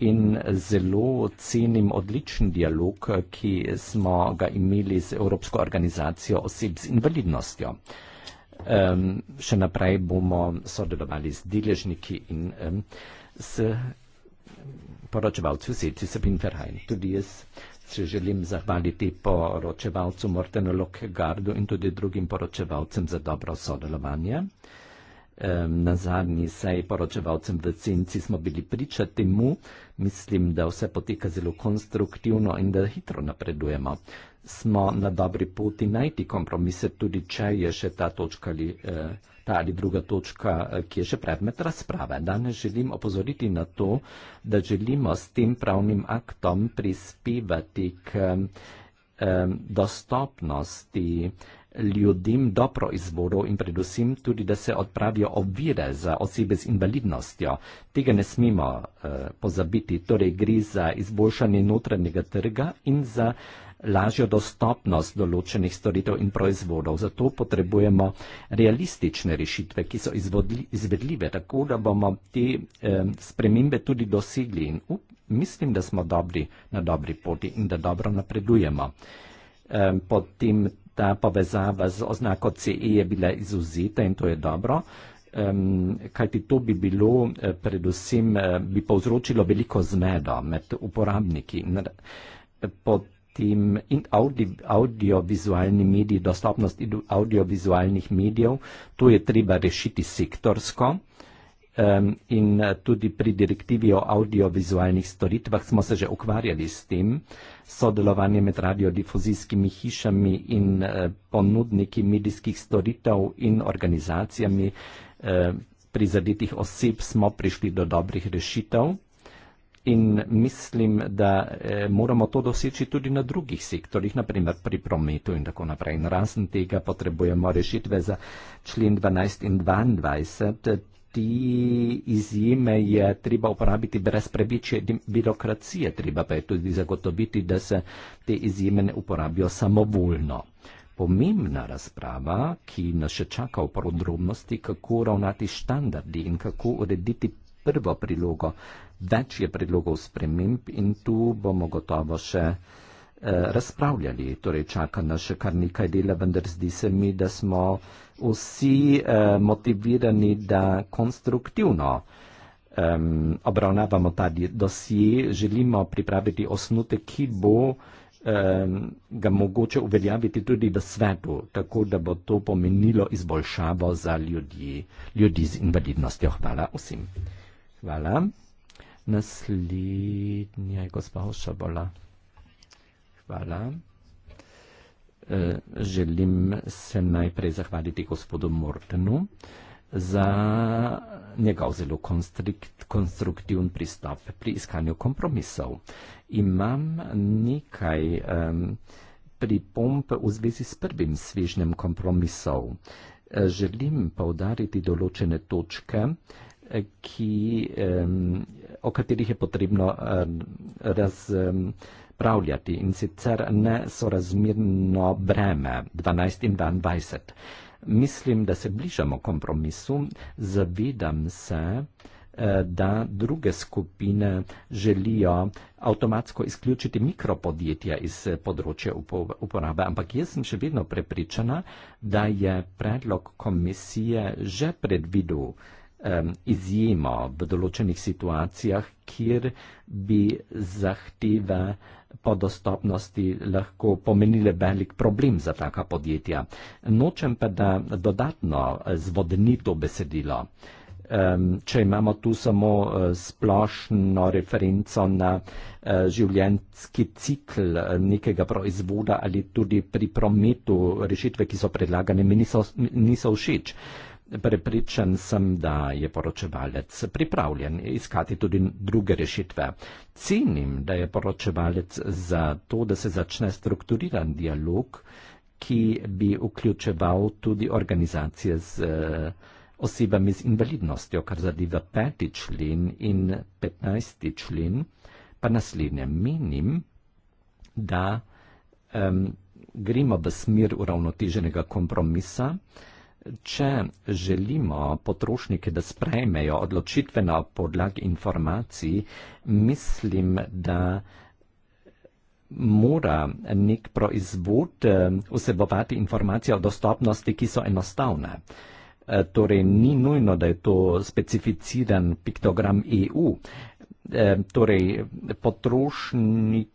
in zelo cenim odličen dialog, ki smo ga imeli z Evropsko organizacijo oseb z invalidnostjo. Um, še naprej bomo sodelovali z deležniki in um, s poročevalci v Zetju Sabin Verhajn. Tudi jaz se želim zahvaliti poročevalcu Mortenu Lockegardu in tudi drugim poročevalcem za dobro sodelovanje. Na zadnji seji poročevalcem v Cinci smo bili priča temu, mislim, da vse poteka zelo konstruktivno in da hitro napredujemo. Smo na dobri poti najti kompromise, tudi če je še ta točka ali eh, ta ali druga točka, eh, ki je že predmet razprave. Danes želim opozoriti na to, da želimo s tem pravnim aktom prispevati k dostopnosti ljudem do proizvodov in predvsem tudi, da se odpravijo ovire za osebe z invalidnostjo. Tega ne smemo uh, pozabiti. Torej gre za izboljšanje notranjega trga in za uh, lažjo dostopnost določenih storitev in proizvodov. Zato potrebujemo realistične rešitve, ki so izvodli, izvedljive, tako da bomo te eh, spremembe tudi dosegli in up, mislim, da smo dobri na dobri poti in da dobro napredujemo. Eh, potem ta povezava z oznako CE je bila izuzeta in to je dobro. Um, kajti to bi bilo eh, predvsem, eh, bi povzročilo veliko zmedo med uporabniki. Eh, pod, tem in audi, audiovizualni mediji, dostopnost audiovizualnih medijev, to je treba rešiti sektorsko. In tudi pri direktivi o audiovizualnih storitvah smo se že ukvarjali s tem, sodelovanje med radiodifuzijskimi hišami in eh, ponudniki medijskih storitev in organizacijami eh, prizadetih oseb smo prišli do dobrih rešitev. In mislim, da eh, moramo to doseči tudi na drugih sektorjih, naprimer pri prometu in tako naprej. In razen tega potrebujemo rešitve za člen 12 in 22. Ti izjeme je treba uporabiti brez prebiče birokracije. Treba pa je tudi zagotoviti, da se te izjeme ne uporabijo samovoljno. Pomembna razprava, ki nas še čaka v podrobnosti, kako ravnati s standardi in kako urediti prvo prilogo več je predlogov sprememb in tu bomo gotovo še eh, razpravljali. Torej čaka nas še kar nekaj dela, vendar zdi se mi, da smo vsi eh, motivirani, da konstruktivno eh, obravnavamo ta dosje, želimo pripraviti osnutek, ki bo eh, ga mogoče uveljaviti tudi v svetu, tako da bo to pomenilo izboljšavo za ljudi, ljudi z invalidnostjo. Hvala vsem. Hvala naslednja je gospa Hoša Bola. Hvala. E, želim se najprej zahvaliti gospodu Mortenu za njegov zelo konstruktiven pristop pri iskanju kompromisov. Imam nekaj um, pripomp v zvezi s prvim svežnjem kompromisov. E, želim poudariti določene točke, ki um, o katerih je potrebno razpravljati in sicer nesorazmerno breme 12 in 22. Mislim, da se bližamo kompromisu, zavedam se, eh, da druge skupine želijo avtomatsko izključiti mikropodjetja iz eh, področja uporabe, ampak jaz sem še vedno prepričana, da je predlog komisije že predvidel, izjemo v določenih situacijah, kjer bi zahteve po dostopnosti lahko pomenile velik problem za taka podjetja. Nočem pa, da dodatno zvodni to besedilo. Če imamo tu samo e, splošno referenco na e, življenjski cikl e, nekega proizvoda ali tudi pri prometu rešitve, ki so predlagane, mi niso, niso všeč. Prepričan sem, da je poročevalec pripravljen iskati tudi druge rešitve. Cenim, da je poročevalec za to, da se začne strukturiran dialog, ki bi vključeval tudi organizacije z eh, osebami z invalidnostjo, kar zadeva peti člen in petnajsti člen, pa naslednje menim, da um, gremo v smer uravnoteženega kompromisa, uh, če želimo potrošnike, da sprejmejo odločitve na podlagi informacij, mislim, da mora nek proizvod eh, vsebovati informacije o dostopnosti, ki so enostavne. Eh, torej, ni nujno, da je to specificiran piktogram EU. Eh, torej, potrošnik,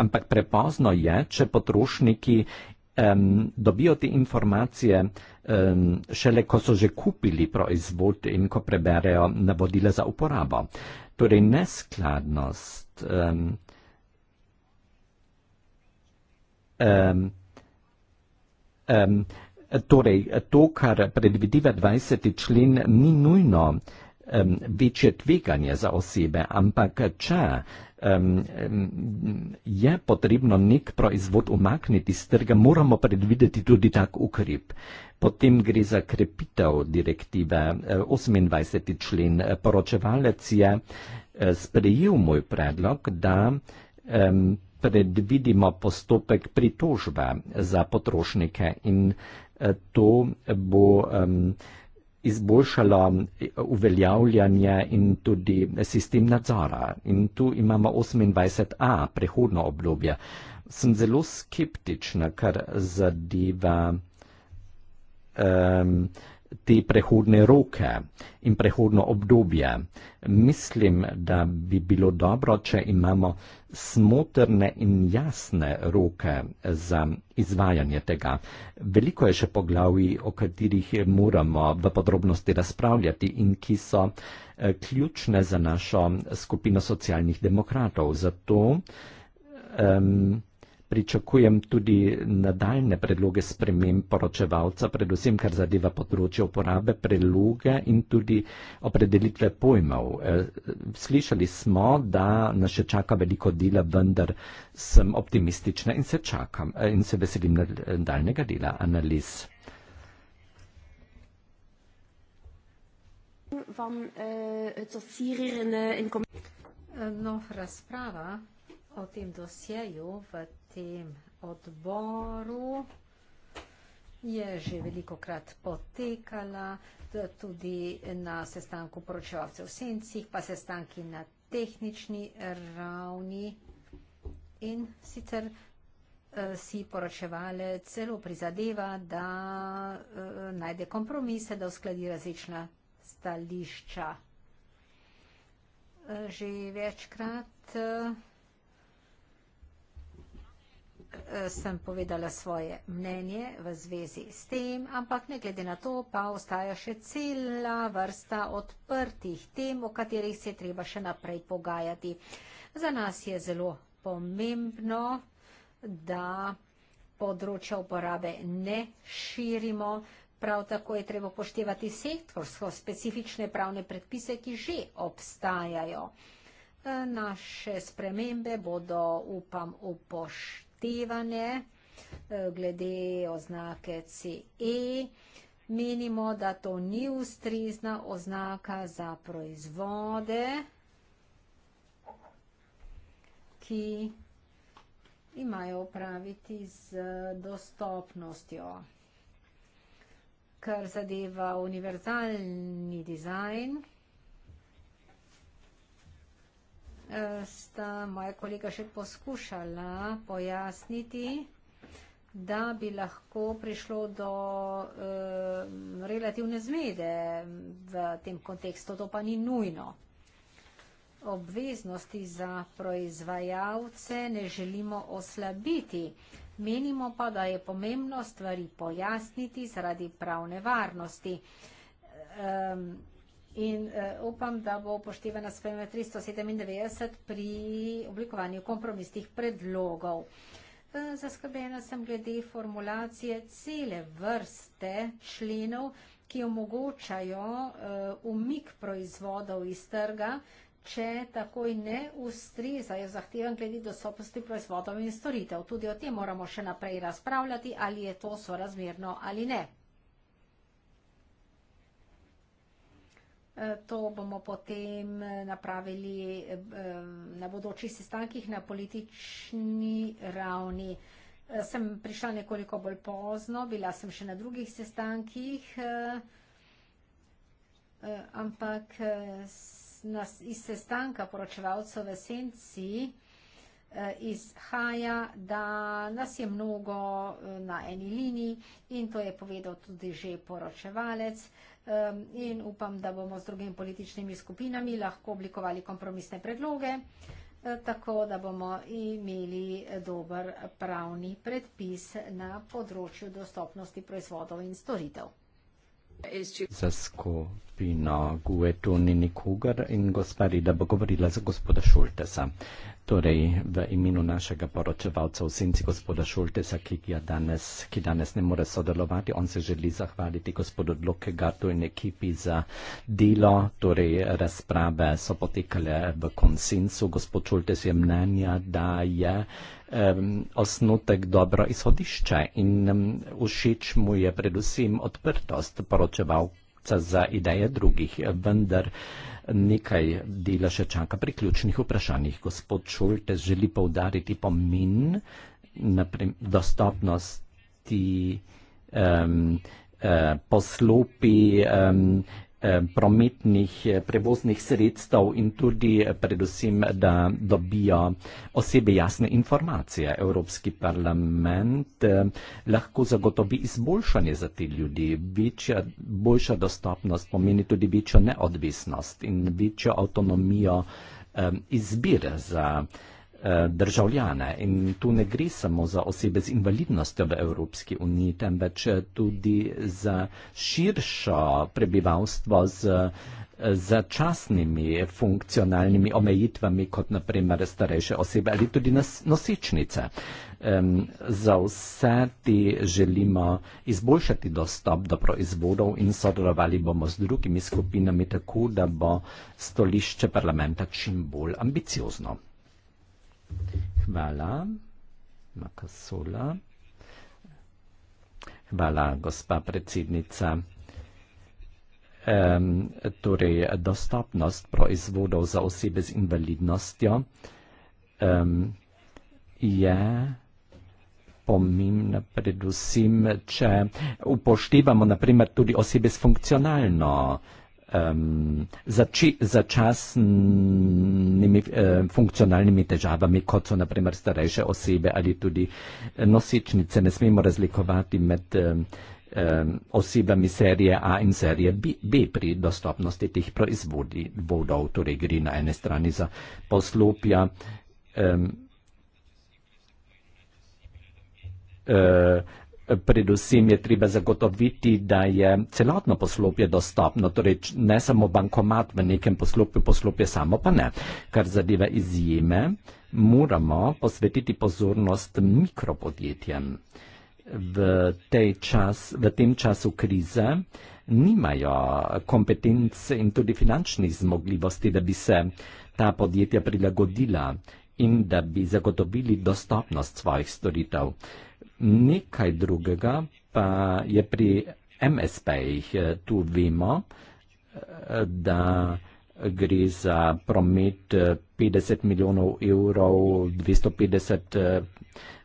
ampak prepozno je, če potrošniki um, dobijo te informacije, um, šele ko so že kupili proizvod in ko preberejo navodila za uporabo. Torej, neskladnost. Um, um, um, torej, to, kar predvideva 20. člen, ni nujno um, večje tveganje za osebe, ampak če um, je potrebno nek proizvod umakniti iz trga, moramo predvideti tudi tak ukrep. Potem gre za krepitev direktive 28. E, člen. Poročevalec je e, sprejel moj predlog, da um, predvidimo postopek pritožbe za potrošnike in e, to bo um, izboljšalo eh, uveljavljanje in tudi sistem nadzora. In tu imamo 28a, prehodno obdobje. Sem zelo skeptična, kar zadeva um, te prehodne roke in prehodno obdobje. Mislim, da bi bilo dobro, če imamo smotrne in jasne roke za izvajanje tega. Veliko je še poglavji, o katerih moramo v podrobnosti razpravljati in ki so eh, ključne za našo skupino socialnih demokratov. Zato um, Pričakujem tudi nadaljne predloge spremem poročevalca, predvsem kar zadeva področje uporabe preloga in tudi opredelitve pojmov. E, slišali smo, da nas še čaka veliko dela, vendar sem optimistična in se čakam e, in se veselim nadaljnega dela analiz. E, no, razprava o tem dosjeju v tem odboru je že veliko krat potekala, tudi na sestanku poročevalcev v Sencih, pa sestanki na tehnični ravni in sicer eh, si poročevale celo prizadeva, da eh, najde kompromise, da uskladi različna stališča. Eh, že večkrat Eh, sem povedala svoje mnenje v zvezi s tem, ampak ne glede na to pa ostaja še cela vrsta odprtih tem, o katerih se treba še naprej pogajati. Za nas je zelo pomembno, da področja uporabe ne širimo, prav tako je treba poštevati sektorsko specifične pravne predpise, ki že obstajajo. Eh, naše spremembe bodo, upam, upoštevati zahtevanje eh, glede oznake CE. Menimo, da to ni ustrezna oznaka za proizvode, ki imajo upraviti z dostopnostjo. Kar zadeva univerzalni dizajn, sta moja kolega še poskušala pojasniti, da bi lahko prišlo do eh, relativne zmede v tem kontekstu, to pa ni nujno. Obveznosti za proizvajalce ne želimo oslabiti. Menimo pa, da je pomembno stvari pojasniti zaradi pravne varnosti. Ehm, in eh, upam, da bo upoštevana spremlja 397 pri oblikovanju kompromisnih predlogov. Eh, zaskrbljena sem glede formulacije cele vrste členov, ki omogočajo eh, umik proizvodov iz trga, če takoj ne ustrezajo zahtevan glede dostopnosti proizvodov in storitev. Tudi o tem moramo še naprej razpravljati, ali je to sorazmerno ali ne. Eh, to bomo potem eh, napravili eh, na bodočih sestankih na politični ravni. Sem prišla nekoliko bolj pozno, bila sem še na drugih sestankih, ampak iz sestanka poročevalcev v Senci Eh, izhaja, da nas je mnogo eh, na eni liniji in to je povedal tudi že poročevalec eh, in upam, da bomo s drugimi političnimi skupinami lahko oblikovali kompromisne predloge, tako da bomo imeli dober pravni predpis na področju dostopnosti proizvodov in storitev za skupino Guetu Nini Kugar in gospari, da bo govorila za gospoda Šultesa. Torej, v imenu našega poročevalca v senci gospoda Šultesa, ki, danes, ki danes ne more sodelovati, on se želi zahvaliti gospodu Dlokegatu in ekipi za delo. Torej, razprave so potekale v konsensu. Gospod Šultes je mnenja, da je um, osnutek dobro izhodišče in um, všeč mu je predvsem odprtost poročevalca za ideje drugih, vendar nekaj dela še čaka pri ključnih vprašanjih. Gospod Šulte želi povdariti pomen dostopnosti um, uh, poslopi. Um, Eh, prometnih eh, prevoznih sredstev in tudi eh, predvsem, da dobijo osebe jasne informacije. Evropski parlament lahko zagotovi izboljšanje za te ljudi. Večja, boljša dostopnost pomeni tudi večjo neodvisnost in večjo avtonomijo izbire za Eh, državljane. In tu ne gre samo za osebe z invalidnostjo v Evropski uniji, temveč tudi za širšo prebivalstvo z eh, začasnimi funkcionalnimi omejitvami, kot naprimer starejše osebe ali tudi nosečnice. Za vse ti želimo izboljšati dostop do proizvodov in sodelovali bomo z drugimi skupinami tako, da bo stolišče parlamenta čim bolj ambiciozno. Hvala, Makasola. Hvala, gospa predsednica. Um, torej, dostopnost proizvodov za osebe z invalidnostjo um, je pomembna predvsem, če upoštevamo naprimer tudi osebe s funkcionalno uh, um, zači, začasnimi um, funkcionalnimi težavami, kot so naprimer starejše osebe ali tudi nosečnice. Ne smemo razlikovati med um, um, osebami serije A in serije B, B pri dostopnosti teh proizvodov. Torej gre na ene strani za poslopja. Um, Predvsem je treba zagotoviti, da je celotno poslopje dostopno, torej ne samo bankomat v nekem poslopju, poslopje samo pa ne. Kar zadeva izjeme, moramo posvetiti pozornost mikropodjetjem. V, čas, v tem času krize nimajo kompetence in tudi finančnih zmogljivosti, da bi se ta podjetja prilagodila in da bi zagotovili dostopnost svojih storitev. Nekaj drugega pa je pri MSP-jih. Tu vemo, da gre za promet 50 milijonov evrov, 250 eh,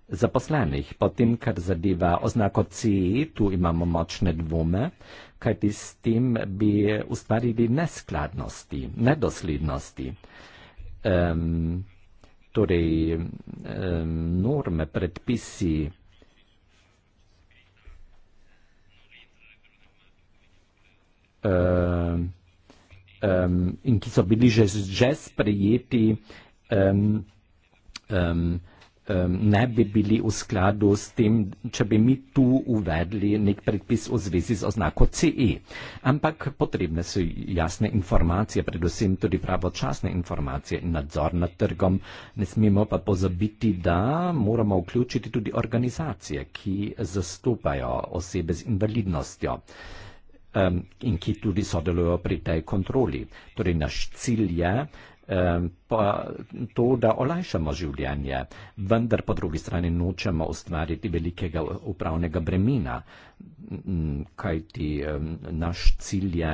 zaposlenih. Potem, kar zadeva oznako C, e, tu imamo močne dvome, kajti s tem bi ustvarili neskladnosti, nedoslednosti. Um, torej, um, norme, predpisi, um, um, in ki so bili že, že sprejeti, um, um, um, ne bi bili v skladu s tem, če bi mi tu uvedli nek predpis v zvezi z oznako CE. Ampak potrebne so jasne informacije, predvsem tudi pravočasne informacije in nadzor nad trgom. Ne smemo pa pozabiti, da moramo vključiti tudi organizacije, ki zastopajo osebe z invalidnostjo. Uh, um, in ki tudi sodelujo pri tej kontroli. Torej, naš cilj je um, pa to, da olajšamo življenje, vendar po drugi strani nočemo ustvariti velikega upravnega bremena, kajti um, naš cilj je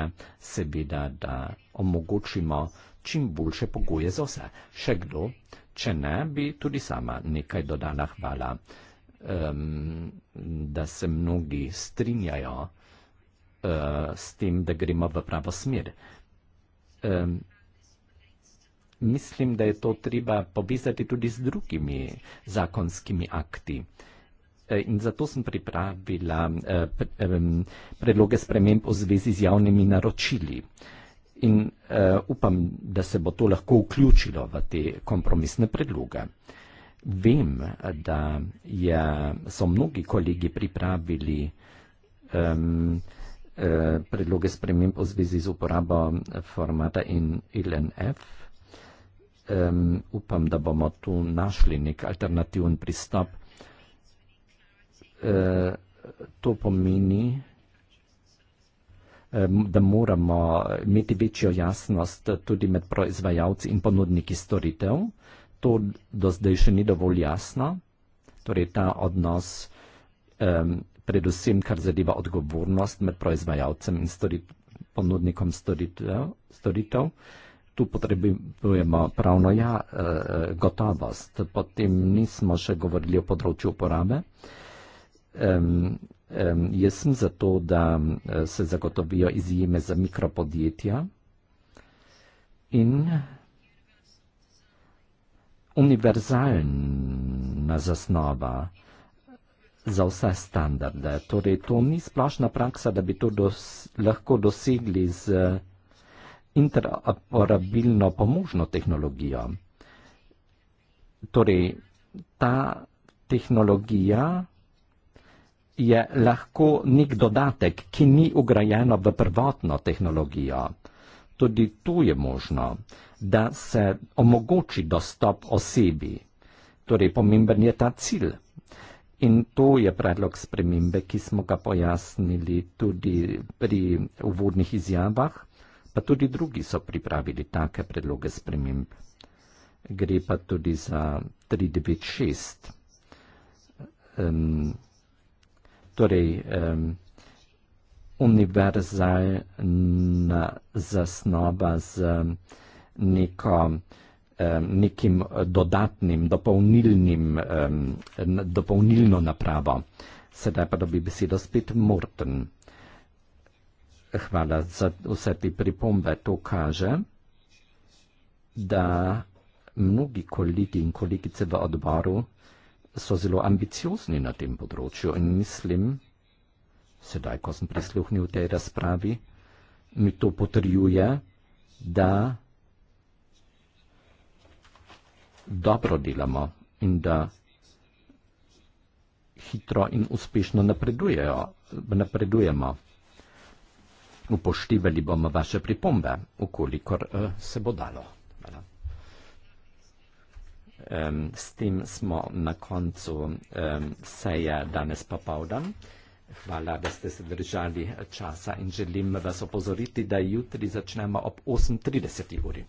seveda, da omogočimo čim boljše pogoje za vse. Še kdo, če ne, bi tudi sama nekaj dodala hvala. Um, da se mnogi strinjajo, uh, s tem, da gremo v pravo smer. Um, mislim, da je to treba povezati tudi z drugimi zakonskimi akti. E, in zato sem pripravila e, predloge sprememb v zvezi z javnimi naročili. In e, upam, da se bo to lahko vključilo v te kompromisne predloge. Vem, da je, so mnogi kolegi pripravili. Um, Eh, predloge sprememb v zvezi z uporabo formata in LNF. Um, upam, da bomo tu našli nek alternativen pristop. Uh, to pomeni, um, da moramo imeti večjo jasnost tudi med proizvajalci in ponudniki storitev. To do zdaj še ni dovolj jasno. Torej, ta odnos. Um, predvsem kar zadeva odgovornost med proizvajalcem in storit ponudnikom storitev. storitev. Tu potrebujemo pravno ja, eh, gotovost. Potem nismo še govorili o področju uporabe. Um, um, jaz sem za to, da eh, se zagotovijo izjeme za mikropodjetja in univerzalna zasnova za vse standarde. Torej, to ni splošna praksa, da bi to dos, lahko dosegli z interoperabilno pomožno tehnologijo. Torej, ta tehnologija je lahko nek dodatek, ki ni ugrajeno v prvotno tehnologijo. Tudi tu je možno, da se omogoči dostop osebi. Torej, pomemben je ta cilj. In to je predlog spremembe, ki smo ga pojasnili tudi pri uvodnih izjavah, pa tudi drugi so pripravili take predloge sprememb. Gre pa tudi za 396. Um, torej, um, univerzalna zasnova z neko nekim dodatnim, dopolnilnim, dopolnilno napravo. Sedaj pa dobi besedo spet Morten. Hvala za vse te pripombe. To kaže, da mnogi kolegi in kolegice v odboru so zelo ambiciozni na tem področju in mislim, sedaj, ko sem prisluhnil tej razpravi, mi to potrjuje, da dobro delamo in da hitro in uspešno napredujejo, napredujemo. Upoštevali bomo vaše pripombe, ukolikor eh, se bo dalo. S tem smo na koncu seje danes popovdan. Hvala, da ste se držali eh, časa in želim vas opozoriti, da jutri začnemo ob 8.30 uri.